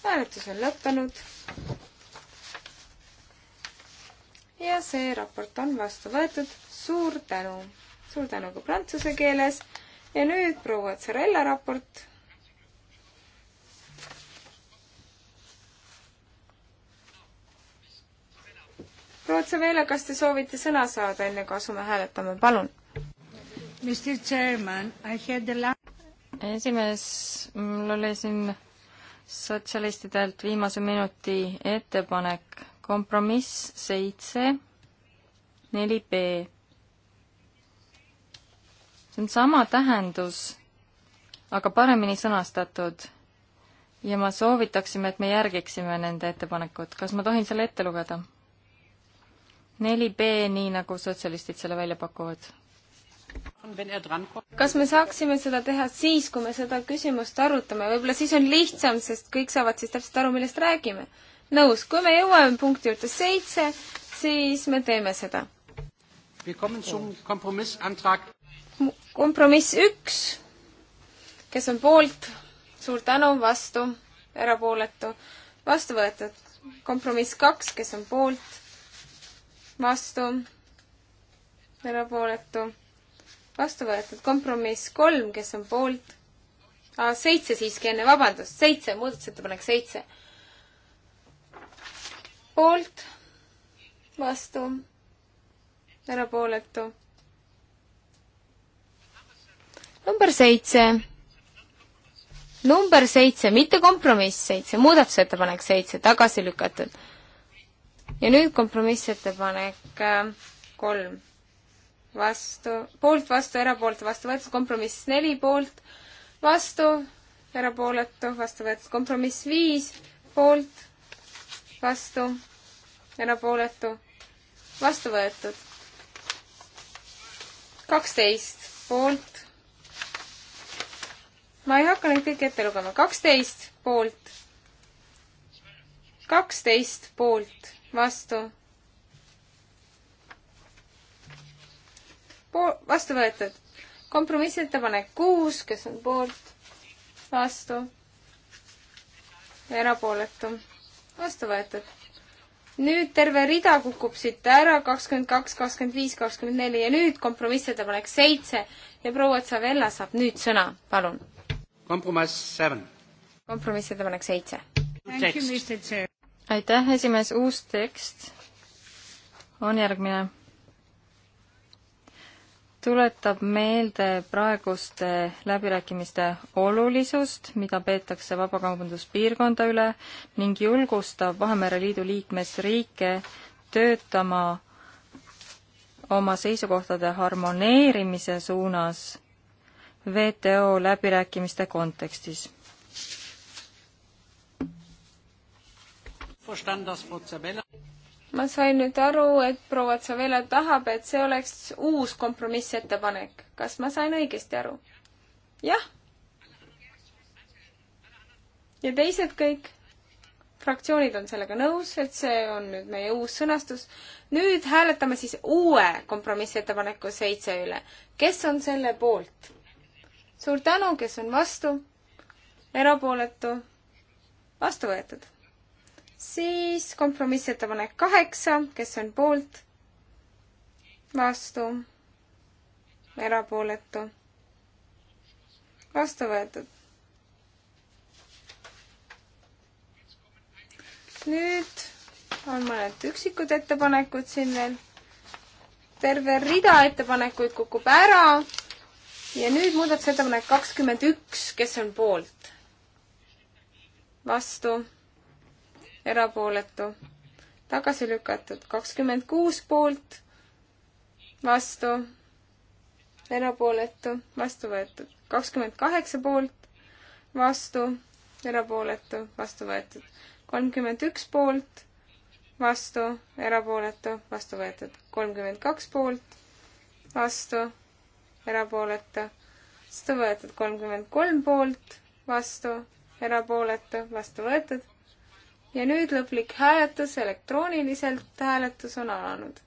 hääletus on lõppenud. ja see raport on vastu võetud. suur tänu, suur tänu ka prantsuse keeles. ja nüüd proua Tsarella raport proua Tsavela, kas te soovite sõna saada, enne kui asume hääletama, palun? esimees, mul oli siin sotsialistidelt viimase minuti ettepanek, kompromiss seitse, neli B. see on sama tähendus, aga paremini sõnastatud. ja ma soovitaksime, et me järgiksime nende ettepanekut, kas ma tohin selle ette lugeda? neli B, nii nagu sotsialistid selle välja pakuvad. Er kas me saaksime seda teha siis, kui me seda küsimust arutame, võib-olla siis on lihtsam, sest kõik saavad siis täpselt aru, millest räägime. nõus, kui me jõuame punkti juurde seitse, siis me teeme seda. kompromiss üks, kes on poolt, suur tänu, vastu, erapooletu, vastu võetud. kompromiss kaks, kes on poolt vastu, erapooletu, vastu võetud. kompromiss kolm, kes on poolt ah,, seitse siiski enne, vabandust, seitse, muudatusettepanek seitse. poolt, vastu, erapooletu. number seitse number seitse, mitte kompromiss seitse, muudatusettepanek seitse, tagasi lükatud ja nüüd kompromissettepanek äh, kolm. vastu, poolt, vastu, erapoolt, vastu võetud, kompromiss neli poolt, vastu, erapooletu, vastu võetud, kompromiss viis poolt, vastu, erapooletu, vastu võetud. kaksteist poolt. ma ei hakka neid kõiki ette lugema, kaksteist poolt, kaksteist poolt vastu. vastu võetud. kompromissettepanek kuus, kes on poolt, vastu, erapooletu, vastu võetud. nüüd terve rida kukub siit ära, kakskümmend kaks, kakskümmend viis, kakskümmend neli ja nüüd kompromissettepanek seitse ja proua Tsavella saab nüüd sõna, palun. kompromiss seven. kompromissettepanek seitse aitäh, esimees, uus tekst on järgmine. tuletab meelde praeguste läbirääkimiste olulisust, mida peetakse vabakaubanduspiirkonda üle ning julgustab Vahemere Liidu liikmesriike töötama oma seisukohtade harmoneerimise suunas WTO läbirääkimiste kontekstis ma sain nüüd aru, et proua Tsavela tahab, et see oleks uus kompromissettepanek. kas ma sain õigesti aru? jah. ja teised kõik fraktsioonid on sellega nõus, et see on nüüd meie uus sõnastus. nüüd hääletame siis uue kompromissettepaneku seitse üle. kes on selle poolt? suur tänu, kes on vastu? erapooletu? vastu võetud siis kompromissettepanek kaheksa, kes on poolt, vastu, erapooletu, vastu võetud. nüüd on mõned üksikud ettepanekud siin veel. terve rida ettepanekuid kukub ära ja nüüd muudatusettepanek kakskümmend üks, kes on poolt? vastu erapooletu, tagasi lükatud. kakskümmend kuus poolt, vastu, erapooletu, vastu võetud. kakskümmend kaheksa poolt, vastu, erapooletu, vastu võetud. kolmkümmend üks poolt, vastu, erapooletu, vastu võetud. kolmkümmend kaks poolt, vastu, erapooletu, vastu võetud. kolmkümmend kolm poolt, vastu, erapooletu, vastu võetud ja nüüd lõplik hääletus elektrooniliselt, hääletus on alanud.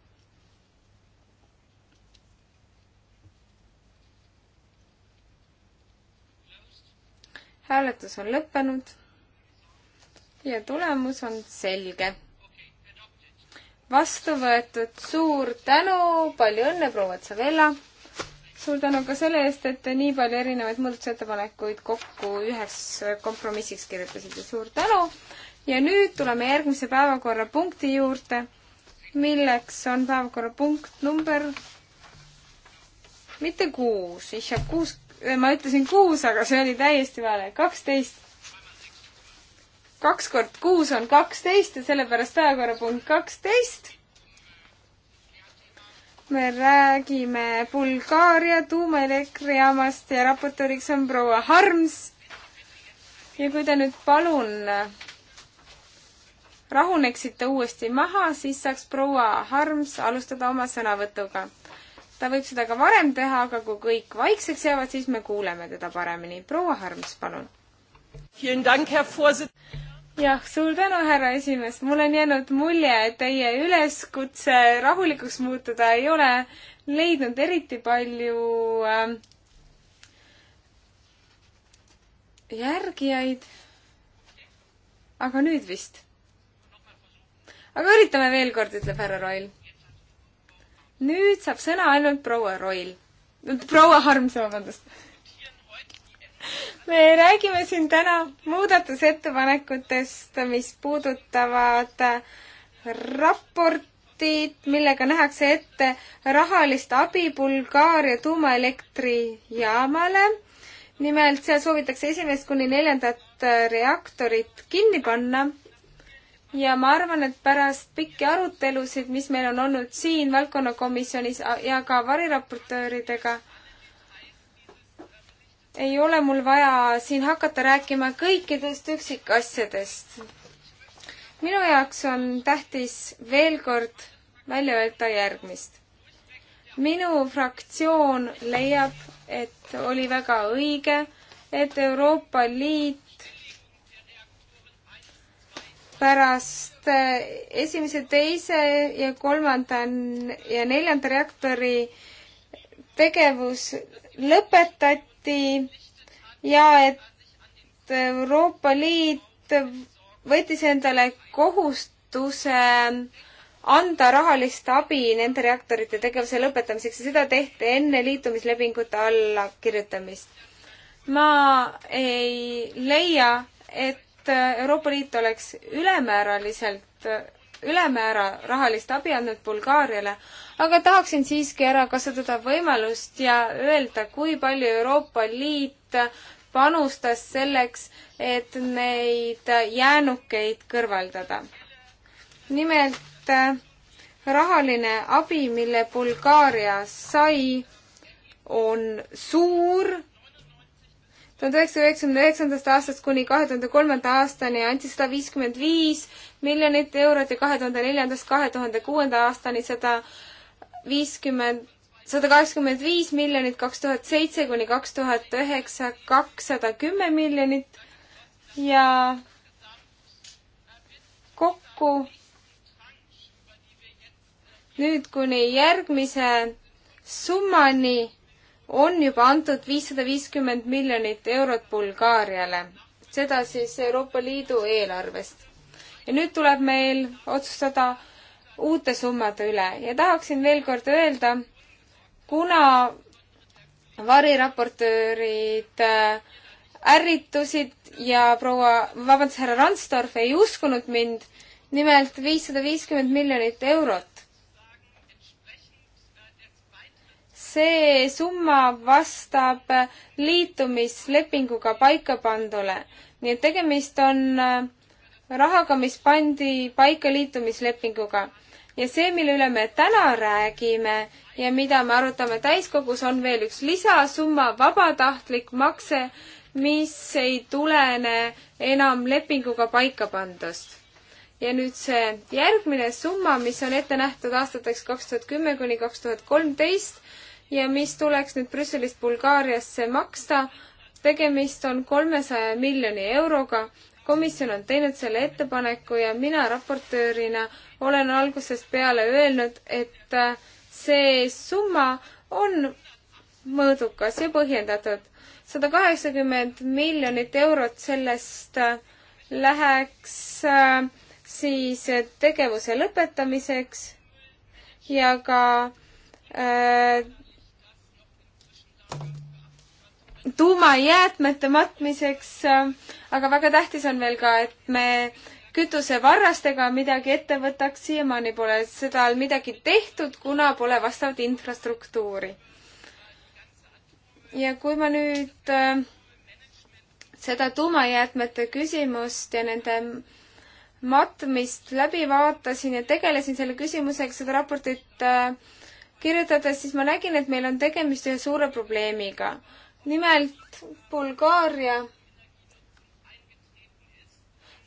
hääletus on lõppenud ja tulemus on selge. vastu võetud, suur tänu, palju õnne, proua Tsavella! suur tänu ka selle eest, et te nii palju erinevaid muudatusettepanekuid kokku üheks kompromissiks kirjutasite, suur tänu! ja nüüd tuleme järgmise päevakorrapunkti juurde, milleks on päevakorrapunkt number, mitte kuus, issand kuus, ma ütlesin kuus, aga see oli täiesti vale, kaksteist. kaks kord kuus on kaksteist ja sellepärast päevakorrapunkt kaksteist. me räägime Bulgaaria tuumaelektrijaamast ja raportööriks on proua Harms. ja kui te nüüd palun rahuneksite uuesti maha, siis saaks proua Harms alustada oma sõnavõtuga. ta võib seda ka varem teha, aga kui kõik vaikseks jäävad, siis me kuuleme teda paremini. proua Harms, palun. jah, suur tänu, härra esimees. mul on jäänud mulje, et teie üleskutse rahulikuks muutuda ei ole leidnud eriti palju äh, järgijaid. aga nüüd vist aga üritame veel kord, ütleb härra Roil. nüüd saab sõna ainult proua Roil. proua Harms, vabandust. me räägime siin täna muudatusettepanekutest, mis puudutavad raportit, millega nähakse ette rahalist abi Bulgaaria tuumaelektrijaamale nimelt seal soovitakse esimest kuni neljandat reaktorit kinni panna ja ma arvan, et pärast pikki arutelusid, mis meil on olnud siin valdkonnakomisjonis ja ka variraportööridega, ei ole mul vaja siin hakata rääkima kõikidest üksikasjadest. minu jaoks on tähtis veel kord välja öelda järgmist. minu fraktsioon leiab, et oli väga õige, et Euroopa Liit pärast eh, esimese, teise ja kolmanda ja neljanda reaktori tegevus lõpetati ja et Euroopa Liit võttis endale kohustuse anda rahalist abi nende reaktorite tegevuse lõpetamiseks ja seda tehti enne liitumislepingute allakirjutamist. ma ei leia, et Äh, Euroopa Liit oleks ülemääraliselt, ülemäära rahalist abi andnud Bulgaariale, aga tahaksin siiski ära kasutada võimalust ja öelda, kui palju Euroopa Liit panustas selleks, et neid jäänukeid kõrvaldada. nimelt äh, rahaline abi, mille Bulgaaria sai, on suur tuhande üheksasaja üheksakümne üheksandast aastast kuni kahe tuhande kolmanda aastani anti sada viiskümmend viis miljonit eurot ja kahe tuhande neljandast kahe tuhande kuuenda aastani sada viiskümmend, sada kaheksakümmend viis miljonit, kaks tuhat seitse kuni kaks tuhat üheksa kakssada kümme miljonit ja kokku nüüd kuni järgmise summani on juba antud viissada viiskümmend miljonit eurot Bulgaariale, seda siis Euroopa Liidu eelarvest. ja nüüd tuleb meil otsustada uute summade üle ja tahaksin veel kord öelda, kuna variraportöörid äh, ärritusid ja proua, vabandust, härra Randstorf ei uskunud mind, nimelt viissada viiskümmend miljonit eurot see summa vastab liitumislepinguga paika pandule. nii et tegemist on äh, rahaga, mis pandi paika liitumislepinguga. ja see, mille üle me täna räägime ja mida me arutame täiskogus, on veel üks lisasumma, vabatahtlik makse, mis ei tulene enam lepinguga paika pandust ja nüüd see järgmine summa, mis on ette nähtud aastateks kaks tuhat kümme kuni kaks tuhat kolmteist, ja mis tuleks nüüd Brüsselist Bulgaariasse maksta. tegemist on kolmesaja miljoni euroga. komisjon on teinud selle ettepaneku ja mina raportöörina olen algusest peale öelnud, et see summa on mõõdukas ja põhjendatud. sada kaheksakümmend miljonit eurot sellest läheks äh, siis tegevuse lõpetamiseks ja ka äh, tuumajäätmete matmiseks, aga väga tähtis on veel ka, et me kütusevarrastega midagi ette võtaks, siiamaani pole seda midagi tehtud, kuna pole vastavat infrastruktuuri. ja kui ma nüüd äh, seda tuumajäätmete küsimust ja nende matmist läbi vaatasin ja tegelesin selle küsimusega, seda raportit äh, kirjutades, siis ma nägin, et meil on tegemist ühe suure probleemiga nimelt Bulgaaria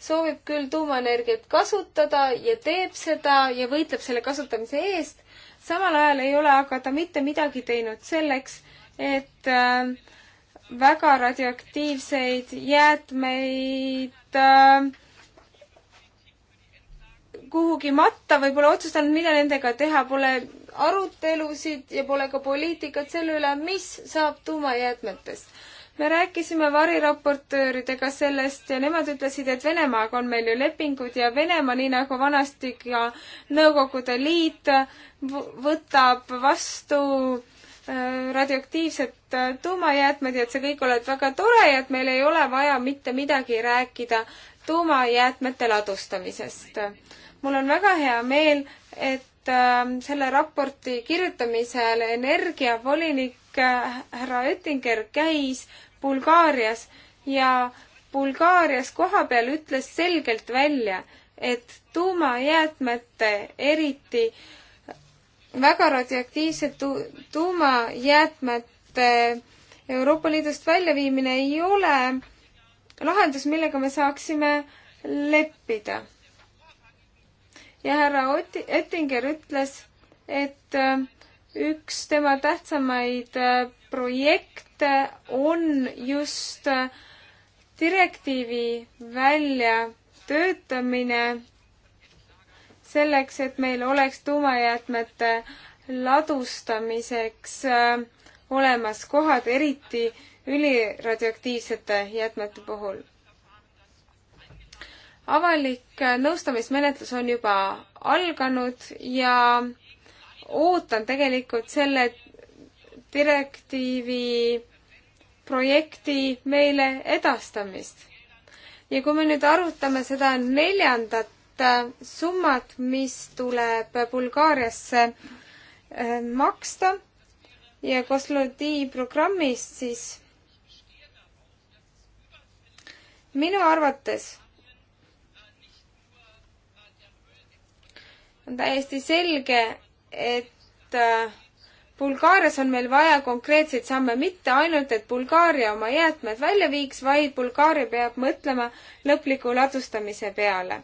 soovib küll tuumaenergiat kasutada ja teeb seda ja võitleb selle kasutamise eest, samal ajal ei ole aga ta mitte midagi teinud selleks, et äh, väga radioaktiivseid jäätmeid äh, kuhugi matta või pole otsustanud, mida nendega teha, pole arutelusid ja pole ka poliitikat selle üle, mis saab tuumajäätmetest. me rääkisime variraportööridega sellest ja nemad ütlesid, et Venemaaga on meil ju lepingud ja Venemaa, nii nagu vanasti ka Nõukogude Liit, võtab vastu äh, radioaktiivsed äh, tuumajäätmed ja et see kõik oleks väga tore ja et meil ei ole vaja mitte midagi rääkida tuumajäätmete ladustamisest. mul on väga hea meel, et et ähm, selle raporti kirjutamisel energiavolinik äh, härra Oettinger käis Bulgaarias ja Bulgaarias kohapeal ütles selgelt välja, et tuumajäätmete, eriti väga radioaktiivse tu-, tuumajäätmete Euroopa Liidust väljaviimine ei ole lahendus, millega me saaksime leppida ja härra Ot-, Oettinger ütles, et äh, üks tema tähtsamaid äh, projekte on just äh, direktiivi väljatöötamine selleks, et meil oleks tuumajäätmete ladustamiseks olemas kohad, eriti üliradioaktiivsete jäätmete puhul avalik nõustamismenetlus on juba alganud ja ootan tegelikult selle direktiivi projekti meile edastamist. ja kui me nüüd arutame seda neljandat summat, mis tuleb Bulgaariasse eh, maksta ja Koslodi programmist, siis minu arvates on täiesti selge, et äh, Bulgaarias on meil vaja konkreetseid samme, mitte ainult, et Bulgaaria oma jäätmed välja viiks, vaid Bulgaaria peab mõtlema lõpliku ladustamise peale.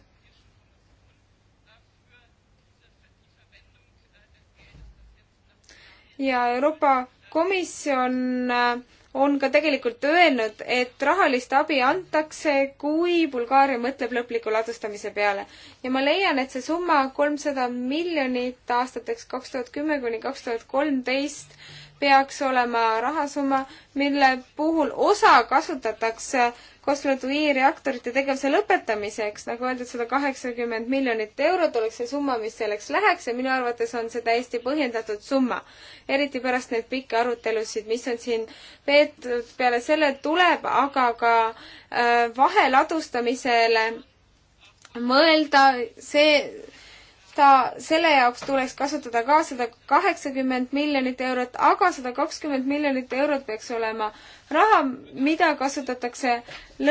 ja Euroopa Komisjon äh, on ka tegelikult öelnud, et rahalist abi antakse, kui Bulgaaria mõtleb lõpliku ladustamise peale. ja ma leian, et see summa kolmsada miljonit aastateks kaks tuhat kümme kuni kaks tuhat kolmteist peaks olema rahasumma, mille puhul osa kasutatakse kosloduiireaktorite tegevuse lõpetamiseks, nagu öeldud, sada kaheksakümmend miljonit eurot oleks see summa, mis selleks läheks ja minu arvates on see täiesti põhjendatud summa. eriti pärast neid pikki arutelusid, mis on siin peetud, peale selle tuleb aga ka äh, vaheladustamisele mõelda, see ka selle jaoks tuleks kasutada ka sada kaheksakümmend miljonit eurot, aga sada kakskümmend miljonit eurot peaks olema raha, mida kasutatakse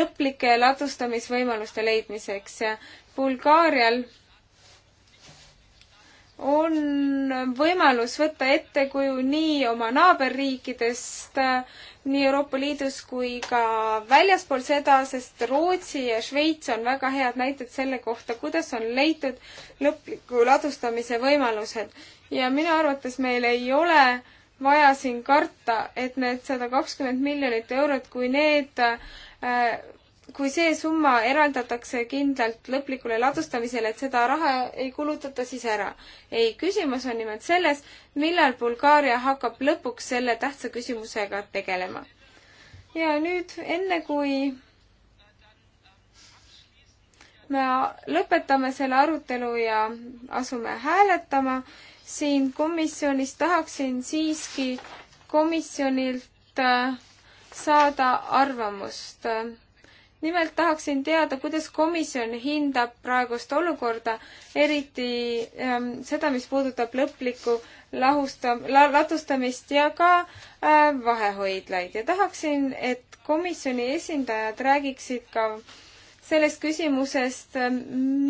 lõplike ladustamisvõimaluste leidmiseks. Bulgaarial on võimalus võtta ettekuju nii oma naaberriikidest, nii Euroopa Liidus kui ka väljaspool seda, sest Rootsi ja Šveits on väga head näited selle kohta, kuidas on leitud lõpliku ladustamise võimalused. ja minu arvates meil ei ole vaja siin karta, et need sada kakskümmend miljonit eurot, kui need äh, kui see summa eraldatakse kindlalt lõplikule ladustamisele, et seda raha ei kulutata siis ära. ei, küsimus on nimelt selles, millal Bulgaaria hakkab lõpuks selle tähtsa küsimusega tegelema. ja nüüd, enne kui me lõpetame selle arutelu ja asume hääletama, siin komisjonis tahaksin siiski komisjonilt äh, saada arvamust nimelt tahaksin teada, kuidas komisjon hindab praegust olukorda, eriti ähm, seda, mis puudutab lõplikku lahustam-, la-, latustamist ja ka äh, vahehoidlaid ja tahaksin, et komisjoni esindajad räägiksid ka äh, sellest küsimusest,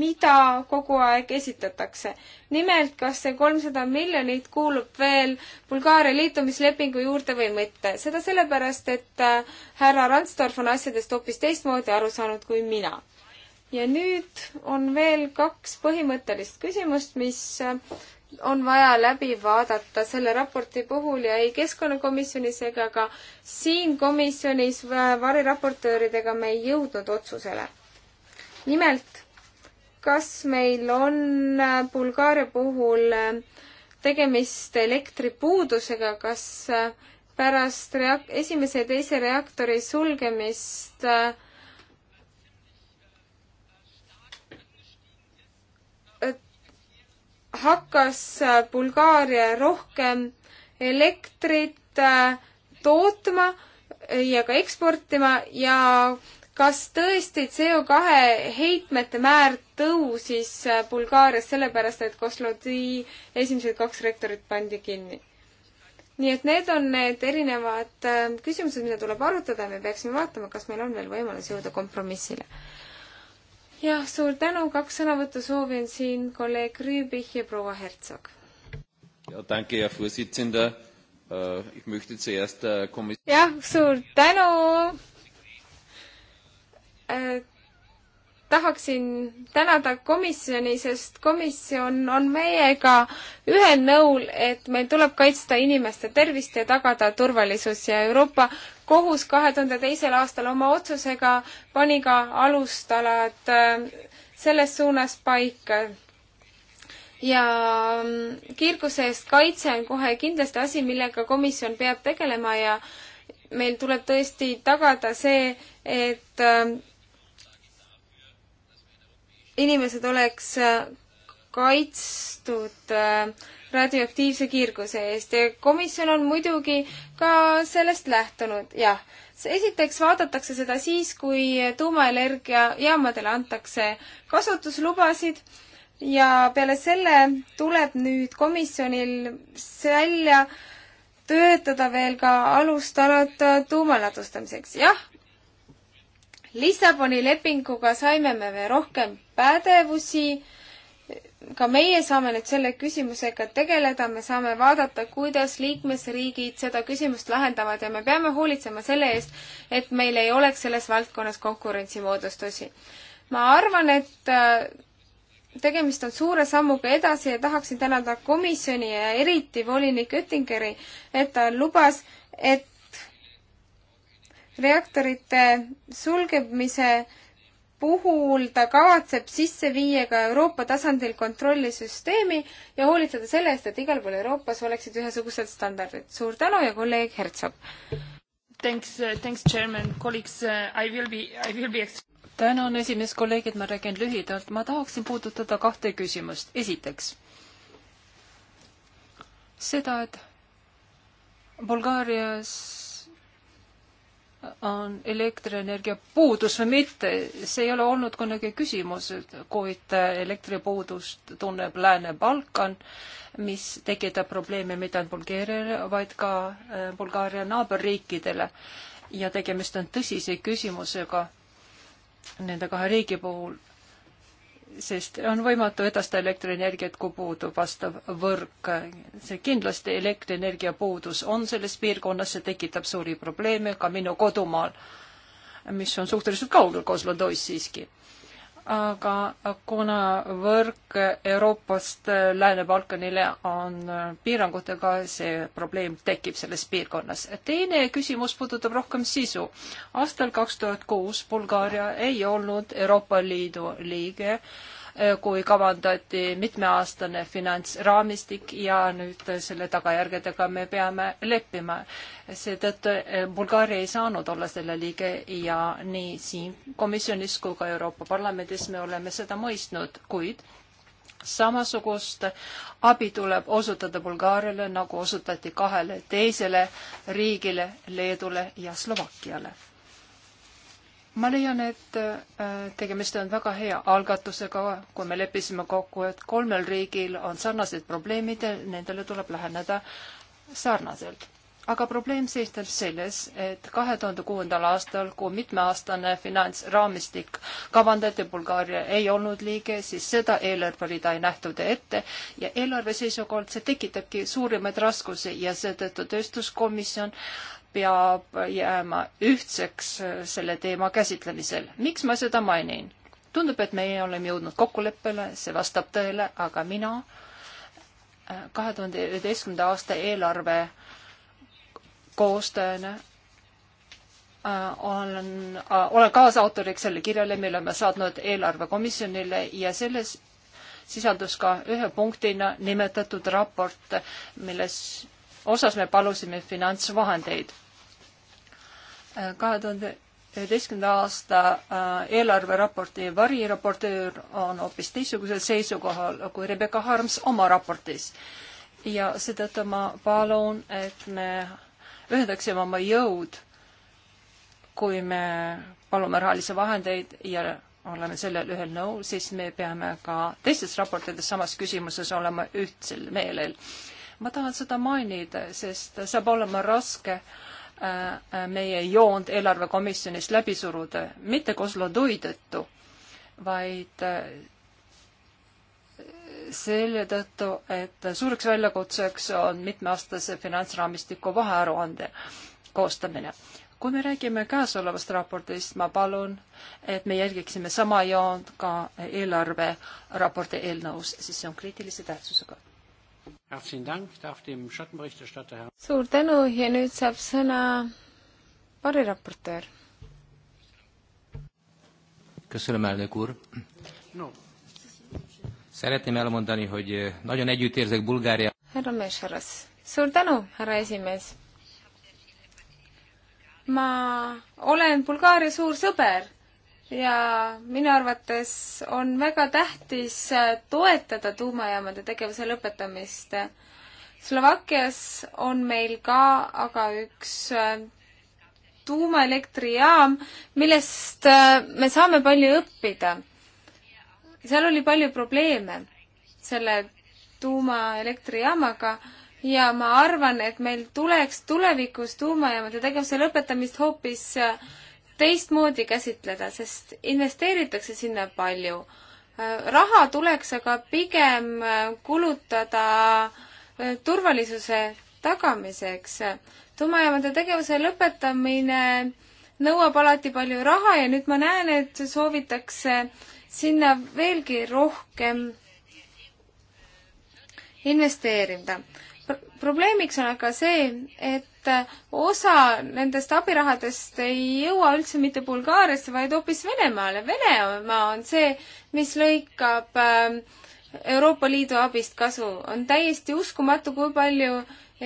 mida kogu aeg esitatakse. nimelt, kas see kolmsada miljonit kuulub veel Bulgaaria liitumislepingu juurde või mitte. seda sellepärast, et äh, härra Randstorf on asjadest hoopis teistmoodi aru saanud kui mina. ja nüüd on veel kaks põhimõttelist küsimust, mis äh, on vaja läbi vaadata selle raporti puhul ja ei keskkonnakomisjonis ega ka siin komisjonis äh, variraportööridega me ei jõudnud otsusele nimelt, kas meil on äh, Bulgaaria puhul äh, tegemist elektripuudusega, kas äh, pärast reak-, esimese ja teise reaktori sulgemist hakkas Bulgaaria rohkem elektrit tootma ja ka eksportima ja kas tõesti CO2 heitmete määr tõusis äh, Bulgaarias sellepärast, et Koslodi esimesed kaks rektorit pandi kinni? nii et need on need erinevad äh, küsimused, mida tuleb arutada ja me peaksime vaatama, kas meil on veel võimalus jõuda kompromissile. jah, suur tänu, kaks sõnavõttu soovin siin kolleeg Rüübich ja proua Hertsog. ja tänke, hea juhataja. Ich möchte zuerst äh, Kommission. jah, suur tänu äh, tahaksin tänada komisjoni, sest komisjon on meiega ühel nõul, et meil tuleb kaitsta inimeste tervist ja tagada turvalisus ja Euroopa kohus kahe tuhande teisel aastal oma otsusega pani ka alustalad äh, selles suunas paika. ja mm, kiirguse eest kaitse on kohe kindlasti asi, millega komisjon peab tegelema ja meil tuleb tõesti tagada see, et äh, inimesed oleks äh, kaitstud äh, radioaktiivse kiirguse eest ja komisjon on muidugi ka sellest lähtunud, jah. esiteks vaadatakse seda siis, kui tuumaenergia jaamadele antakse kasutuslubasid ja peale selle tuleb nüüd komisjonil välja töötada veel ka alustalad äh, tuumaladustamiseks, jah. Lissaboni lepinguga saime me veel rohkem pädevusi. ka meie saame nüüd selle küsimusega tegeleda, me saame vaadata, kuidas liikmesriigid seda küsimust lahendavad ja me peame hoolitsema selle eest, et meil ei oleks selles valdkonnas konkurentsimoodustusi. ma arvan, et äh, tegemist on suure sammuga edasi ja tahaksin tänada komisjoni ja eriti volinik Oettingeri, et ta lubas, et reaktorite sulgemise puhul ta kavatseb sisse viia ka Euroopa tasandil kontrollisüsteemi ja hoolitseda selle eest, et igal pool Euroopas oleksid ühesugused standardid. suur tänu ja kolleeg Hertsog! Thanks, uh, thanks chairman, colleagues, uh, I will be, I will be tänan, esimees, kolleegid, ma räägin lühidalt. ma tahaksin puudutada kahte küsimust. esiteks seda, et Bulgaarias on elektrienergia puudus või mitte, see ei ole olnud kunagi küsimus, kuid elektripuudust tunneb Lääne-Balkan, mis tekitab probleeme mitte ainult Bulgaariale, vaid ka äh, Bulgaaria naaberriikidele. ja tegemist on tõsise küsimusega nende kahe riigi puhul sest on võimatu edastada elektrienergiat, kui puudub vastav võrk. see kindlasti elektrienergia puudus on selles piirkonnas, see tekitab suuri probleeme ka minu kodumaal, mis on suhteliselt kaugel Kozlodois siiski aga kuna võrk Euroopast Lääne-Balkanile on piirangutega, see probleem tekib selles piirkonnas. teine küsimus puudutab rohkem sisu. aastal kaks tuhat kuus Bulgaaria ei olnud Euroopa Liidu liige äh, Äh, kui kavandati mitmeaastane finantsraamistik ja nüüd selle tagajärgedega me peame leppima. seetõttu äh, Bulgaaria ei saanud olla selle liige ja nii siin komisjonis kui ka Euroopa Parlamendis me oleme seda mõistnud, kuid samasugust abi tuleb osutada Bulgaariale, nagu osutati kahele teisele riigile, Leedule ja Slovakkiale ma leian, et äh, tegemist on väga hea algatusega, kui me leppisime kokku, et kolmel riigil on sarnased probleemid ja nendele tuleb läheneda sarnaselt. aga probleem seisneb selles, et kahe tuhande kuuendal aastal, kui mitmeaastane finantsraamistik kavandati, Bulgaaria ei olnud liige, siis seda eelarverida ei nähtud ette ja eelarve seisukohalt see tekitabki suurimaid raskusi ja seetõttu tööstuskomisjon äh, peab jääma ühtseks äh, selle teema käsitlemisel. miks ma seda mainin? tundub, et meie oleme jõudnud kokkuleppele, see vastab tõele, aga mina äh, kahe tuhande üheteistkümnenda aasta eelarve koostajana äh, olen, olen kaasautoriks selle kirjale, mille me saatnud eelarvekomisjonile ja selles sisaldus ka ühe punktina nimetatud raport, milles osas me palusime finantsvahendeid. kahe tuhande üheteistkümnenda aasta äh, eelarveraporti variraportöör on hoopis teistsugusel seisukohal kui Rebecca Harms oma raportis. ja seetõttu ma palun, et me ühendaksime oma jõud, kui me palume rahalisi vahendeid ja oleme sellel ühel nõul, siis me peame ka teistes raportides samas küsimuses olema ühtsel meelel ma tahan seda mainida, sest saab olema raske äh, äh, meie joond eelarvekomisjonist läbi suruda, mitte Kozlodui tõttu, vaid äh, selle tõttu, et suureks väljakutseks on mitmeaastase finantsraamistiku vahearuande koostamine. kui me räägime käesolevast raportist, ma palun, et me jälgiksime sama joont ka eelarveraporti eelnõus, sest see on kriitilise tähtsusega suur tänu ja nüüd saab sõna variraportöör. Köszönöm, elnök úr. No. Szeretném elmondani, hogy eh, nagyon együttérzek Bulgária. Härra Mesaras. Suur tänu, härra esimees. Ma olen Bulgaaria suur sõber ja minu arvates on väga tähtis äh, toetada tuumajaamade tegevuse lõpetamist. Slovakkias on meil ka aga üks äh, tuumaelektrijaam, millest äh, me saame palju õppida. seal oli palju probleeme selle tuumaelektrijaamaga ja ma arvan, et meil tuleks tulevikus tuumajaamade tegevuse lõpetamist hoopis teistmoodi käsitleda, sest investeeritakse sinna palju. raha tuleks aga pigem kulutada äh, turvalisuse tagamiseks. tuumajaamade tegevuse lõpetamine nõuab alati palju raha ja nüüd ma näen, et soovitakse sinna veelgi rohkem investeerida. probleemiks on aga see, et et osa nendest abirahadest ei jõua üldse mitte Bulgaariasse, vaid hoopis Venemaale. Venemaa on see, mis lõikab ähm, Euroopa Liidu abist kasu. on täiesti uskumatu, kui palju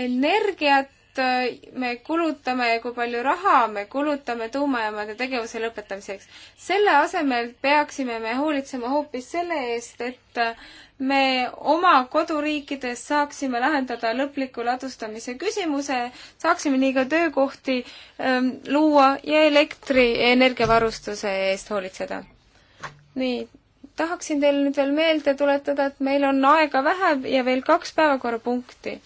energiat Äh, me kulutame ja kui palju raha me kulutame tuumajaamade tegevuse lõpetamiseks. selle asemel peaksime me hoolitsema hoopis selle eest, et äh, me oma koduriikides saaksime lahendada lõpliku ladustamise küsimuse, saaksime nii ka töökohti ähm, luua ja elektrienergiavarustuse eest hoolitseda. nii, tahaksin teile nüüd veel meelde tuletada, et meil on aega vähe ja veel kaks päevakorrapunkti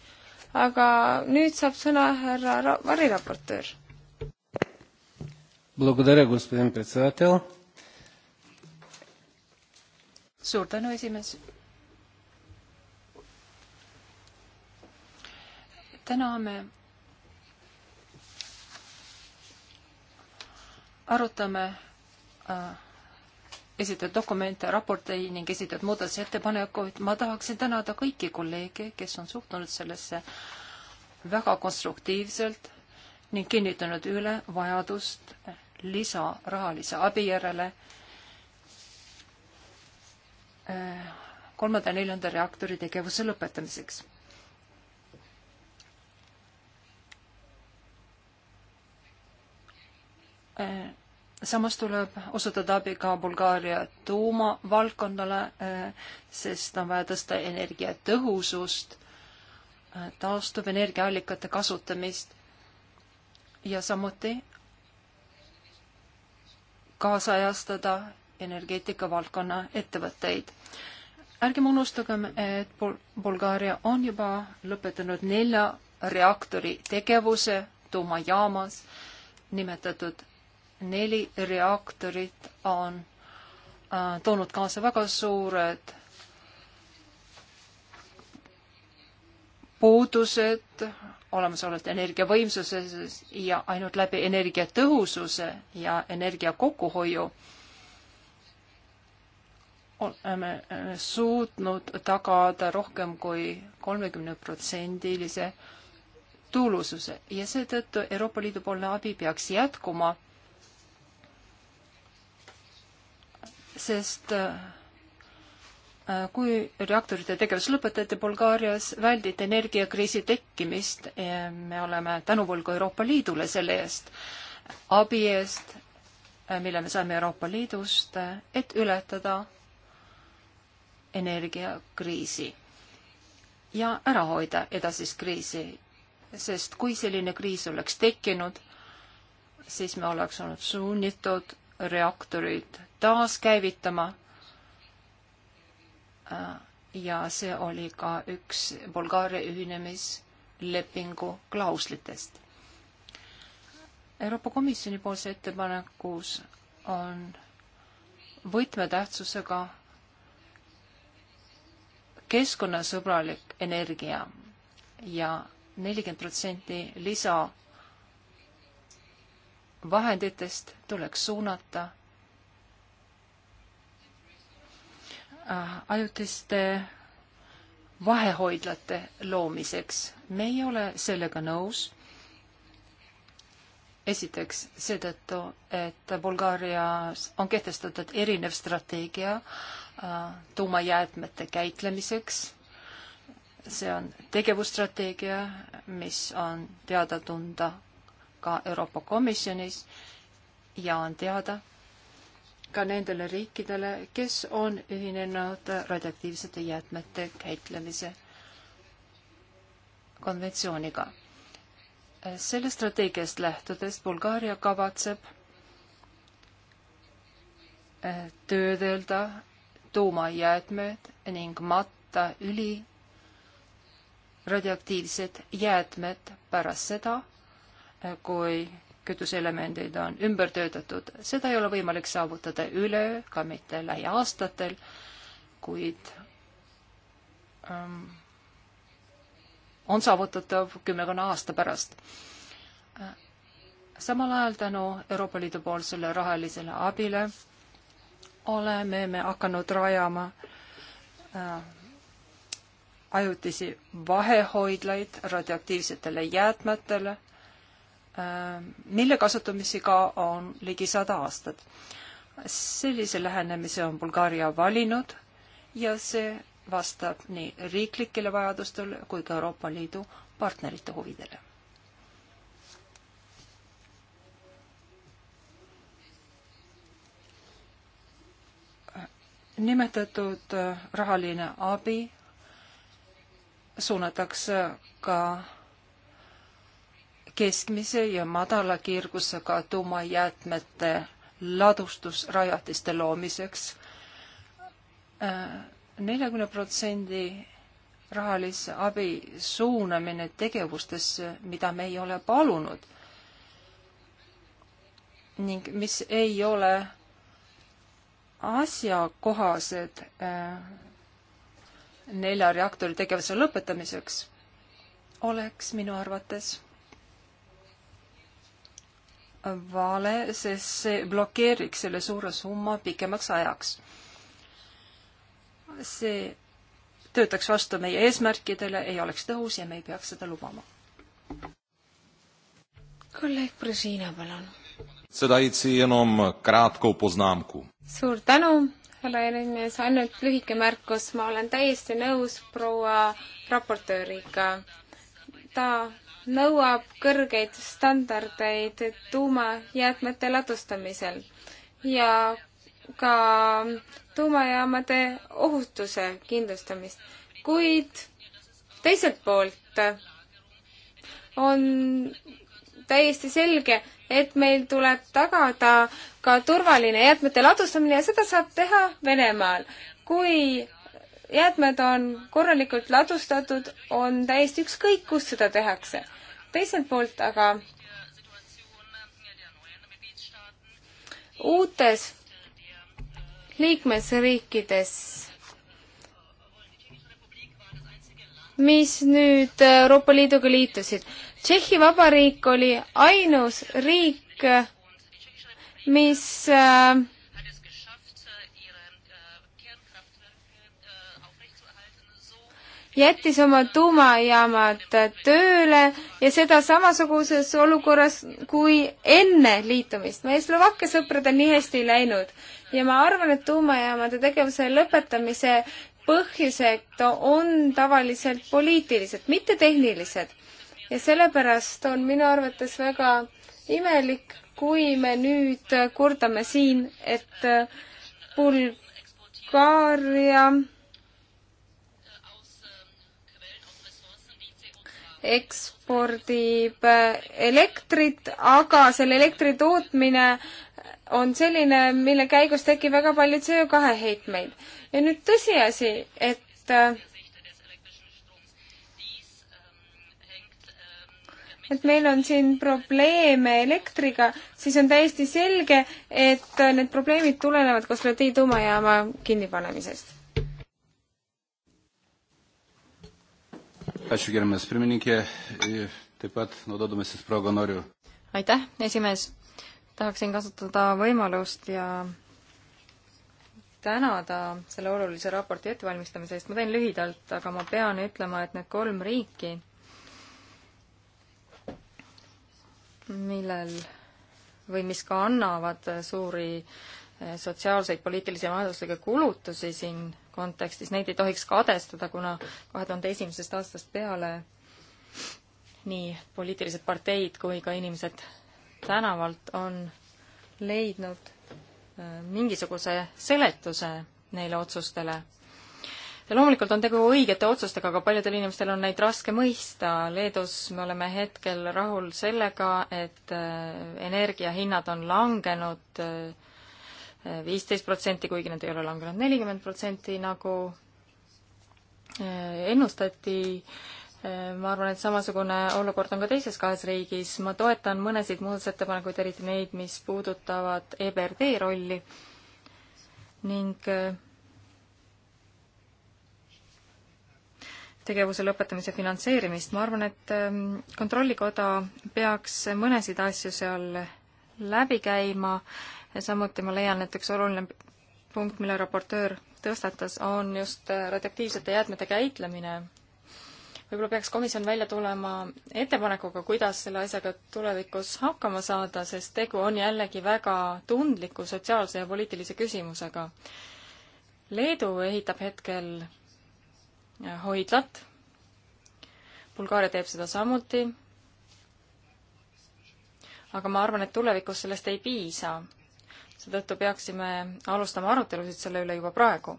aga nüüd saab sõna härra variraportöör. suur tänu, esimees. täna me arutame äh, esitatud dokumente, raporteid ning esitatud muudatusettepanekuid. ma tahaksin tänada kõiki kolleege, kes on suhtunud sellesse väga konstruktiivselt ning kinnitanud üle vajadust lisarahalise abi järele äh, kolmanda ja neljanda reaktori tegevuse lõpetamiseks. Äh, samas tuleb osutada abi ka Bulgaaria tuumavaldkonnale, eh, sest on vaja tõsta energiatõhusust, eh, taastuvenergiaallikate kasutamist ja samuti kaasajastada energeetikavaldkonna ettevõtteid. ärgem unustagem, et Bul Bulgaaria on juba lõpetanud nelja reaktori tegevuse tuumajaamas nimetatud neli reaktorit on äh, toonud kaasa väga suured puudused olemasolevate energiavõimsuses ja ainult läbi energiatõhususe ja energia kokkuhoiu oleme äh, suutnud tagada rohkem kui 30%-lise tulususe ja seetõttu Euroopa Liidu poolne abi peaks jätkuma sest äh, äh, kui reaktorite tegevus lõpetati Bulgaarias, välditi energiakriisi tekkimist. me oleme tänuvõlgu Euroopa Liidule selle eest, abi eest, äh, mille me saime Euroopa Liidust, et ületada energiakriisi ja ära hoida edasist kriisi. sest kui selline kriis oleks tekkinud, siis me oleks olnud sunnitud reaktorid taaskäivitama. ja see oli ka üks Bulgaaria ühinemislepingu klauslitest. Euroopa Komisjoni poolse ettepanekus on võtmetähtsusega keskkonnasõbralik energia ja nelikümmend protsenti lisa vahenditest tuleks suunata Äh, ajutiste vahehoidlate loomiseks. me ei ole sellega nõus. esiteks seetõttu, et Bulgaarias on kehtestatud erinev strateegia äh, tuumajäätmete käitlemiseks. see on tegevusstrateegia, mis on teada-tunda ka Euroopa Komisjonis ja on teada, ka nendele riikidele, kes on ühinenud radioaktiivsete jäätmete käitlemise konventsiooniga. Sellest strateegiast lähtudes Bulgaaria kavatseb eh, töödelda tuumajäätmed ning matta üli radioaktiivsed jäätmed pärast seda, eh, kui kütuseelemendid on ümber töötatud. seda ei ole võimalik saavutada üleöö, ka mitte lähiaastatel, kuid ähm, on saavutatav kümmekonna aasta pärast. Äh, samal ajal tänu Euroopa Liidu poolsele rahalisele abile oleme me hakanud rajama äh, ajutisi vahehoidlaid radioaktiivsetele jäätmetele Äh, mille kasutamisega on ligi sada aastat. sellise lähenemise on Bulgaaria valinud ja see vastab nii riiklikele vajadustele kui ka Euroopa Liidu partnerite huvidele. nimetatud äh, rahaline abi suunatakse ka keskmise ja madala kiirgusega tuumajäätmete ladustusrajatiste loomiseks äh, neljakümne protsendi rahalise abi suunamine tegevustesse, mida me ei ole palunud ning mis ei ole asjakohased äh, nelja reaktori tegevuse lõpetamiseks, oleks minu arvates vale, sest see blokeeriks selle suure summa pikemaks ajaks. see töötaks vastu meie eesmärkidele, ei oleks tõhus ja me ei peaks seda lubama. kolleeg Brežina, palun. sedaitsi enam kratko poznamku. suur tänu, härra esimees, ainult lühike märkus, ma olen täiesti nõus proua raportööriga. ta nõuab kõrgeid standardeid tuumajäätmete ladustamisel ja ka tuumajaamade ohutuse kindlustamist, kuid teiselt poolt on täiesti selge, et meil tuleb tagada ka turvaline jäätmete ladustamine ja seda saab teha Venemaal. kui jäätmed on korralikult ladustatud, on täiesti ükskõik, kus seda tehakse teiselt poolt aga uutes liikmesriikides, mis nüüd Euroopa Liiduga liitusid. Tšehhi Vabariik oli ainus riik, mis äh, jättis oma tuumajaamad tööle ja seda samasuguses olukorras kui enne liitumist. meie Slovakkia sõpradel nii hästi ei läinud ja ma arvan, et tuumajaamade tegevuse lõpetamise põhjused on tavaliselt poliitilised, mitte tehnilised. ja sellepärast on minu arvates väga imelik, kui me nüüd kurdame siin, et Bulgaaria ekspordib äh, elektrit, aga selle elektri tootmine on selline, mille käigus tekib väga palju CO2 heitmeid. ja nüüd tõsiasi, et äh, et meil on siin probleeme elektriga, siis on täiesti selge, et need probleemid tulenevad Kosloti tuumajaama kinnipanemisest Ačiū, gerbiamas pirmininkė. Taip pat, naudodamasis progą, noriu. aitäh, esimees. tahaksin kasutada võimalust ja tänada selle olulise raporti ettevalmistamise eest. ma teen lühidalt, aga ma pean ütlema, et need kolm riiki, millel või mis ka annavad suuri sotsiaalseid, poliitilisi ja majanduslikke kulutusi siin kontekstis, neid ei tohiks kadestada, kuna kahe tuhande esimesest aastast peale nii poliitilised parteid kui ka inimesed tänavalt on leidnud äh, mingisuguse seletuse neile otsustele. ja loomulikult on tegu õigete otsustega, aga paljudel inimestel on neid raske mõista. Leedus me oleme hetkel rahul sellega, et äh, energiahinnad on langenud äh, viisteist protsenti, kuigi nad ei ole langenud nelikümmend protsenti, nagu eh, ennustati. Eh, ma arvan, et samasugune olukord on ka teises kahes riigis. ma toetan mõnesid muudatusettepanekuid, eriti neid, mis puudutavad EBRD rolli ning eh, tegevuse lõpetamise finantseerimist. ma arvan, et Kontrollikoda peaks mõnesid asju seal läbi käima samuti ma leian, et üks oluline punkt, mille raportöör tõstatas, on just äh, radioaktiivsete jäätmete käitlemine. võib-olla peaks komisjon välja tulema ettepanekuga, kuidas selle asjaga tulevikus hakkama saada, sest tegu on jällegi väga tundliku sotsiaalse ja poliitilise küsimusega. Leedu ehitab hetkel äh, hoidlat, Bulgaaria teeb seda samuti, aga ma arvan, et tulevikus sellest ei piisa seetõttu peaksime alustama arutelusid selle üle juba praegu.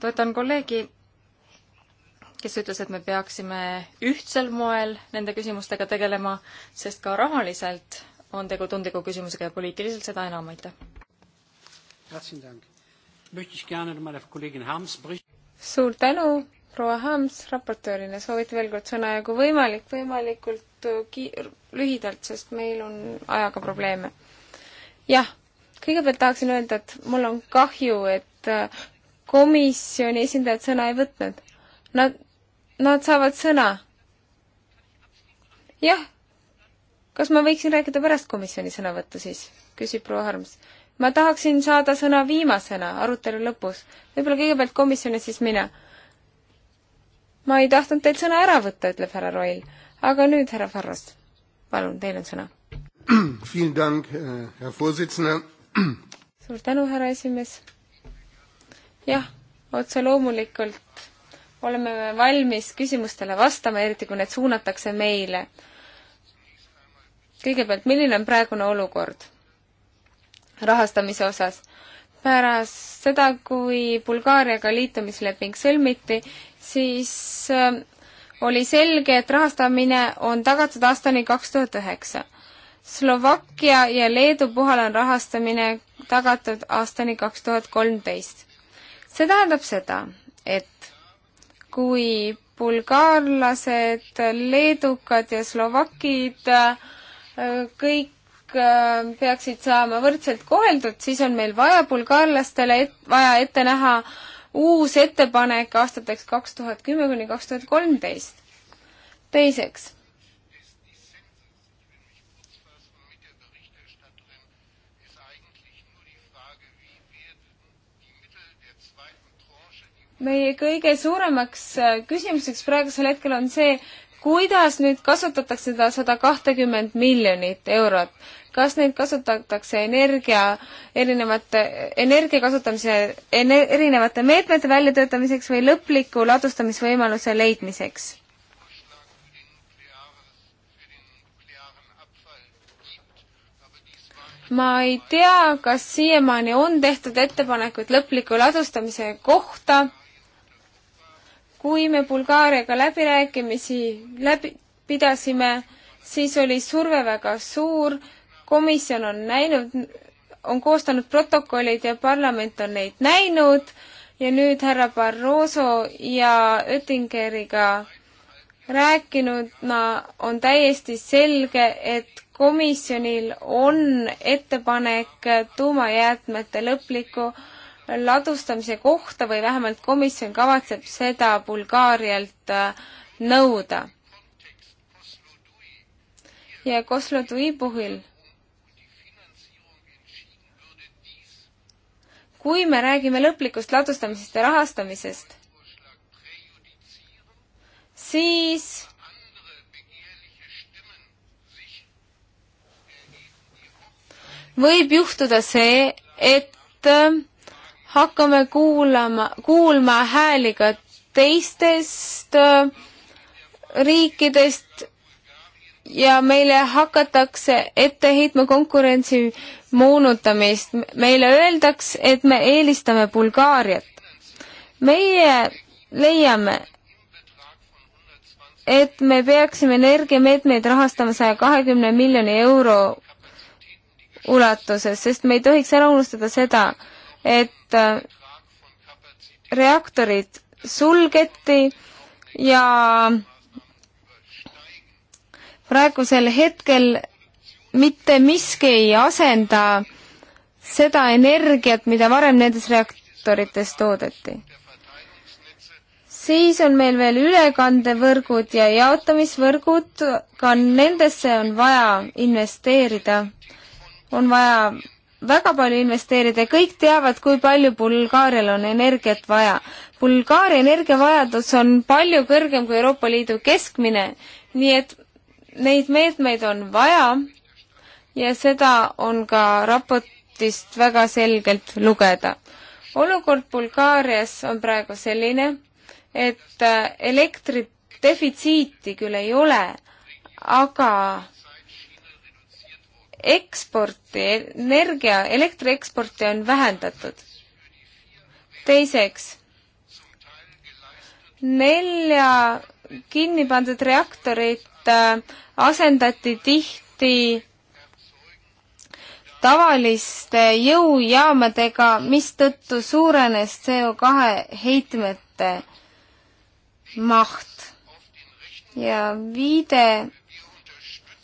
toetan kolleegi, kes ütles, et me peaksime ühtsel moel nende küsimustega tegelema, sest ka rahaliselt on tegu tundliku küsimusega ja poliitiliselt seda enam, aitäh. suur tänu, proua Hams, raportöörina soovite veel kord sõna ja kui võimalik, võimalikult ki-, lühidalt, sest meil on ajaga probleeme. jah kõigepealt tahaksin öelda, et mul on kahju, et äh, komisjoni esindajad sõna ei võtnud. Nad, nad saavad sõna. jah. kas ma võiksin rääkida pärast komisjoni sõnavõttu siis? küsib proua Harms. ma tahaksin saada sõna viimasena, arutelu lõpus. võib-olla kõigepealt komisjon ja siis mina. ma ei tahtnud teilt sõna ära võtta, ütleb härra Roil. aga nüüd, härra Farras, palun, teil on sõna. Vielen Dank, äh, Herr Vorsitzender suur tänu, härra esimees. jah, otse loomulikult oleme me valmis küsimustele vastama, eriti kui need suunatakse meile. kõigepealt, milline on praegune olukord rahastamise osas? pärast seda, kui Bulgaariaga liitumisleping sõlmiti, siis äh, oli selge, et rahastamine on tagatud aastani kaks tuhat üheksa Slovakkia ja Leedu puhul on rahastamine tagatud aastani kaks tuhat kolmteist. see tähendab seda, et kui bulgaarlased, leedukad ja slovakid äh, kõik äh, peaksid saama võrdselt koheldud, siis on meil vaja bulgaarlastele et, vaja ette näha uus ettepanek aastateks kaks tuhat kümme kuni kaks tuhat kolmteist. teiseks meie kõige suuremaks äh, küsimuseks praegusel hetkel on see, kuidas nüüd kasutatakse seda sada kahtekümmet miljonit eurot. kas neid kasutatakse energia erinevate, energia kasutamise ener, erinevate meetmete väljatöötamiseks või lõpliku ladustamisvõimaluse leidmiseks? ma ei tea, kas siiamaani on tehtud ettepanekuid lõpliku ladustamise kohta kui me Bulgaariaga läbirääkimisi läbi pidasime, siis oli surve väga suur, komisjon on näinud, on koostanud protokollid ja parlament on neid näinud ja nüüd härra Barroso ja Oettingeriga rääkinuna on täiesti selge, et komisjonil on ettepanek tuumajäätmete lõpliku äh, ladustamise kohta või vähemalt komisjon kavatseb seda Bulgaarialt äh, nõuda. ja Koslodui puhul kui me räägime lõplikust ladustamisest ja rahastamisest, siis võib juhtuda see, et äh, hakkame kuulama, kuulma hääli ka teistest äh, riikidest ja meile hakatakse ette heitma konkurentsi moonutamist. meile öeldakse, et me eelistame Bulgaariat. meie leiame, et me peaksime energiameetmeid rahastama saja kahekümne miljoni euro ulatuses, sest me ei tohiks ära unustada seda, et äh, reaktorid sulgeti ja praegusel hetkel mitte miski ei asenda seda energiat, mida varem nendes reaktorites toodeti. siis on meil veel ülekandevõrgud ja jaotamisvõrgud, ka nendesse on vaja investeerida, on vaja väga palju investeerida ja kõik teavad, kui palju Bulgaarial on energiat vaja. Bulgaaria energiavajadus on palju kõrgem kui Euroopa Liidu keskmine, nii et neid meetmeid on vaja ja seda on ka raportist väga selgelt lugeda. olukord Bulgaarias on praegu selline, et elektri defitsiiti küll ei ole, aga eksporti, energia, elektri eksporti on vähendatud. teiseks, nelja kinni pandud reaktorit äh, asendati tihti tavaliste jõujaamadega, mistõttu suurenes CO2 heitmete maht. ja viide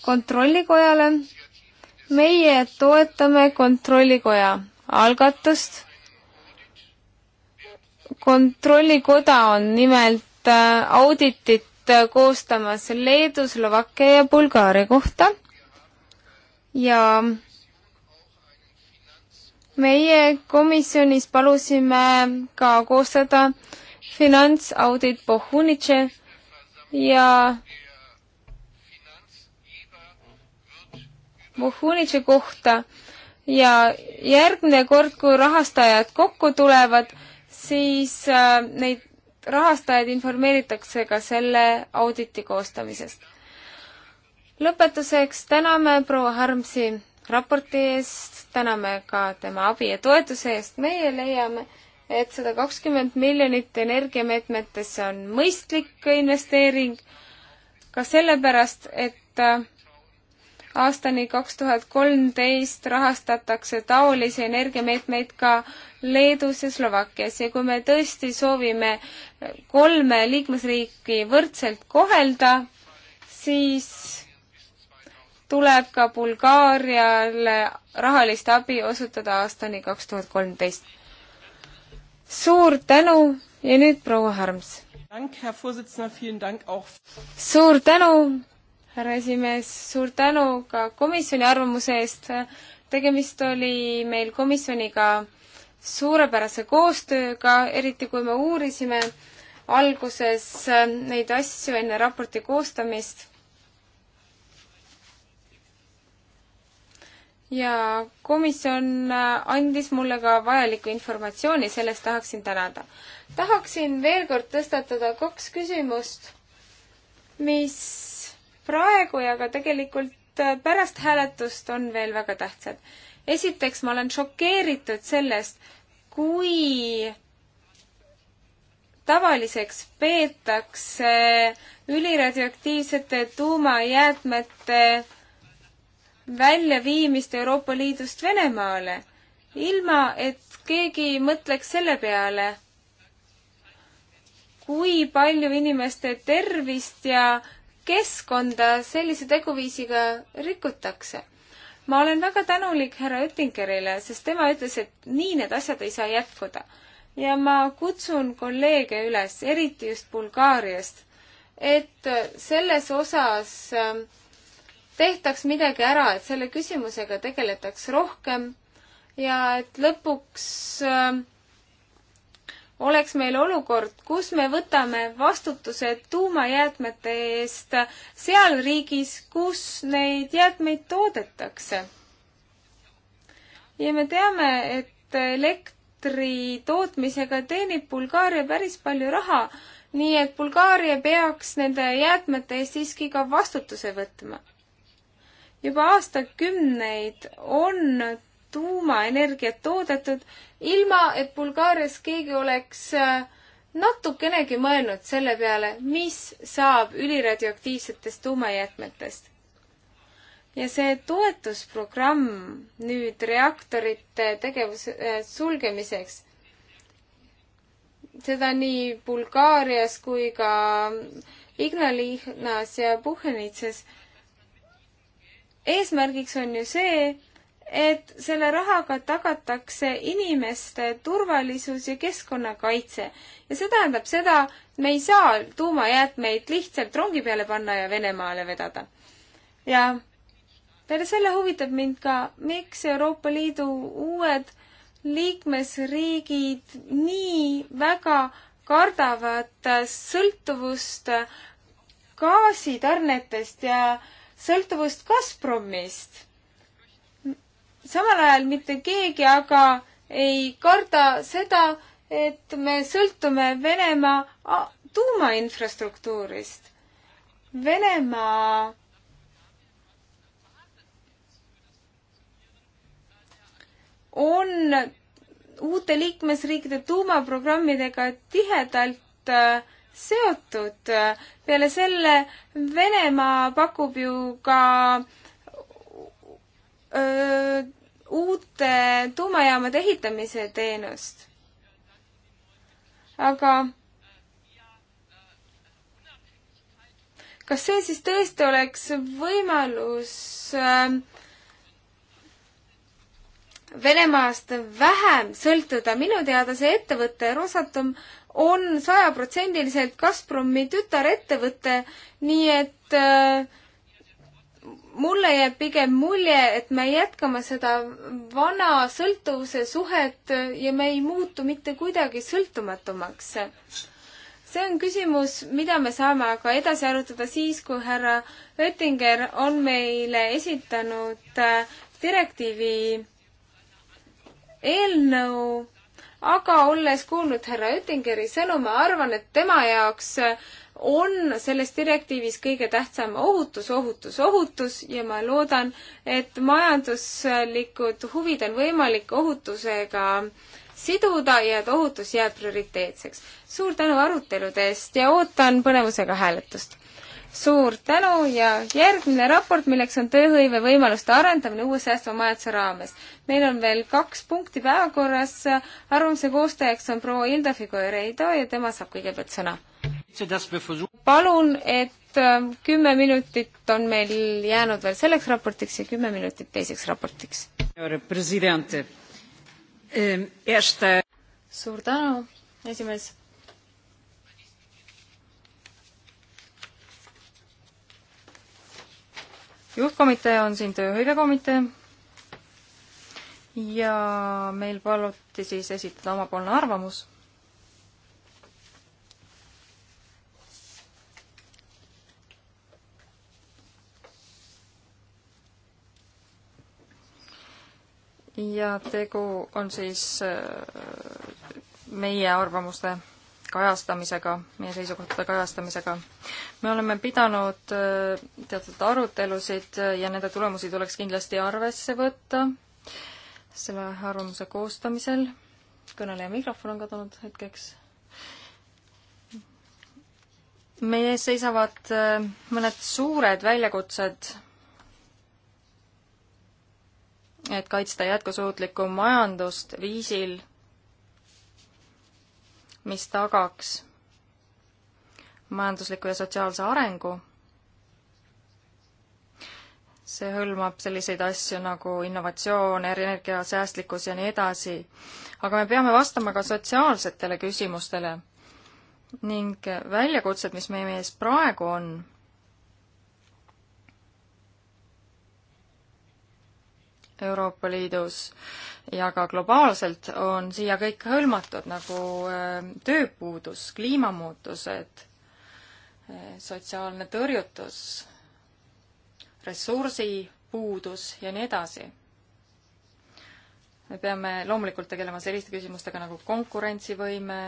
kontrollikojale meie toetame Kontrollikoja algatust. kontrollikoda on nimelt äh, auditit äh, koostamas Leedu, Slovakkia ja Bulgaaria kohta ja meie komisjonis palusime ka koostada finantsaudit Pohunitše ja Muhunitši kohta ja järgmine kord, kui rahastajad kokku tulevad, siis äh, neid rahastajaid informeeritakse ka selle auditi koostamisest. lõpetuseks täname proua Harmsi raporti eest, täname ka tema abi ja toetuse eest, meie leiame, et sada kakskümmend miljonit energiameetmetesse on mõistlik investeering ka sellepärast, et äh, aastani kaks tuhat kolmteist rahastatakse taolisi energiameetmeid ka Leedus ja Slovakkias ja kui me tõesti soovime kolme liikmesriiki võrdselt kohelda, siis tuleb ka Bulgaariale rahalist abi osutada aastani kaks tuhat kolmteist. suur tänu ja nüüd proua Harms. suur tänu härra esimees, suur tänu ka komisjoni arvamuse eest. tegemist oli meil komisjoniga suurepärase koostööga, eriti kui me uurisime alguses neid asju enne raporti koostamist. ja komisjon andis mulle ka vajalikku informatsiooni, selle eest tahaksin tänada. tahaksin veel kord tõstatada kaks küsimust, mis praegu ja ka tegelikult äh, pärast hääletust on veel väga tähtsad. esiteks, ma olen šokeeritud sellest, kui tavaliseks peetakse üliradioaktiivsete tuumajäätmete väljaviimist Euroopa Liidust Venemaale, ilma et keegi mõtleks selle peale, kui palju inimeste tervist ja keskkonda sellise teguviisiga rikutakse. ma olen väga tänulik härra Oettingerile, sest tema ütles, et nii need asjad ei saa jätkuda. ja ma kutsun kolleege üles, eriti just Bulgaariast, et selles osas ähm, tehtaks midagi ära, et selle küsimusega tegeletaks rohkem ja et lõpuks äh, oleks meil olukord, kus me võtame vastutuse tuumajäätmete eest seal riigis, kus neid jäätmeid toodetakse. ja me teame, et elektri tootmisega teenib Bulgaaria päris palju raha, nii et Bulgaaria peaks nende jäätmete eest siiski ka vastutuse võtma. juba aastakümneid on tuumaenergiat toodetud, ilma et Bulgaarias keegi oleks äh, natukenegi mõelnud selle peale, mis saab üliradioaktiivsetest tuumajäätmetest. ja see toetusprogramm nüüd reaktorite tegevuse äh, sulgemiseks, seda nii Bulgaarias kui ka Ignalinas ja Puhhenitses, eesmärgiks on ju see, et selle rahaga tagatakse inimeste turvalisus ja keskkonnakaitse. ja see tähendab seda, et me ei saa tuumajäätmeid lihtsalt rongi peale panna ja Venemaale vedada. ja peale selle huvitab mind ka, miks Euroopa Liidu uued liikmesriigid nii väga kardavad sõltuvust gaasitarnetest ja sõltuvust Gazpromist samal ajal mitte keegi aga ei karda seda, et me sõltume Venemaa tuumainfrastruktuurist. Venemaa on uute liikmesriikide tuumaprogrammidega tihedalt äh, seotud. peale selle Venemaa pakub ju ka öö, äh, uute tuumajaamade ehitamise teenust. aga kas see siis tõesti oleks võimalus äh, Venemaast vähem sõltuda, minu teada see ettevõte Rosatom on sajaprotsendiliselt Gazpromi tütarettevõte, nii et äh, mulle jääb pigem mulje, et me jätkame seda vana sõltuvuse suhet ja me ei muutu mitte kuidagi sõltumatumaks. see on küsimus, mida me saame aga edasi arutada siis, kui härra Oettinger on meile esitanud äh, direktiivi eelnõu, aga olles kuulnud härra Oettingeri sõnu, ma arvan, et tema jaoks äh, on selles direktiivis kõige tähtsam ohutus, ohutus, ohutus ja ma loodan, et majanduslikud huvid on võimalik ohutusega siduda ja et ohutus jääb prioriteetseks. suur tänu arutelude eest ja ootan põnevusega hääletust. suur tänu ja järgmine raport, milleks on tööhõive võimaluste arendamine uue säästva majanduse raames. meil on veel kaks punkti päevakorras, arvamuse koostajaks on proua Hilda Figueiredo ja tema saab kõigepealt sõna palun, et äh, kümme minutit on meil jäänud veel selleks raportiks ja kümme minutit teiseks raportiks. Ehm, suur tänu, esimees. juhtkomitee on siin tööhõivekomitee ja meil paluti siis esitada omapoolne arvamus ja tegu on siis äh, meie arvamuste kajastamisega, meie seisukohtade kajastamisega. me oleme pidanud äh, teatud arutelusid äh, ja nende tulemusi tuleks kindlasti arvesse võtta selle arvamuse koostamisel. kõneleja mikrofon on kadunud hetkeks. meie ees seisavad mõned suured väljakutsed et kaitsta jätkusuutlikku majandust viisil, mis tagaks majandusliku ja sotsiaalse arengu. see hõlmab selliseid asju nagu innovatsioon, energiasäästlikkus ja nii edasi. aga me peame vastama ka sotsiaalsetele küsimustele ning väljakutsed, mis meie ees praegu on Euroopa Liidus ja ka globaalselt on siia kõik hõlmatud, nagu äh, tööpuudus, kliimamuutused, äh, sotsiaalne tõrjutus, ressursipuudus ja nii edasi. me peame loomulikult tegelema selliste küsimustega nagu konkurentsivõime,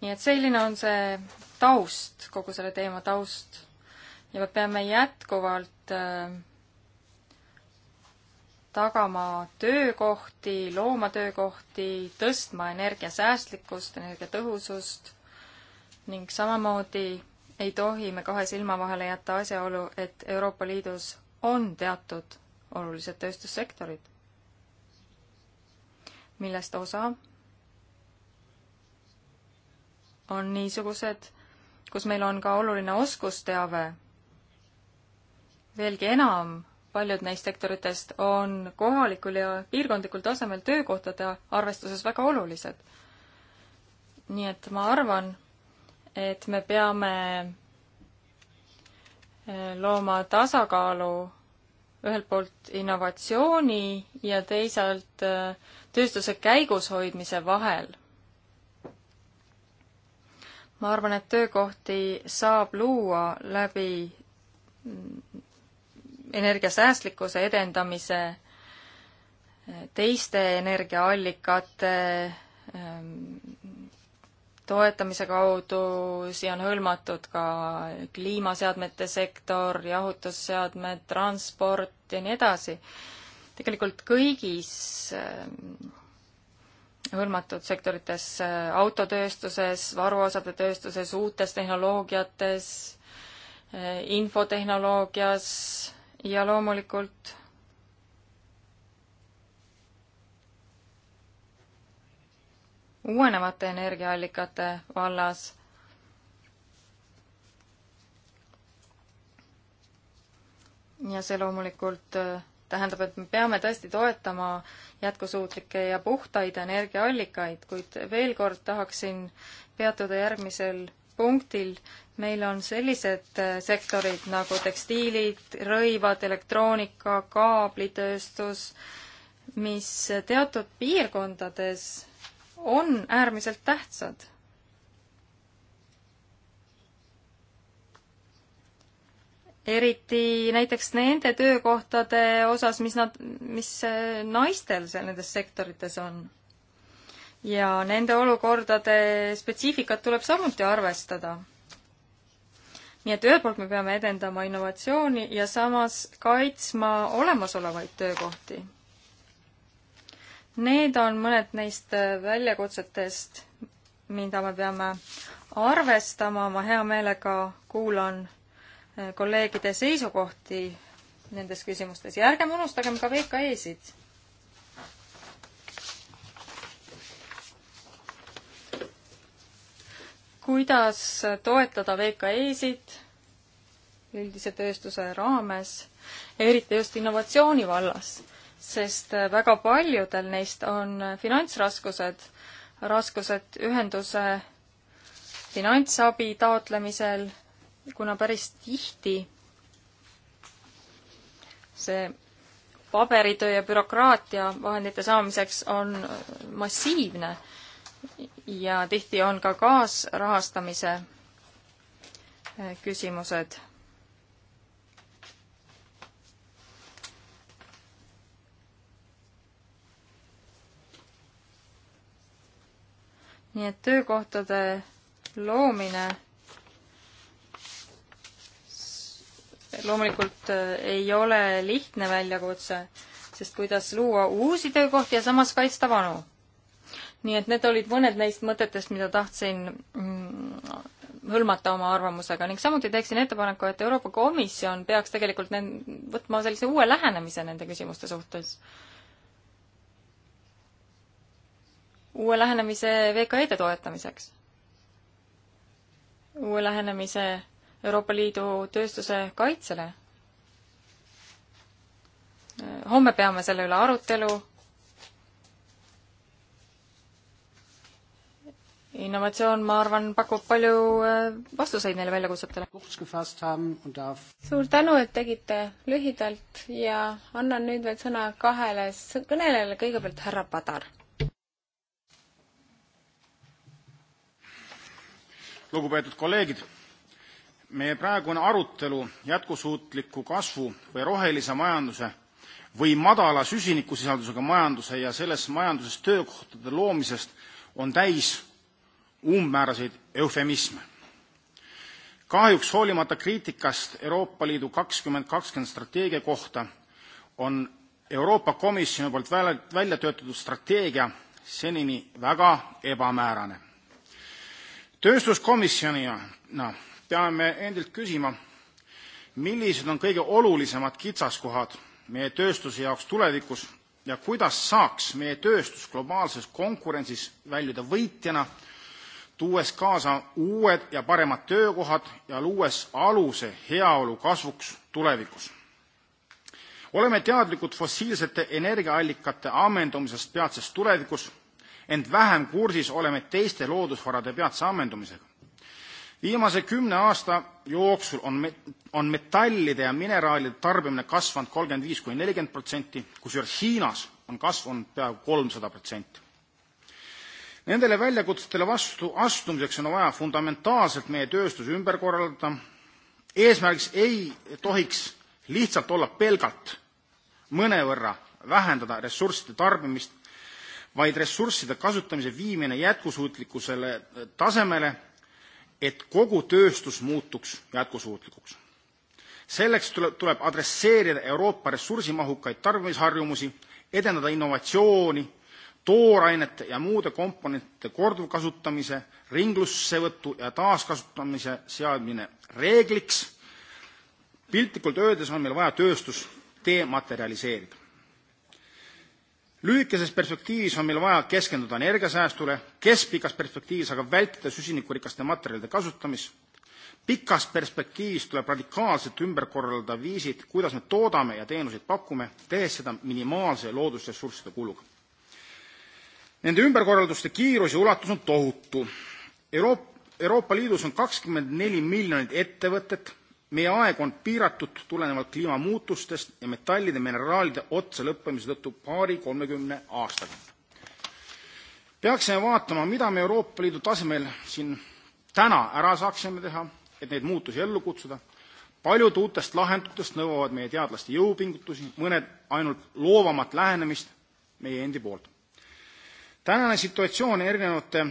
nii et selline on see taust, kogu selle teema taust. ja me peame jätkuvalt äh, tagama töökohti, looma töökohti, tõstma energiasäästlikkust, energiatõhusust ning samamoodi ei tohi me kahe silma vahele jätta asjaolu, et Euroopa Liidus on teatud olulised tööstussektorid, millest osa on niisugused, kus meil on ka oluline oskusteave. veelgi enam paljud neist sektoritest on kohalikul ja piirkondlikul tasemel töökohtade arvestuses väga olulised. nii et ma arvan, et me peame eh, looma tasakaalu ühelt poolt innovatsiooni ja teisalt eh, tööstuse käigus hoidmise vahel. ma arvan, et töökohti saab luua läbi mm, energiasäästlikkuse edendamise, teiste energiaallikate ähm, toetamise kaudu, siia on hõlmatud ka kliimaseadmete sektor, jahutusseadmed, transport ja nii edasi. tegelikult kõigis ähm, hõlmatud sektorites, äh, autotööstuses, varuosade tööstuses, uutes tehnoloogiates, äh, infotehnoloogias, ja loomulikult uuenevate energiaallikate vallas ja see loomulikult äh, tähendab, et me peame tõesti toetama jätkusuutlikke ja puhtaid energiaallikaid, kuid veel kord tahaksin peatuda järgmisel punktil, meil on sellised äh, sektorid nagu tekstiilid, rõivad, elektroonika, kaablitööstus, mis teatud piirkondades on äärmiselt tähtsad. eriti näiteks nende töökohtade osas, mis nad, mis äh, naistel seal nendes sektorites on. ja nende olukordade spetsiifikat tuleb samuti arvestada nii et ühelt poolt me peame edendama innovatsiooni ja samas kaitsma olemasolevaid töökohti. Need on mõned neist äh, väljakutsetest, mida me peame arvestama, ma hea meelega kuulan äh, kolleegide seisukohti nendes küsimustes ja ärgem unustagem ka VKE-sid kuidas toetada VKE-sid üldise tööstuse raames, eriti just innovatsiooni vallas, sest väga paljudel neist on finantsraskused, raskused ühenduse finantsabi taotlemisel, kuna päris tihti see paberitöö ja bürokraatia vahendite saamiseks on massiivne ja tihti on ka kaasrahastamise äh, küsimused. nii et töökohtade loomine loomulikult äh, ei ole lihtne väljakutse, sest kuidas luua uusi töökohti ja samas kaitsta vanu nii et need olid mõned neist mõtetest, mida tahtsin mm, hõlmata oma arvamusega ning samuti teeksin ettepaneku, et Euroopa Komisjon peaks tegelikult nend-, võtma sellise uue lähenemise nende küsimuste suhtes. uue lähenemise VKE-de toetamiseks. uue lähenemise Euroopa Liidu tööstuse kaitsele. homme peame selle üle arutelu innovatsioon, ma arvan, pakub palju äh, vastuseid neile väljakutsetele. suur tänu, et tegite lühidalt ja annan nüüd veel sõna kahele kõnelejale, kõigepealt härra Padar. lugupeetud kolleegid, meie praegune arutelu jätkusuutliku kasvu või rohelise majanduse või madala süsinikusisaldusega majanduse ja selles majanduses töökohtade loomisest on täis umbmääraseid eufemisme. kahjuks hoolimata kriitikast Euroopa Liidu kakskümmend kakskümmend strateegia kohta on Euroopa Komisjoni poolt välja töötatud strateegia senini väga ebamäärane. tööstuskomisjonina no, peame endilt küsima, millised on kõige olulisemad kitsaskohad meie tööstuse jaoks tulevikus ja kuidas saaks meie tööstus globaalses konkurentsis väljuda võitjana tuues kaasa uued ja paremad töökohad ja luues aluse heaolu kasvuks tulevikus. oleme teadlikud fossiilsete energiaallikate ammendumisest peatses tulevikus, ent vähem kursis oleme teiste loodusvarade peatse ammendumisega. viimase kümne aasta jooksul on me-, on metallide ja mineraalide tarbimine kasvanud kolmkümmend viis kuni nelikümmend protsenti, kusjuures Hiinas on kasv olnud peaaegu kolmsada protsenti nendele väljakutsetele vastu astumiseks on vaja fundamentaalselt meie tööstus ümber korraldada eesmärgiks ei tohiks lihtsalt olla pelgalt mõnevõrra vähendada ressursside tarbimist vaid ressursside kasutamise viimine jätkusuutlikkusele eh, tasemele et kogu tööstus muutuks jätkusuutlikuks selleks tuleb adresseerida euroopa ressursimahukaid tarbimisharjumusi edendada innovatsiooni toorainete ja muude komponentide korduvkasutamise, ringlussevõtu ja taaskasutamise seadmine reegliks. piltlikult öeldes on meil vaja tööstus dematerialiseerida. lühikeses perspektiivis on meil vaja keskenduda energiasäästule, keskpikas perspektiivis aga vältida süsinikurikaste materjalide kasutamist. pikas perspektiivis tuleb radikaalselt ümber korraldada viisid, kuidas me toodame ja teenuseid pakume, tehes seda minimaalse loodusressursside kuluga nende ümberkorralduste kiirus ja ulatus on tohutu euroopa liidus on miljonit ettevõtet meie aeg on piiratud tulenevalt kliimamuutustest ja metallide mineraalide otsalõppemise tõttu paari kolmekümne aastaga peaksime vaatama mida me euroopa liidu tasemel siin täna ära saaksime teha et neid muutusi ellu kutsuda paljud uutest lahendustest nõuavad meie teadlaste jõupingutusi mõned ainult loovamat lähenemist meie endi poolt tänane situatsioon erinevate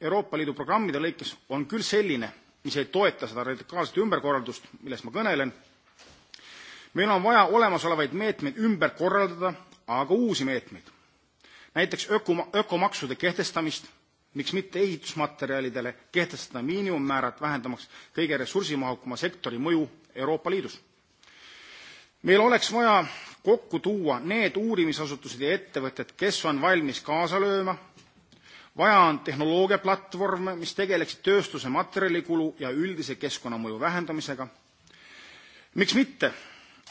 euroopa liidu programmide lõikes on küll selline mis ei toeta seda radikaalset ümberkorraldust millest ma kõnelen meil on vaja olemasolevaid meetmeid ümber korraldada aga ka uusi meetmeid näiteks ökomaksude kehtestamist miks mitte ehitusmaterjalidele kehtestada miinimummäärad vähendamaks kõige ressursimahukama sektori mõju euroopa liidus meil oleks vaja kokku tuua need uurimisasutused ja ettevõtted kes on valmis kaasa lööma vaja on tehnoloogiaplatvorme mis tegeleksid tööstuse materjalikulu ja üldise keskkonnamõju vähendamisega miks mitte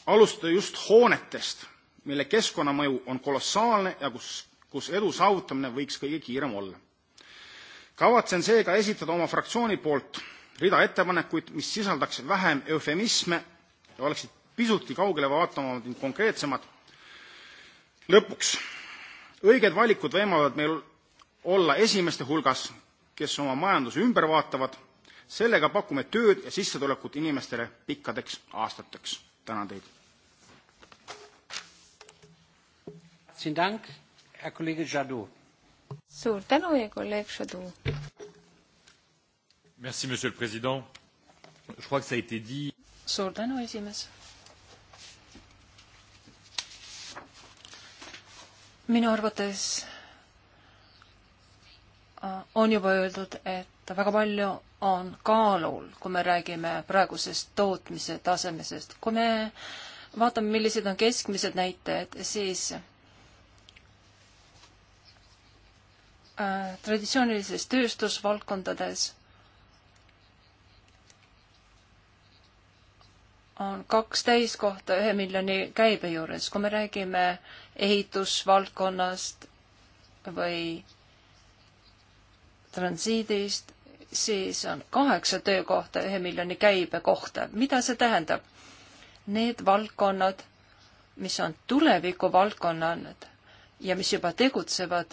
alustada just hoonetest mille keskkonnamõju on kolossaalne ja kus kus edu saavutamine võiks kõige kiirem olla kavatsen seega esitada oma fraktsiooni poolt rida ettepanekuid mis sisaldaks vähem eufemisme ja oleksid pisutki kaugele vaatavamad ning konkreetsemad. lõpuks, õiged valikud võimaldavad meil olla esimeste hulgas, kes oma majanduse ümber vaatavad. sellega pakume tööd ja sissetulekut inimestele pikkadeks aastateks. tänan teid. suur tänu ja kolleeg Jadot. Merci, Monsieur le Président. Je crois que ça a été dit. Suur tänu, esimees. minu arvates äh, on juba öeldud, et väga palju on kaalul, kui me räägime praegusest tootmise tasemest. kui me vaatame, millised on keskmised näitajad, siis äh, traditsioonilises tööstusvaldkondades on kaks täiskohta ühe miljoni käibe juures. kui me räägime ehitusvaldkonnast või transiidist, siis on kaheksa töökohta ühe miljoni käibe kohta. mida see tähendab? Need valdkonnad, mis on tulevikuvaldkonnad ja mis juba tegutsevad,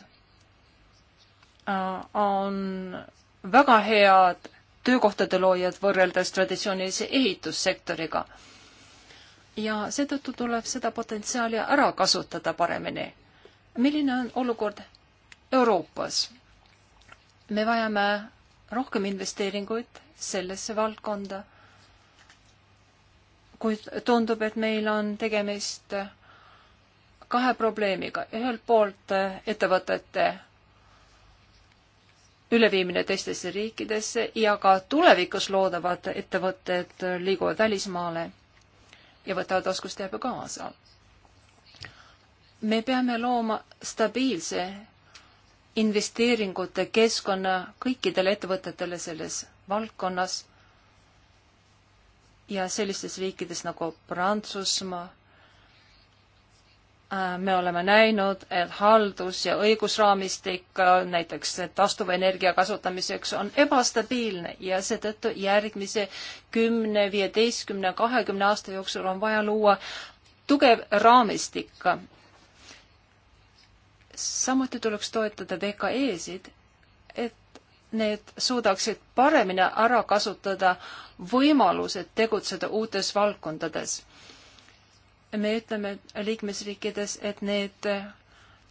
äh, on väga head töökohtade loojad võrreldes traditsioonilise ehitussektoriga. ja seetõttu tuleb seda potentsiaali ära kasutada paremini. milline on olukord Euroopas? me vajame rohkem investeeringuid sellesse valdkonda, kuid tundub, et meil on tegemist kahe probleemiga, ühelt poolt eh, ettevõtete üleviimine teistesse riikidesse ja ka tulevikus loodavad ettevõtted liiguvad välismaale ja võtavad oskusteabe kaasa. me peame looma stabiilse investeeringute keskkonna kõikidele ettevõtetele selles valdkonnas ja sellistes riikides nagu Prantsusmaa Äh, me oleme näinud, et haldus- ja õigusraamistik äh, näiteks taastuvenergia kasutamiseks on ebastabiilne ja seetõttu järgmise kümne, viieteistkümne, kahekümne aasta jooksul on vaja luua tugev raamistik. samuti tuleks toetada VKE-sid, et need suudaksid paremini ära kasutada võimalused tegutseda uutes valdkondades me ütleme liikmesriikides, et need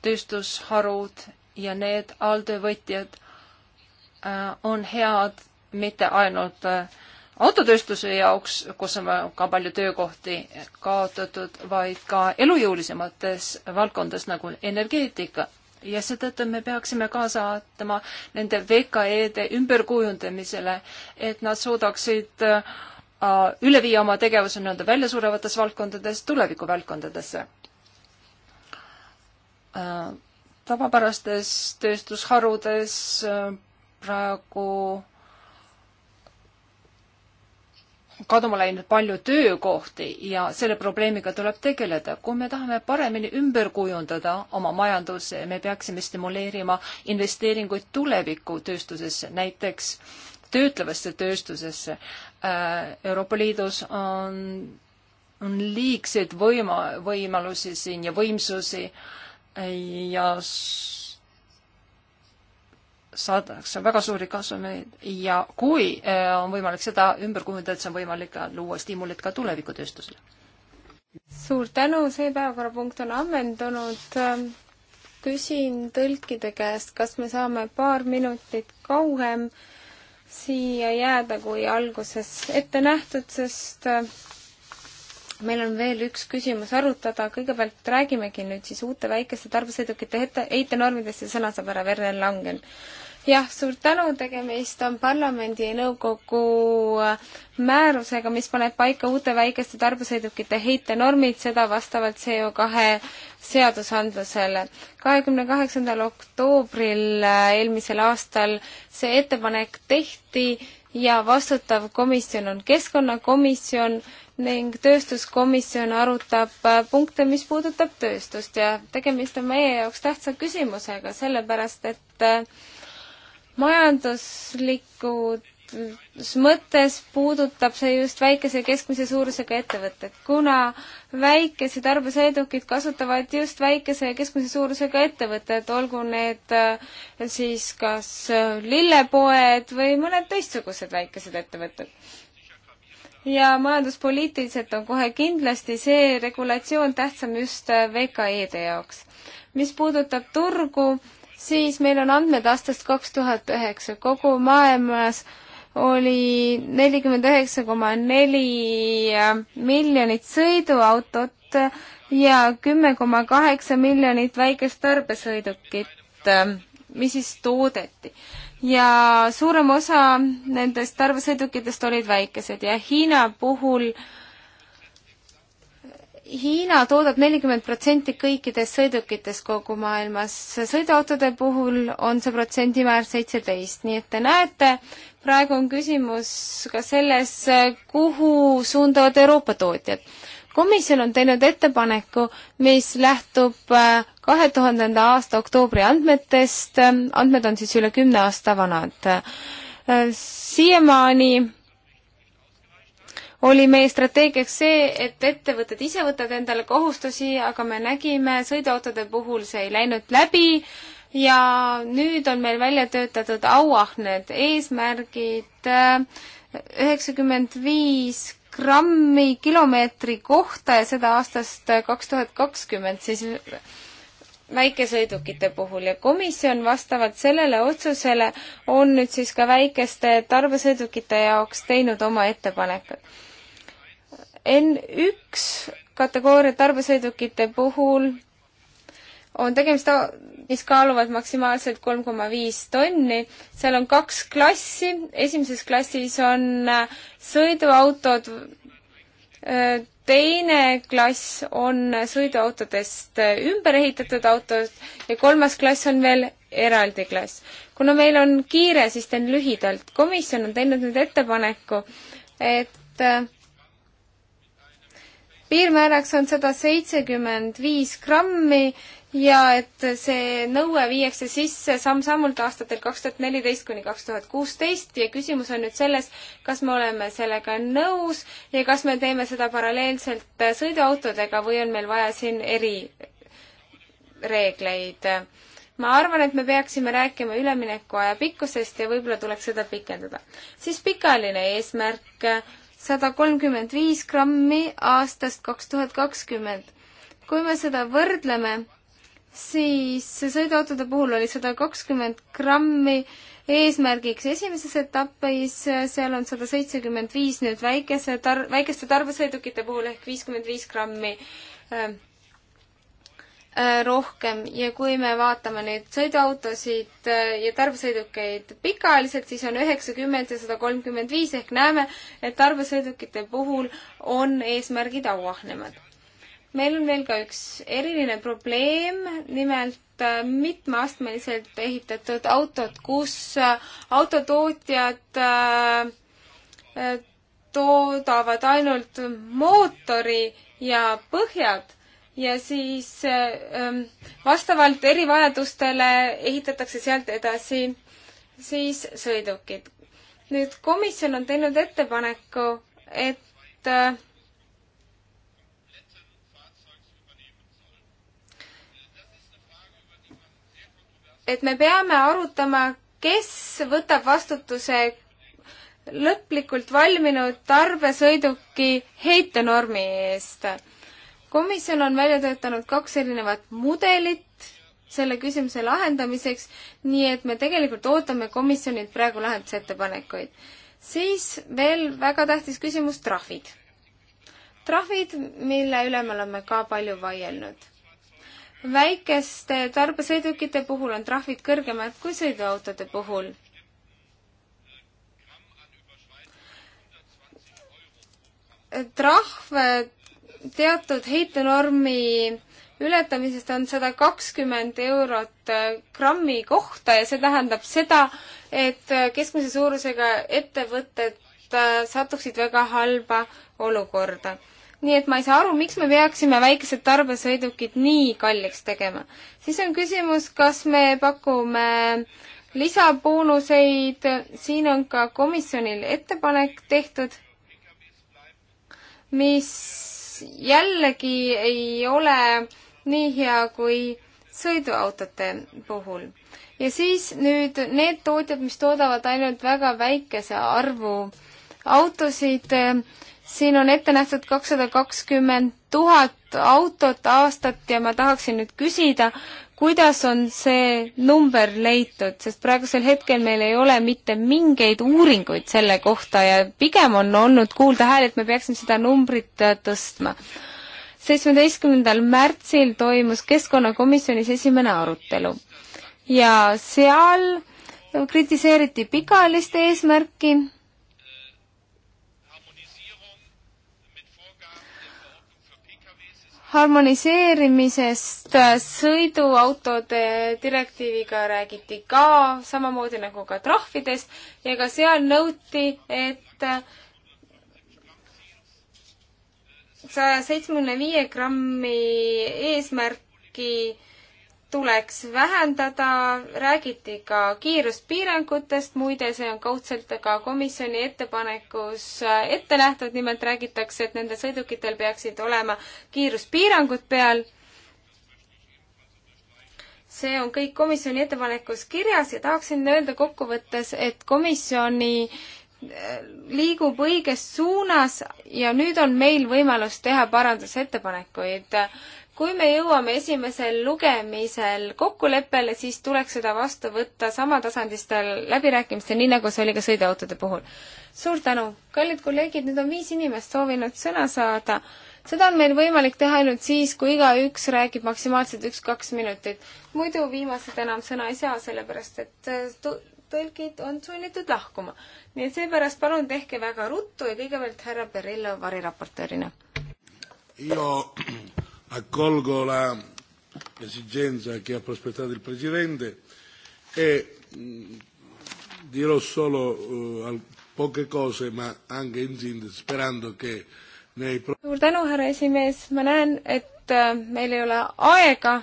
tööstusharud ja need alltöövõtjad äh, on head mitte ainult äh, autotööstuse jaoks, kus on ka palju töökohti kaotatud, vaid ka elujõulisemates valdkondades nagu energeetika. ja seetõttu me peaksime kaasa vaatama nende VKE-de ümberkujundamisele, et nad suudaksid äh, üle viia oma tegevuse nii-öelda väljasurevates valdkondades tulevikuvaldkondadesse. tavapärastes tööstusharudes praegu kaduma läinud palju töökohti ja selle probleemiga tuleb tegeleda. kui me tahame paremini ümber kujundada oma majanduse, me peaksime stimuleerima investeeringuid tuleviku tööstusesse, näiteks äh, töötlevasse tööstusesse. Äh, Euroopa Liidus on, on liigseid võima, võimalusi siin ja võimsusi ja saadakse väga suuri kasumeid ja kui äh, on võimalik seda ümber kujundada, et see on võimalik luua stiimulit ka tulevikutööstusele. suur tänu, see päevakorrapunkt on ammendunud. küsin tõlkide käest, kas me saame paar minutit kauem siia jääda kui alguses ette nähtud, sest äh, meil on veel üks küsimus arutada, kõigepealt räägimegi nüüd siis uute väikeste tarbesõidukite heite, heitenormidest ja sõna saab ära Verne Langen jah, suur tänu, tegemist on parlamendi ja nõukogu äh, määrusega, mis paneb paika uute väikeste tarbesõidukite heitenormid, seda vastavalt CO kahe seadusandlusele. kahekümne kaheksandal oktoobril äh, eelmisel aastal see ettepanek tehti ja vastutav komisjon on keskkonnakomisjon ning tööstuskomisjon arutab äh, punkte, mis puudutab tööstust ja tegemist on meie jaoks tähtsa küsimusega, sellepärast et äh, majanduslikud mõttes puudutab see just väikese ja keskmise suurusega ettevõtted, kuna väikesed arvesõidukid kasutavad just väikese ja keskmise suurusega ettevõtted, olgu need äh, siis kas äh, lillepoed või mõned teistsugused väikesed ettevõtted. ja majanduspoliitiliselt on kohe kindlasti see regulatsioon tähtsam just äh, VKE-de jaoks. mis puudutab turgu, siis meil on andmed aastast kaks tuhat üheksa, kogu maailmas oli nelikümmend üheksa koma neli äh, miljonit sõiduautot ja kümme koma kaheksa miljonit väikest tarbesõidukit, äh, mis siis toodeti. ja suurem osa nendest tarbesõidukitest olid väikesed ja Hiina puhul äh, Hiina toodab nelikümmend protsenti kõikidest sõidukitest kogu maailmas, sõiduautode puhul on see protsendimäär seitseteist, nii et te näete, praegu on küsimus ka selles, kuhu suunduvad Euroopa tootjad. komisjon on teinud ettepaneku, mis lähtub äh, kahe tuhandenda aasta oktoobri andmetest, andmed on siis üle kümne aasta vanad. Äh, siiamaani oli meie strateegiaks see, et ettevõtted ise võtavad endale kohustusi, aga me nägime, sõiduautode puhul see ei läinud läbi ja nüüd on meil välja töötatud auahned, eesmärgid üheksakümmend viis grammi kilomeetri kohta ja seda aastast kaks tuhat kakskümmend siis väikesõidukite puhul ja komisjon vastavalt sellele otsusele on nüüd siis ka väikeste tarbesõidukite jaoks teinud oma ettepanekud N1 kategooria tarbesõidukite puhul on tegemist, mis kaaluvad maksimaalselt kolm koma viis tonni. seal on kaks klassi, esimeses klassis on äh, sõiduautod, äh, teine klass on sõiduautodest äh, ümber ehitatud autod ja kolmas klass on veel eraldi klass. kuna meil on kiire, siis teen lühidalt. komisjon on teinud nüüd ettepaneku, et piirmääraks on sada seitsekümmend viis grammi ja et see nõue viiakse sisse samm-sammult aastatel kaks tuhat neliteist kuni kaks tuhat kuusteist ja küsimus on nüüd selles, kas me oleme sellega nõus ja kas me teeme seda paralleelselt sõiduautodega või on meil vaja siin erireegleid. ma arvan, et me peaksime rääkima üleminekuaja pikkusest ja võib-olla tuleks seda pikendada. siis pikaajaline eesmärk sada kolmkümmend viis grammi aastast kaks tuhat kakskümmend. kui me seda võrdleme, siis sõiduautode puhul oli sada kakskümmend grammi eesmärgiks esimeses etapis, seal on sada seitsekümmend viis nüüd väikese tar-, väikeste tarbesõidukite puhul ehk viiskümmend viis grammi äh, Äh, rohkem ja kui me vaatame neid sõiduautosid äh, ja tarbesõidukeid pikaajaliselt, siis on üheksakümmend ja sada kolmkümmend viis ehk näeme, et tarbesõidukite puhul on eesmärgid auahnemad. meil on veel ka üks eriline probleem, nimelt äh, mitmeastmeliselt ehitatud autod, kus autotootjad toodavad ainult mootori ja põhjad ja siis ähm, vastavalt erivajadustele ehitatakse sealt edasi siis sõidukid. nüüd komisjon on teinud ettepaneku, et äh, et me peame arutama, kes võtab vastutuse lõplikult valminud tarbesõiduki heitenormi eest komisjon on välja töötanud kaks erinevat mudelit selle küsimuse lahendamiseks, nii et me tegelikult ootame komisjonilt praegu lahendusettepanekuid. siis veel väga tähtis küsimus, trahvid. trahvid, mille üle me oleme ka palju vaielnud väikeste tarbesõidukite puhul on trahvid kõrgemad kui sõiduautode puhul. trahv teatud heitenormi ületamisest on sada kakskümmend eurot äh, grammi kohta ja see tähendab seda, et äh, keskmise suurusega ettevõtted äh, satuksid väga halba olukorda. nii et ma ei saa aru, miks me peaksime väikesed tarbesõidukid nii kalliks tegema. siis on küsimus, kas me pakume lisaboonuseid, siin on ka komisjonil ettepanek tehtud, mis jällegi ei ole nii hea kui sõiduautode puhul. ja siis nüüd need tootjad, mis toodavad ainult väga väikese arvu autosid, siin on ette nähtud kakssada kakskümmend tuhat autot aastat ja ma tahaksin nüüd küsida, kuidas on see number leitud, sest praegusel hetkel meil ei ole mitte mingeid uuringuid selle kohta ja pigem on olnud kuulda hääli, et me peaksime seda numbrit äh, tõstma. seitsmeteistkümnendal märtsil toimus Keskkonnakomisjonis esimene arutelu ja seal kritiseeriti pikaajalist eesmärki harmoniseerimisest äh, sõiduautode direktiiviga räägiti ka, samamoodi nagu ka trahvidest ja ka seal nõuti, et saja seitsmekümne viie grammi eesmärki tuleks vähendada, räägiti ka kiiruspiirangutest, muide, see on kaudselt ka komisjoni ettepanekus ette nähtud, nimelt räägitakse, et nendel sõidukitel peaksid olema kiiruspiirangud peal. see on kõik komisjoni ettepanekus kirjas ja tahaksin öelda kokkuvõttes, et komisjoni äh, liigub õiges suunas ja nüüd on meil võimalus teha parandusettepanekuid kui me jõuame esimesel lugemisel kokkuleppele, siis tuleks seda vastu võtta samatasandistel läbirääkimistel, nii nagu see oli ka sõiduautode puhul. suur tänu! kallid kolleegid, nüüd on viis inimest soovinud sõna saada. seda on meil võimalik teha ainult siis, kui igaüks räägib maksimaalselt üks-kaks minutit. muidu viimased enam sõna ei saa, sellepärast et äh, tõlgid on sunnitud lahkuma. nii et seepärast palun tehke väga ruttu ja kõigepealt härra Perillo variraportöörina. ja accolgo l'esigenza e che ha prospettato il Presidente e mh, mm, dirò solo uh, poche cose, ma anche in sintesi, sperando che nei suur tänu, härra esimees, ma näen, et äh, meil ei ole aega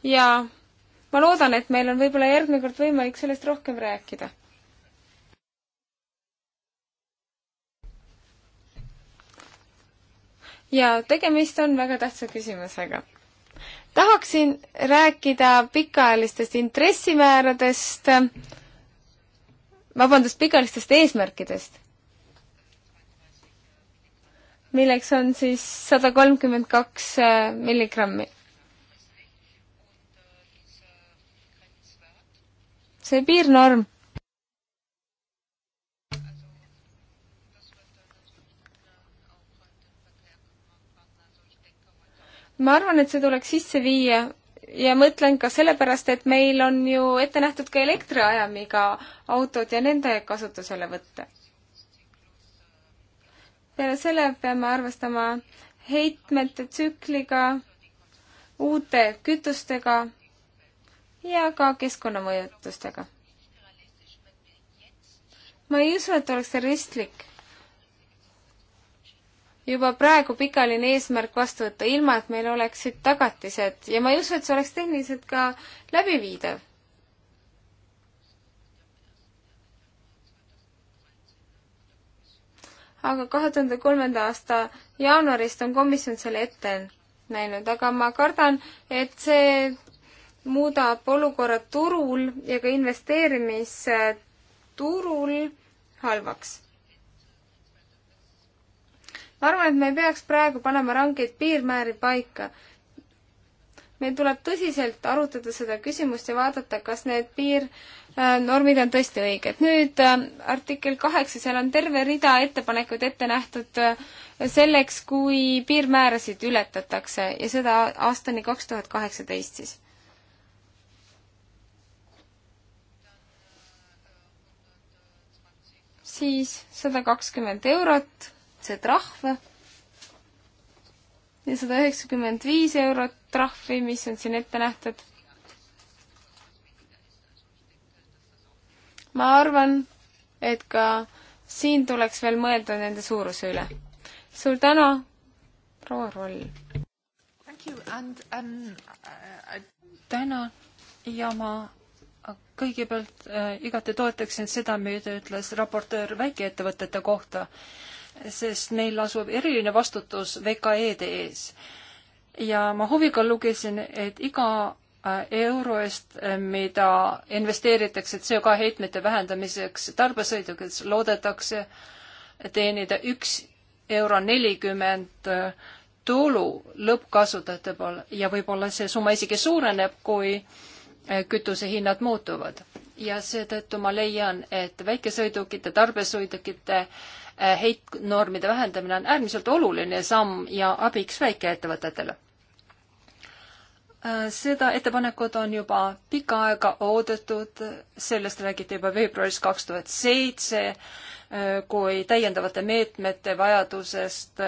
ja ma loodan, et meil on võib-olla järgmine kord võimalik sellest rohkem rääkida ja tegemist on väga tähtsa küsimusega. tahaksin rääkida pikaajalistest intressimääradest, vabandust, pikaajalistest eesmärkidest, milleks on siis sada kolmkümmend kaks äh, milligrammi. see piirnorm ma arvan, et see tuleks sisse viia ja mõtlen ka sellepärast, et meil on ju ette nähtud ka elektriajamiga autod ja nende kasutusele võtta. peale selle peame arvestama heitmete tsükliga, uute kütustega ja ka keskkonnamõjutustega. ma ei usu, et oleks realistlik juba praegu pikaline eesmärk vastu võtta, ilma et meil oleksid tagatised ja ma ei usu, et see oleks tehniliselt ka läbiviidav. aga kahe tuhande kolmanda aasta jaanuarist on komisjon selle ette näinud, aga ma kardan, et see muudab olukorra turul ja ka investeerimisturul halvaks ma arvan, et me ei peaks praegu panema rangeid piirmääri paika. meil tuleb tõsiselt arutada seda küsimust ja vaadata, kas need piirnormid äh, on tõesti õiged. nüüd äh, artikkel kaheksa, seal on terve rida ettepanekuid ette nähtud äh, selleks, kui piirmäärasid ületatakse ja seda aastani kaks tuhat kaheksateist siis siis sada kakskümmend eurot see trahv, ja sada üheksakümmend viis eurot trahvi, mis on siin ette nähtud. ma arvan, et ka siin tuleks veel mõelda nende suuruse üle. suur tänu, proua Roll! Um, tänan ja ma kõigepealt äh, igati toetaksin seda, mida ütles raportöör väikeettevõtete kohta äh, sest meil lasub eriline vastutus VKE-de ees. ja ma huviga lugesin, et iga äh, euro eest, äh, mida investeeritakse CO2 heitmete vähendamiseks tarbesõidukits, loodetakse teenida üks euro nelikümmend äh, tulu lõppkasutajate poole ja võib-olla see summa isegi suureneb, kui kütusehinnad muutuvad. ja seetõttu ma leian, et väikesõidukite, tarbesõidukite äh, Äh, heitnormide vähendamine on äärmiselt oluline samm ja abiks väikeettevõtetele. Äh, seda ettepanekut on juba pikka aega oodatud, sellest räägiti juba veebruaris kaks tuhat seitse, äh, kui täiendavate meetmete vajadusest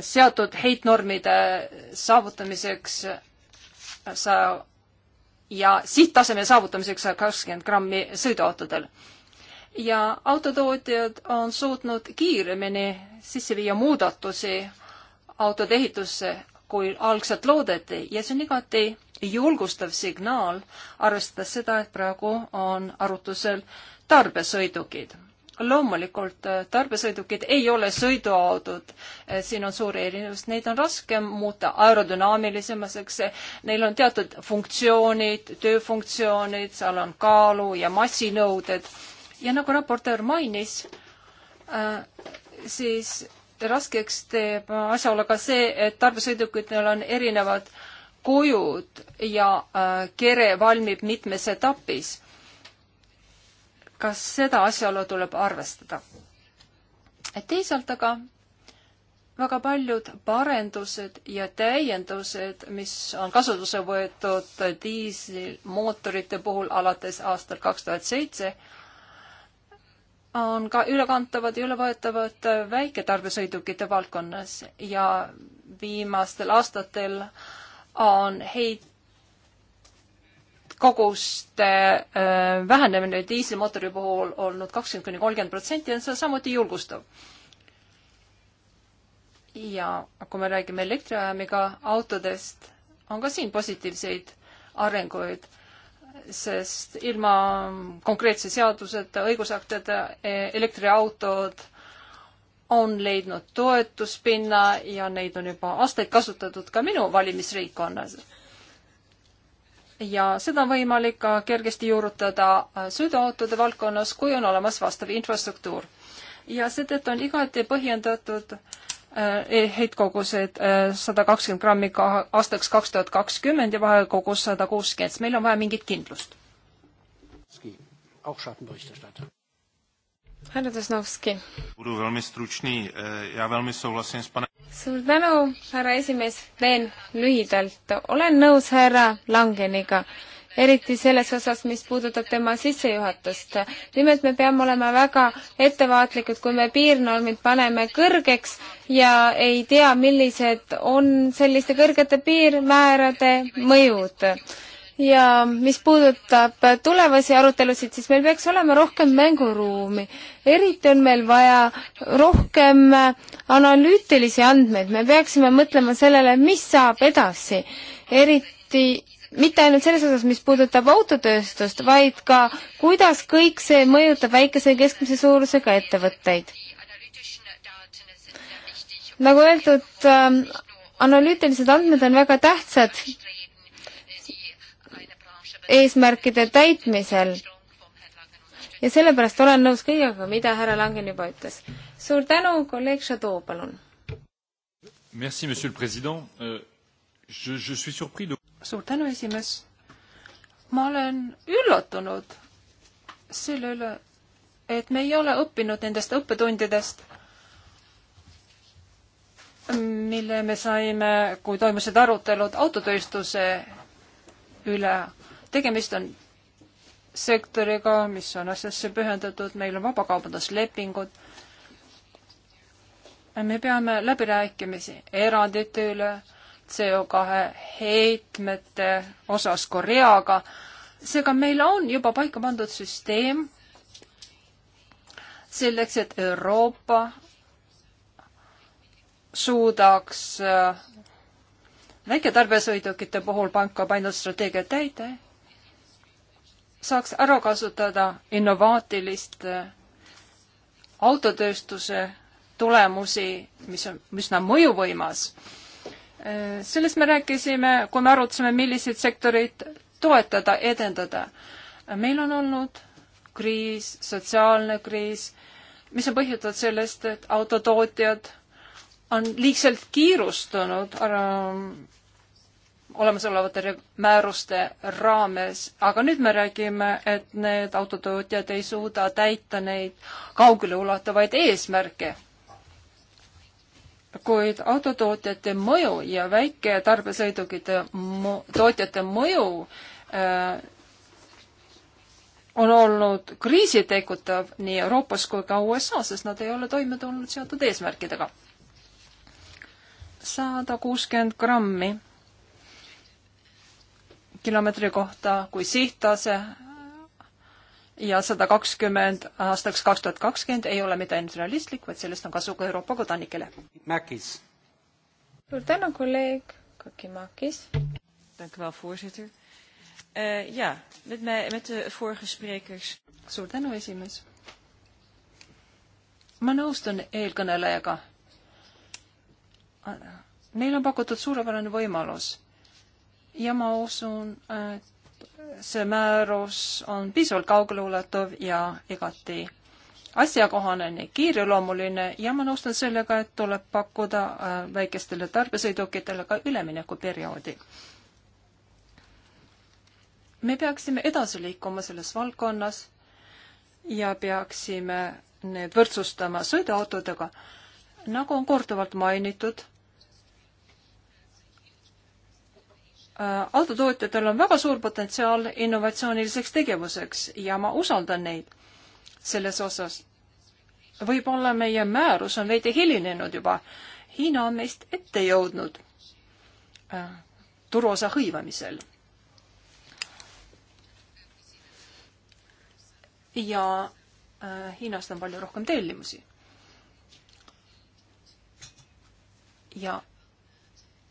seatud heitnormide saavutamiseks sa ja sihttaseme saavutamiseks saja kakskümmend grammi sõiduautodel ja autotootjad on suutnud kiiremini sisse viia muudatusi autode ehitusse, kui algselt loodeti ja see on igati julgustav signaal, arvestades seda, et praegu on arutusel tarbesõidukid. loomulikult äh, tarbesõidukid ei ole sõiduautod, äh, siin on suur erinevus, neid on raskem muuta aerodünaamilisemaks, neil on teatud funktsioonid, tööfunktsioonid, seal on kaalu ja massinõuded ja nagu raportöör mainis, äh, siis raskeks teeb asjaolu ka see, et tarbesõidukitel on erinevad kujud ja äh, kere valmib mitmes etapis. kas seda asjaolu tuleb arvestada? teisalt aga väga paljud parendused ja täiendused, mis on kasutusele võetud diiselmootorite puhul alates aastal kaks tuhat seitse, on ka ülekantavad ja ülevõetavad väiketarbesõidukite valdkonnas ja viimastel aastatel on heit koguste vähenemine diislimootori puhul olnud kakskümmend kuni kolmkümmend protsenti ja see on samuti julgustav. ja kui me räägime elektriajamiga autodest, on ka siin positiivseid arenguid sest ilma konkreetse seaduseta, õigusaktideta e, elektriautod on leidnud toetuspinna ja neid on juba aastaid kasutatud ka minu valimisringkonnas. ja seda on võimalik ka kergesti juurutada äh, sõiduautode valdkonnas, kui on olemas vastav infrastruktuur. ja seetõttu on igati põhjendatud äh, Äh, e- heitkogused äh, sada kakskümmend grammi ka aastaks kaks tuhat kakskümmend ja vahekogus sada kuuskümmend, siis meil on vaja mingit kindlust. härra Tasnovski. E, suur tänu, härra esimees, teen lühidalt, olen nõus härra Langeniga eriti selles osas, mis puudutab tema sissejuhatust. nimelt me peame olema väga ettevaatlikud, kui me piirnormid paneme kõrgeks ja ei tea, millised on selliste kõrgete piirmäärade mõjud ja mis puudutab tulevasi arutelusid, siis meil peaks olema rohkem mänguruumi. eriti on meil vaja rohkem analüütilisi andmeid, me peaksime mõtlema sellele, mis saab edasi. eriti mitte ainult selles osas, mis puudutab autotööstust, vaid ka kuidas kõik see mõjutab väikese ja keskmise suurusega ettevõtteid. nagu öeldud, ähm, analüütilised andmed on väga tähtsad eesmärkide täitmisel ja sellepärast olen nõus kõigega, mida härra Langen juba ütles. suur tänu, kolleeg Šadoo, palun. Merci, monsieur le president euh suur tänu, esimees. ma olen üllatunud selle üle, et me ei ole õppinud nendest õppetundidest, mille me saime, kui toimusid arutelud autotööstuse üle. tegemist on sektoriga, mis on asjasse pühendatud, meil on vabakaubanduslepingud. me peame läbirääkimisi erandite üle CO2 heitmete osas Koreaga. seega meil on juba paika pandud süsteem selleks, et Euroopa suudaks äh, väiketarbesõidukite puhul panka pandud strateegiat täide, saaks ära kasutada innovaatilist äh, autotööstuse tulemusi, mis on üsna mõjuvõimas Äh, sellest me rääkisime, kui me arutasime, milliseid sektoreid toetada, edendada. Äh, meil on olnud kriis, sotsiaalne kriis, mis on põhjustatud sellest, et autotootjad on liigselt kiirustanud ähm, olemasolevate määruste raames, aga nüüd me räägime, et need autotootjad ei suuda täita neid kaugeleulatuvaid eesmärke kuid autotootjate mõju ja väike tarbesõidukite tootjate mõju äh, on olnud kriisi tekutav nii Euroopas kui ka USA-s, sest nad ei ole toime tulnud seatud eesmärkidega. sada kuuskümmend grammi kilomeetri kohta kui sihttase ja sada kakskümmend aastaks kaks tuhat kakskümmend ei ole mitte ainult realistlik, vaid sellest on kasu ka Euroopa kodanikele. Mäkis. suur tänu, kolleeg Kakimakis. Eh, suur tänu, esimees. ma nõustun eelkõnelejaga. Neil on pakutud suurepärane võimalus ja ma usun, et see määrus on piisavalt kaugeleulatov ja igati asjakohane ning kiireloomuline ja ma nõustun sellega, et tuleb pakkuda äh, väikestele tarbesõidukitele ka üleminekuperioodi. me peaksime edasi liikuma selles valdkonnas ja peaksime need võrdsustama sõiduautodega, nagu on korduvalt mainitud Äh, autotootjatel on väga suur potentsiaal innovatsiooniliseks tegevuseks ja ma usaldan neid selles osas. võib-olla meie määrus on veidi hilinenud juba. Hiina on meist ette jõudnud äh, turuosa hõivamisel. ja äh, Hiinast on palju rohkem tellimusi. ja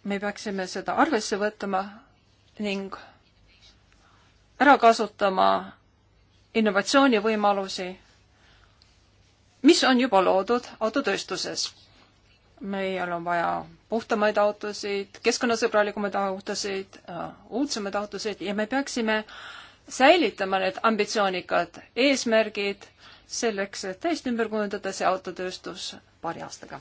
me peaksime seda arvesse võtma ning ära kasutama innovatsioonivõimalusi, mis on juba loodud autotööstuses. meil on vaja puhtamaid autosid, keskkonnasõbralikumaid autosid, äh, uudsemaid autosid ja me peaksime säilitama need ambitsioonikad eesmärgid selleks, et täiesti ümber kujundada see autotööstus paari aastaga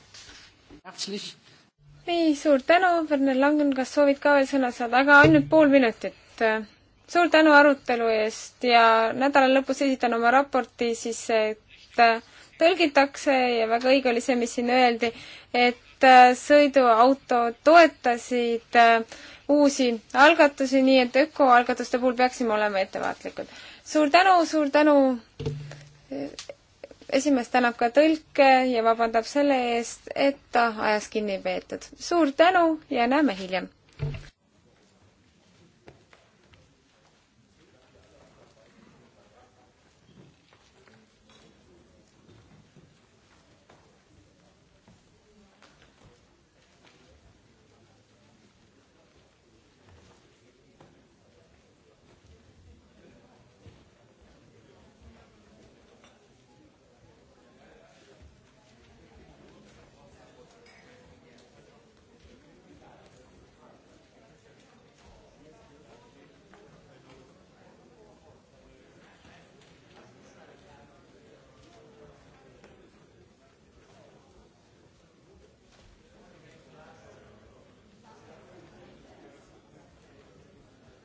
ei, suur tänu, Werner Langen, kas soovid ka veel sõna saada, aga ainult pool minutit. suur tänu arutelu eest ja nädala lõpus esitan oma raporti siis, et tõlgitakse ja väga õige oli see, mis siin öeldi, et sõiduautod toetasid uusi algatusi, nii et ökoalgatuste puhul peaksime olema ettevaatlikud. suur tänu, suur tänu esimees tänab ka tõlke ja vabandab selle eest, et ta ajas kinni ei peetud. suur tänu ja näeme hiljem!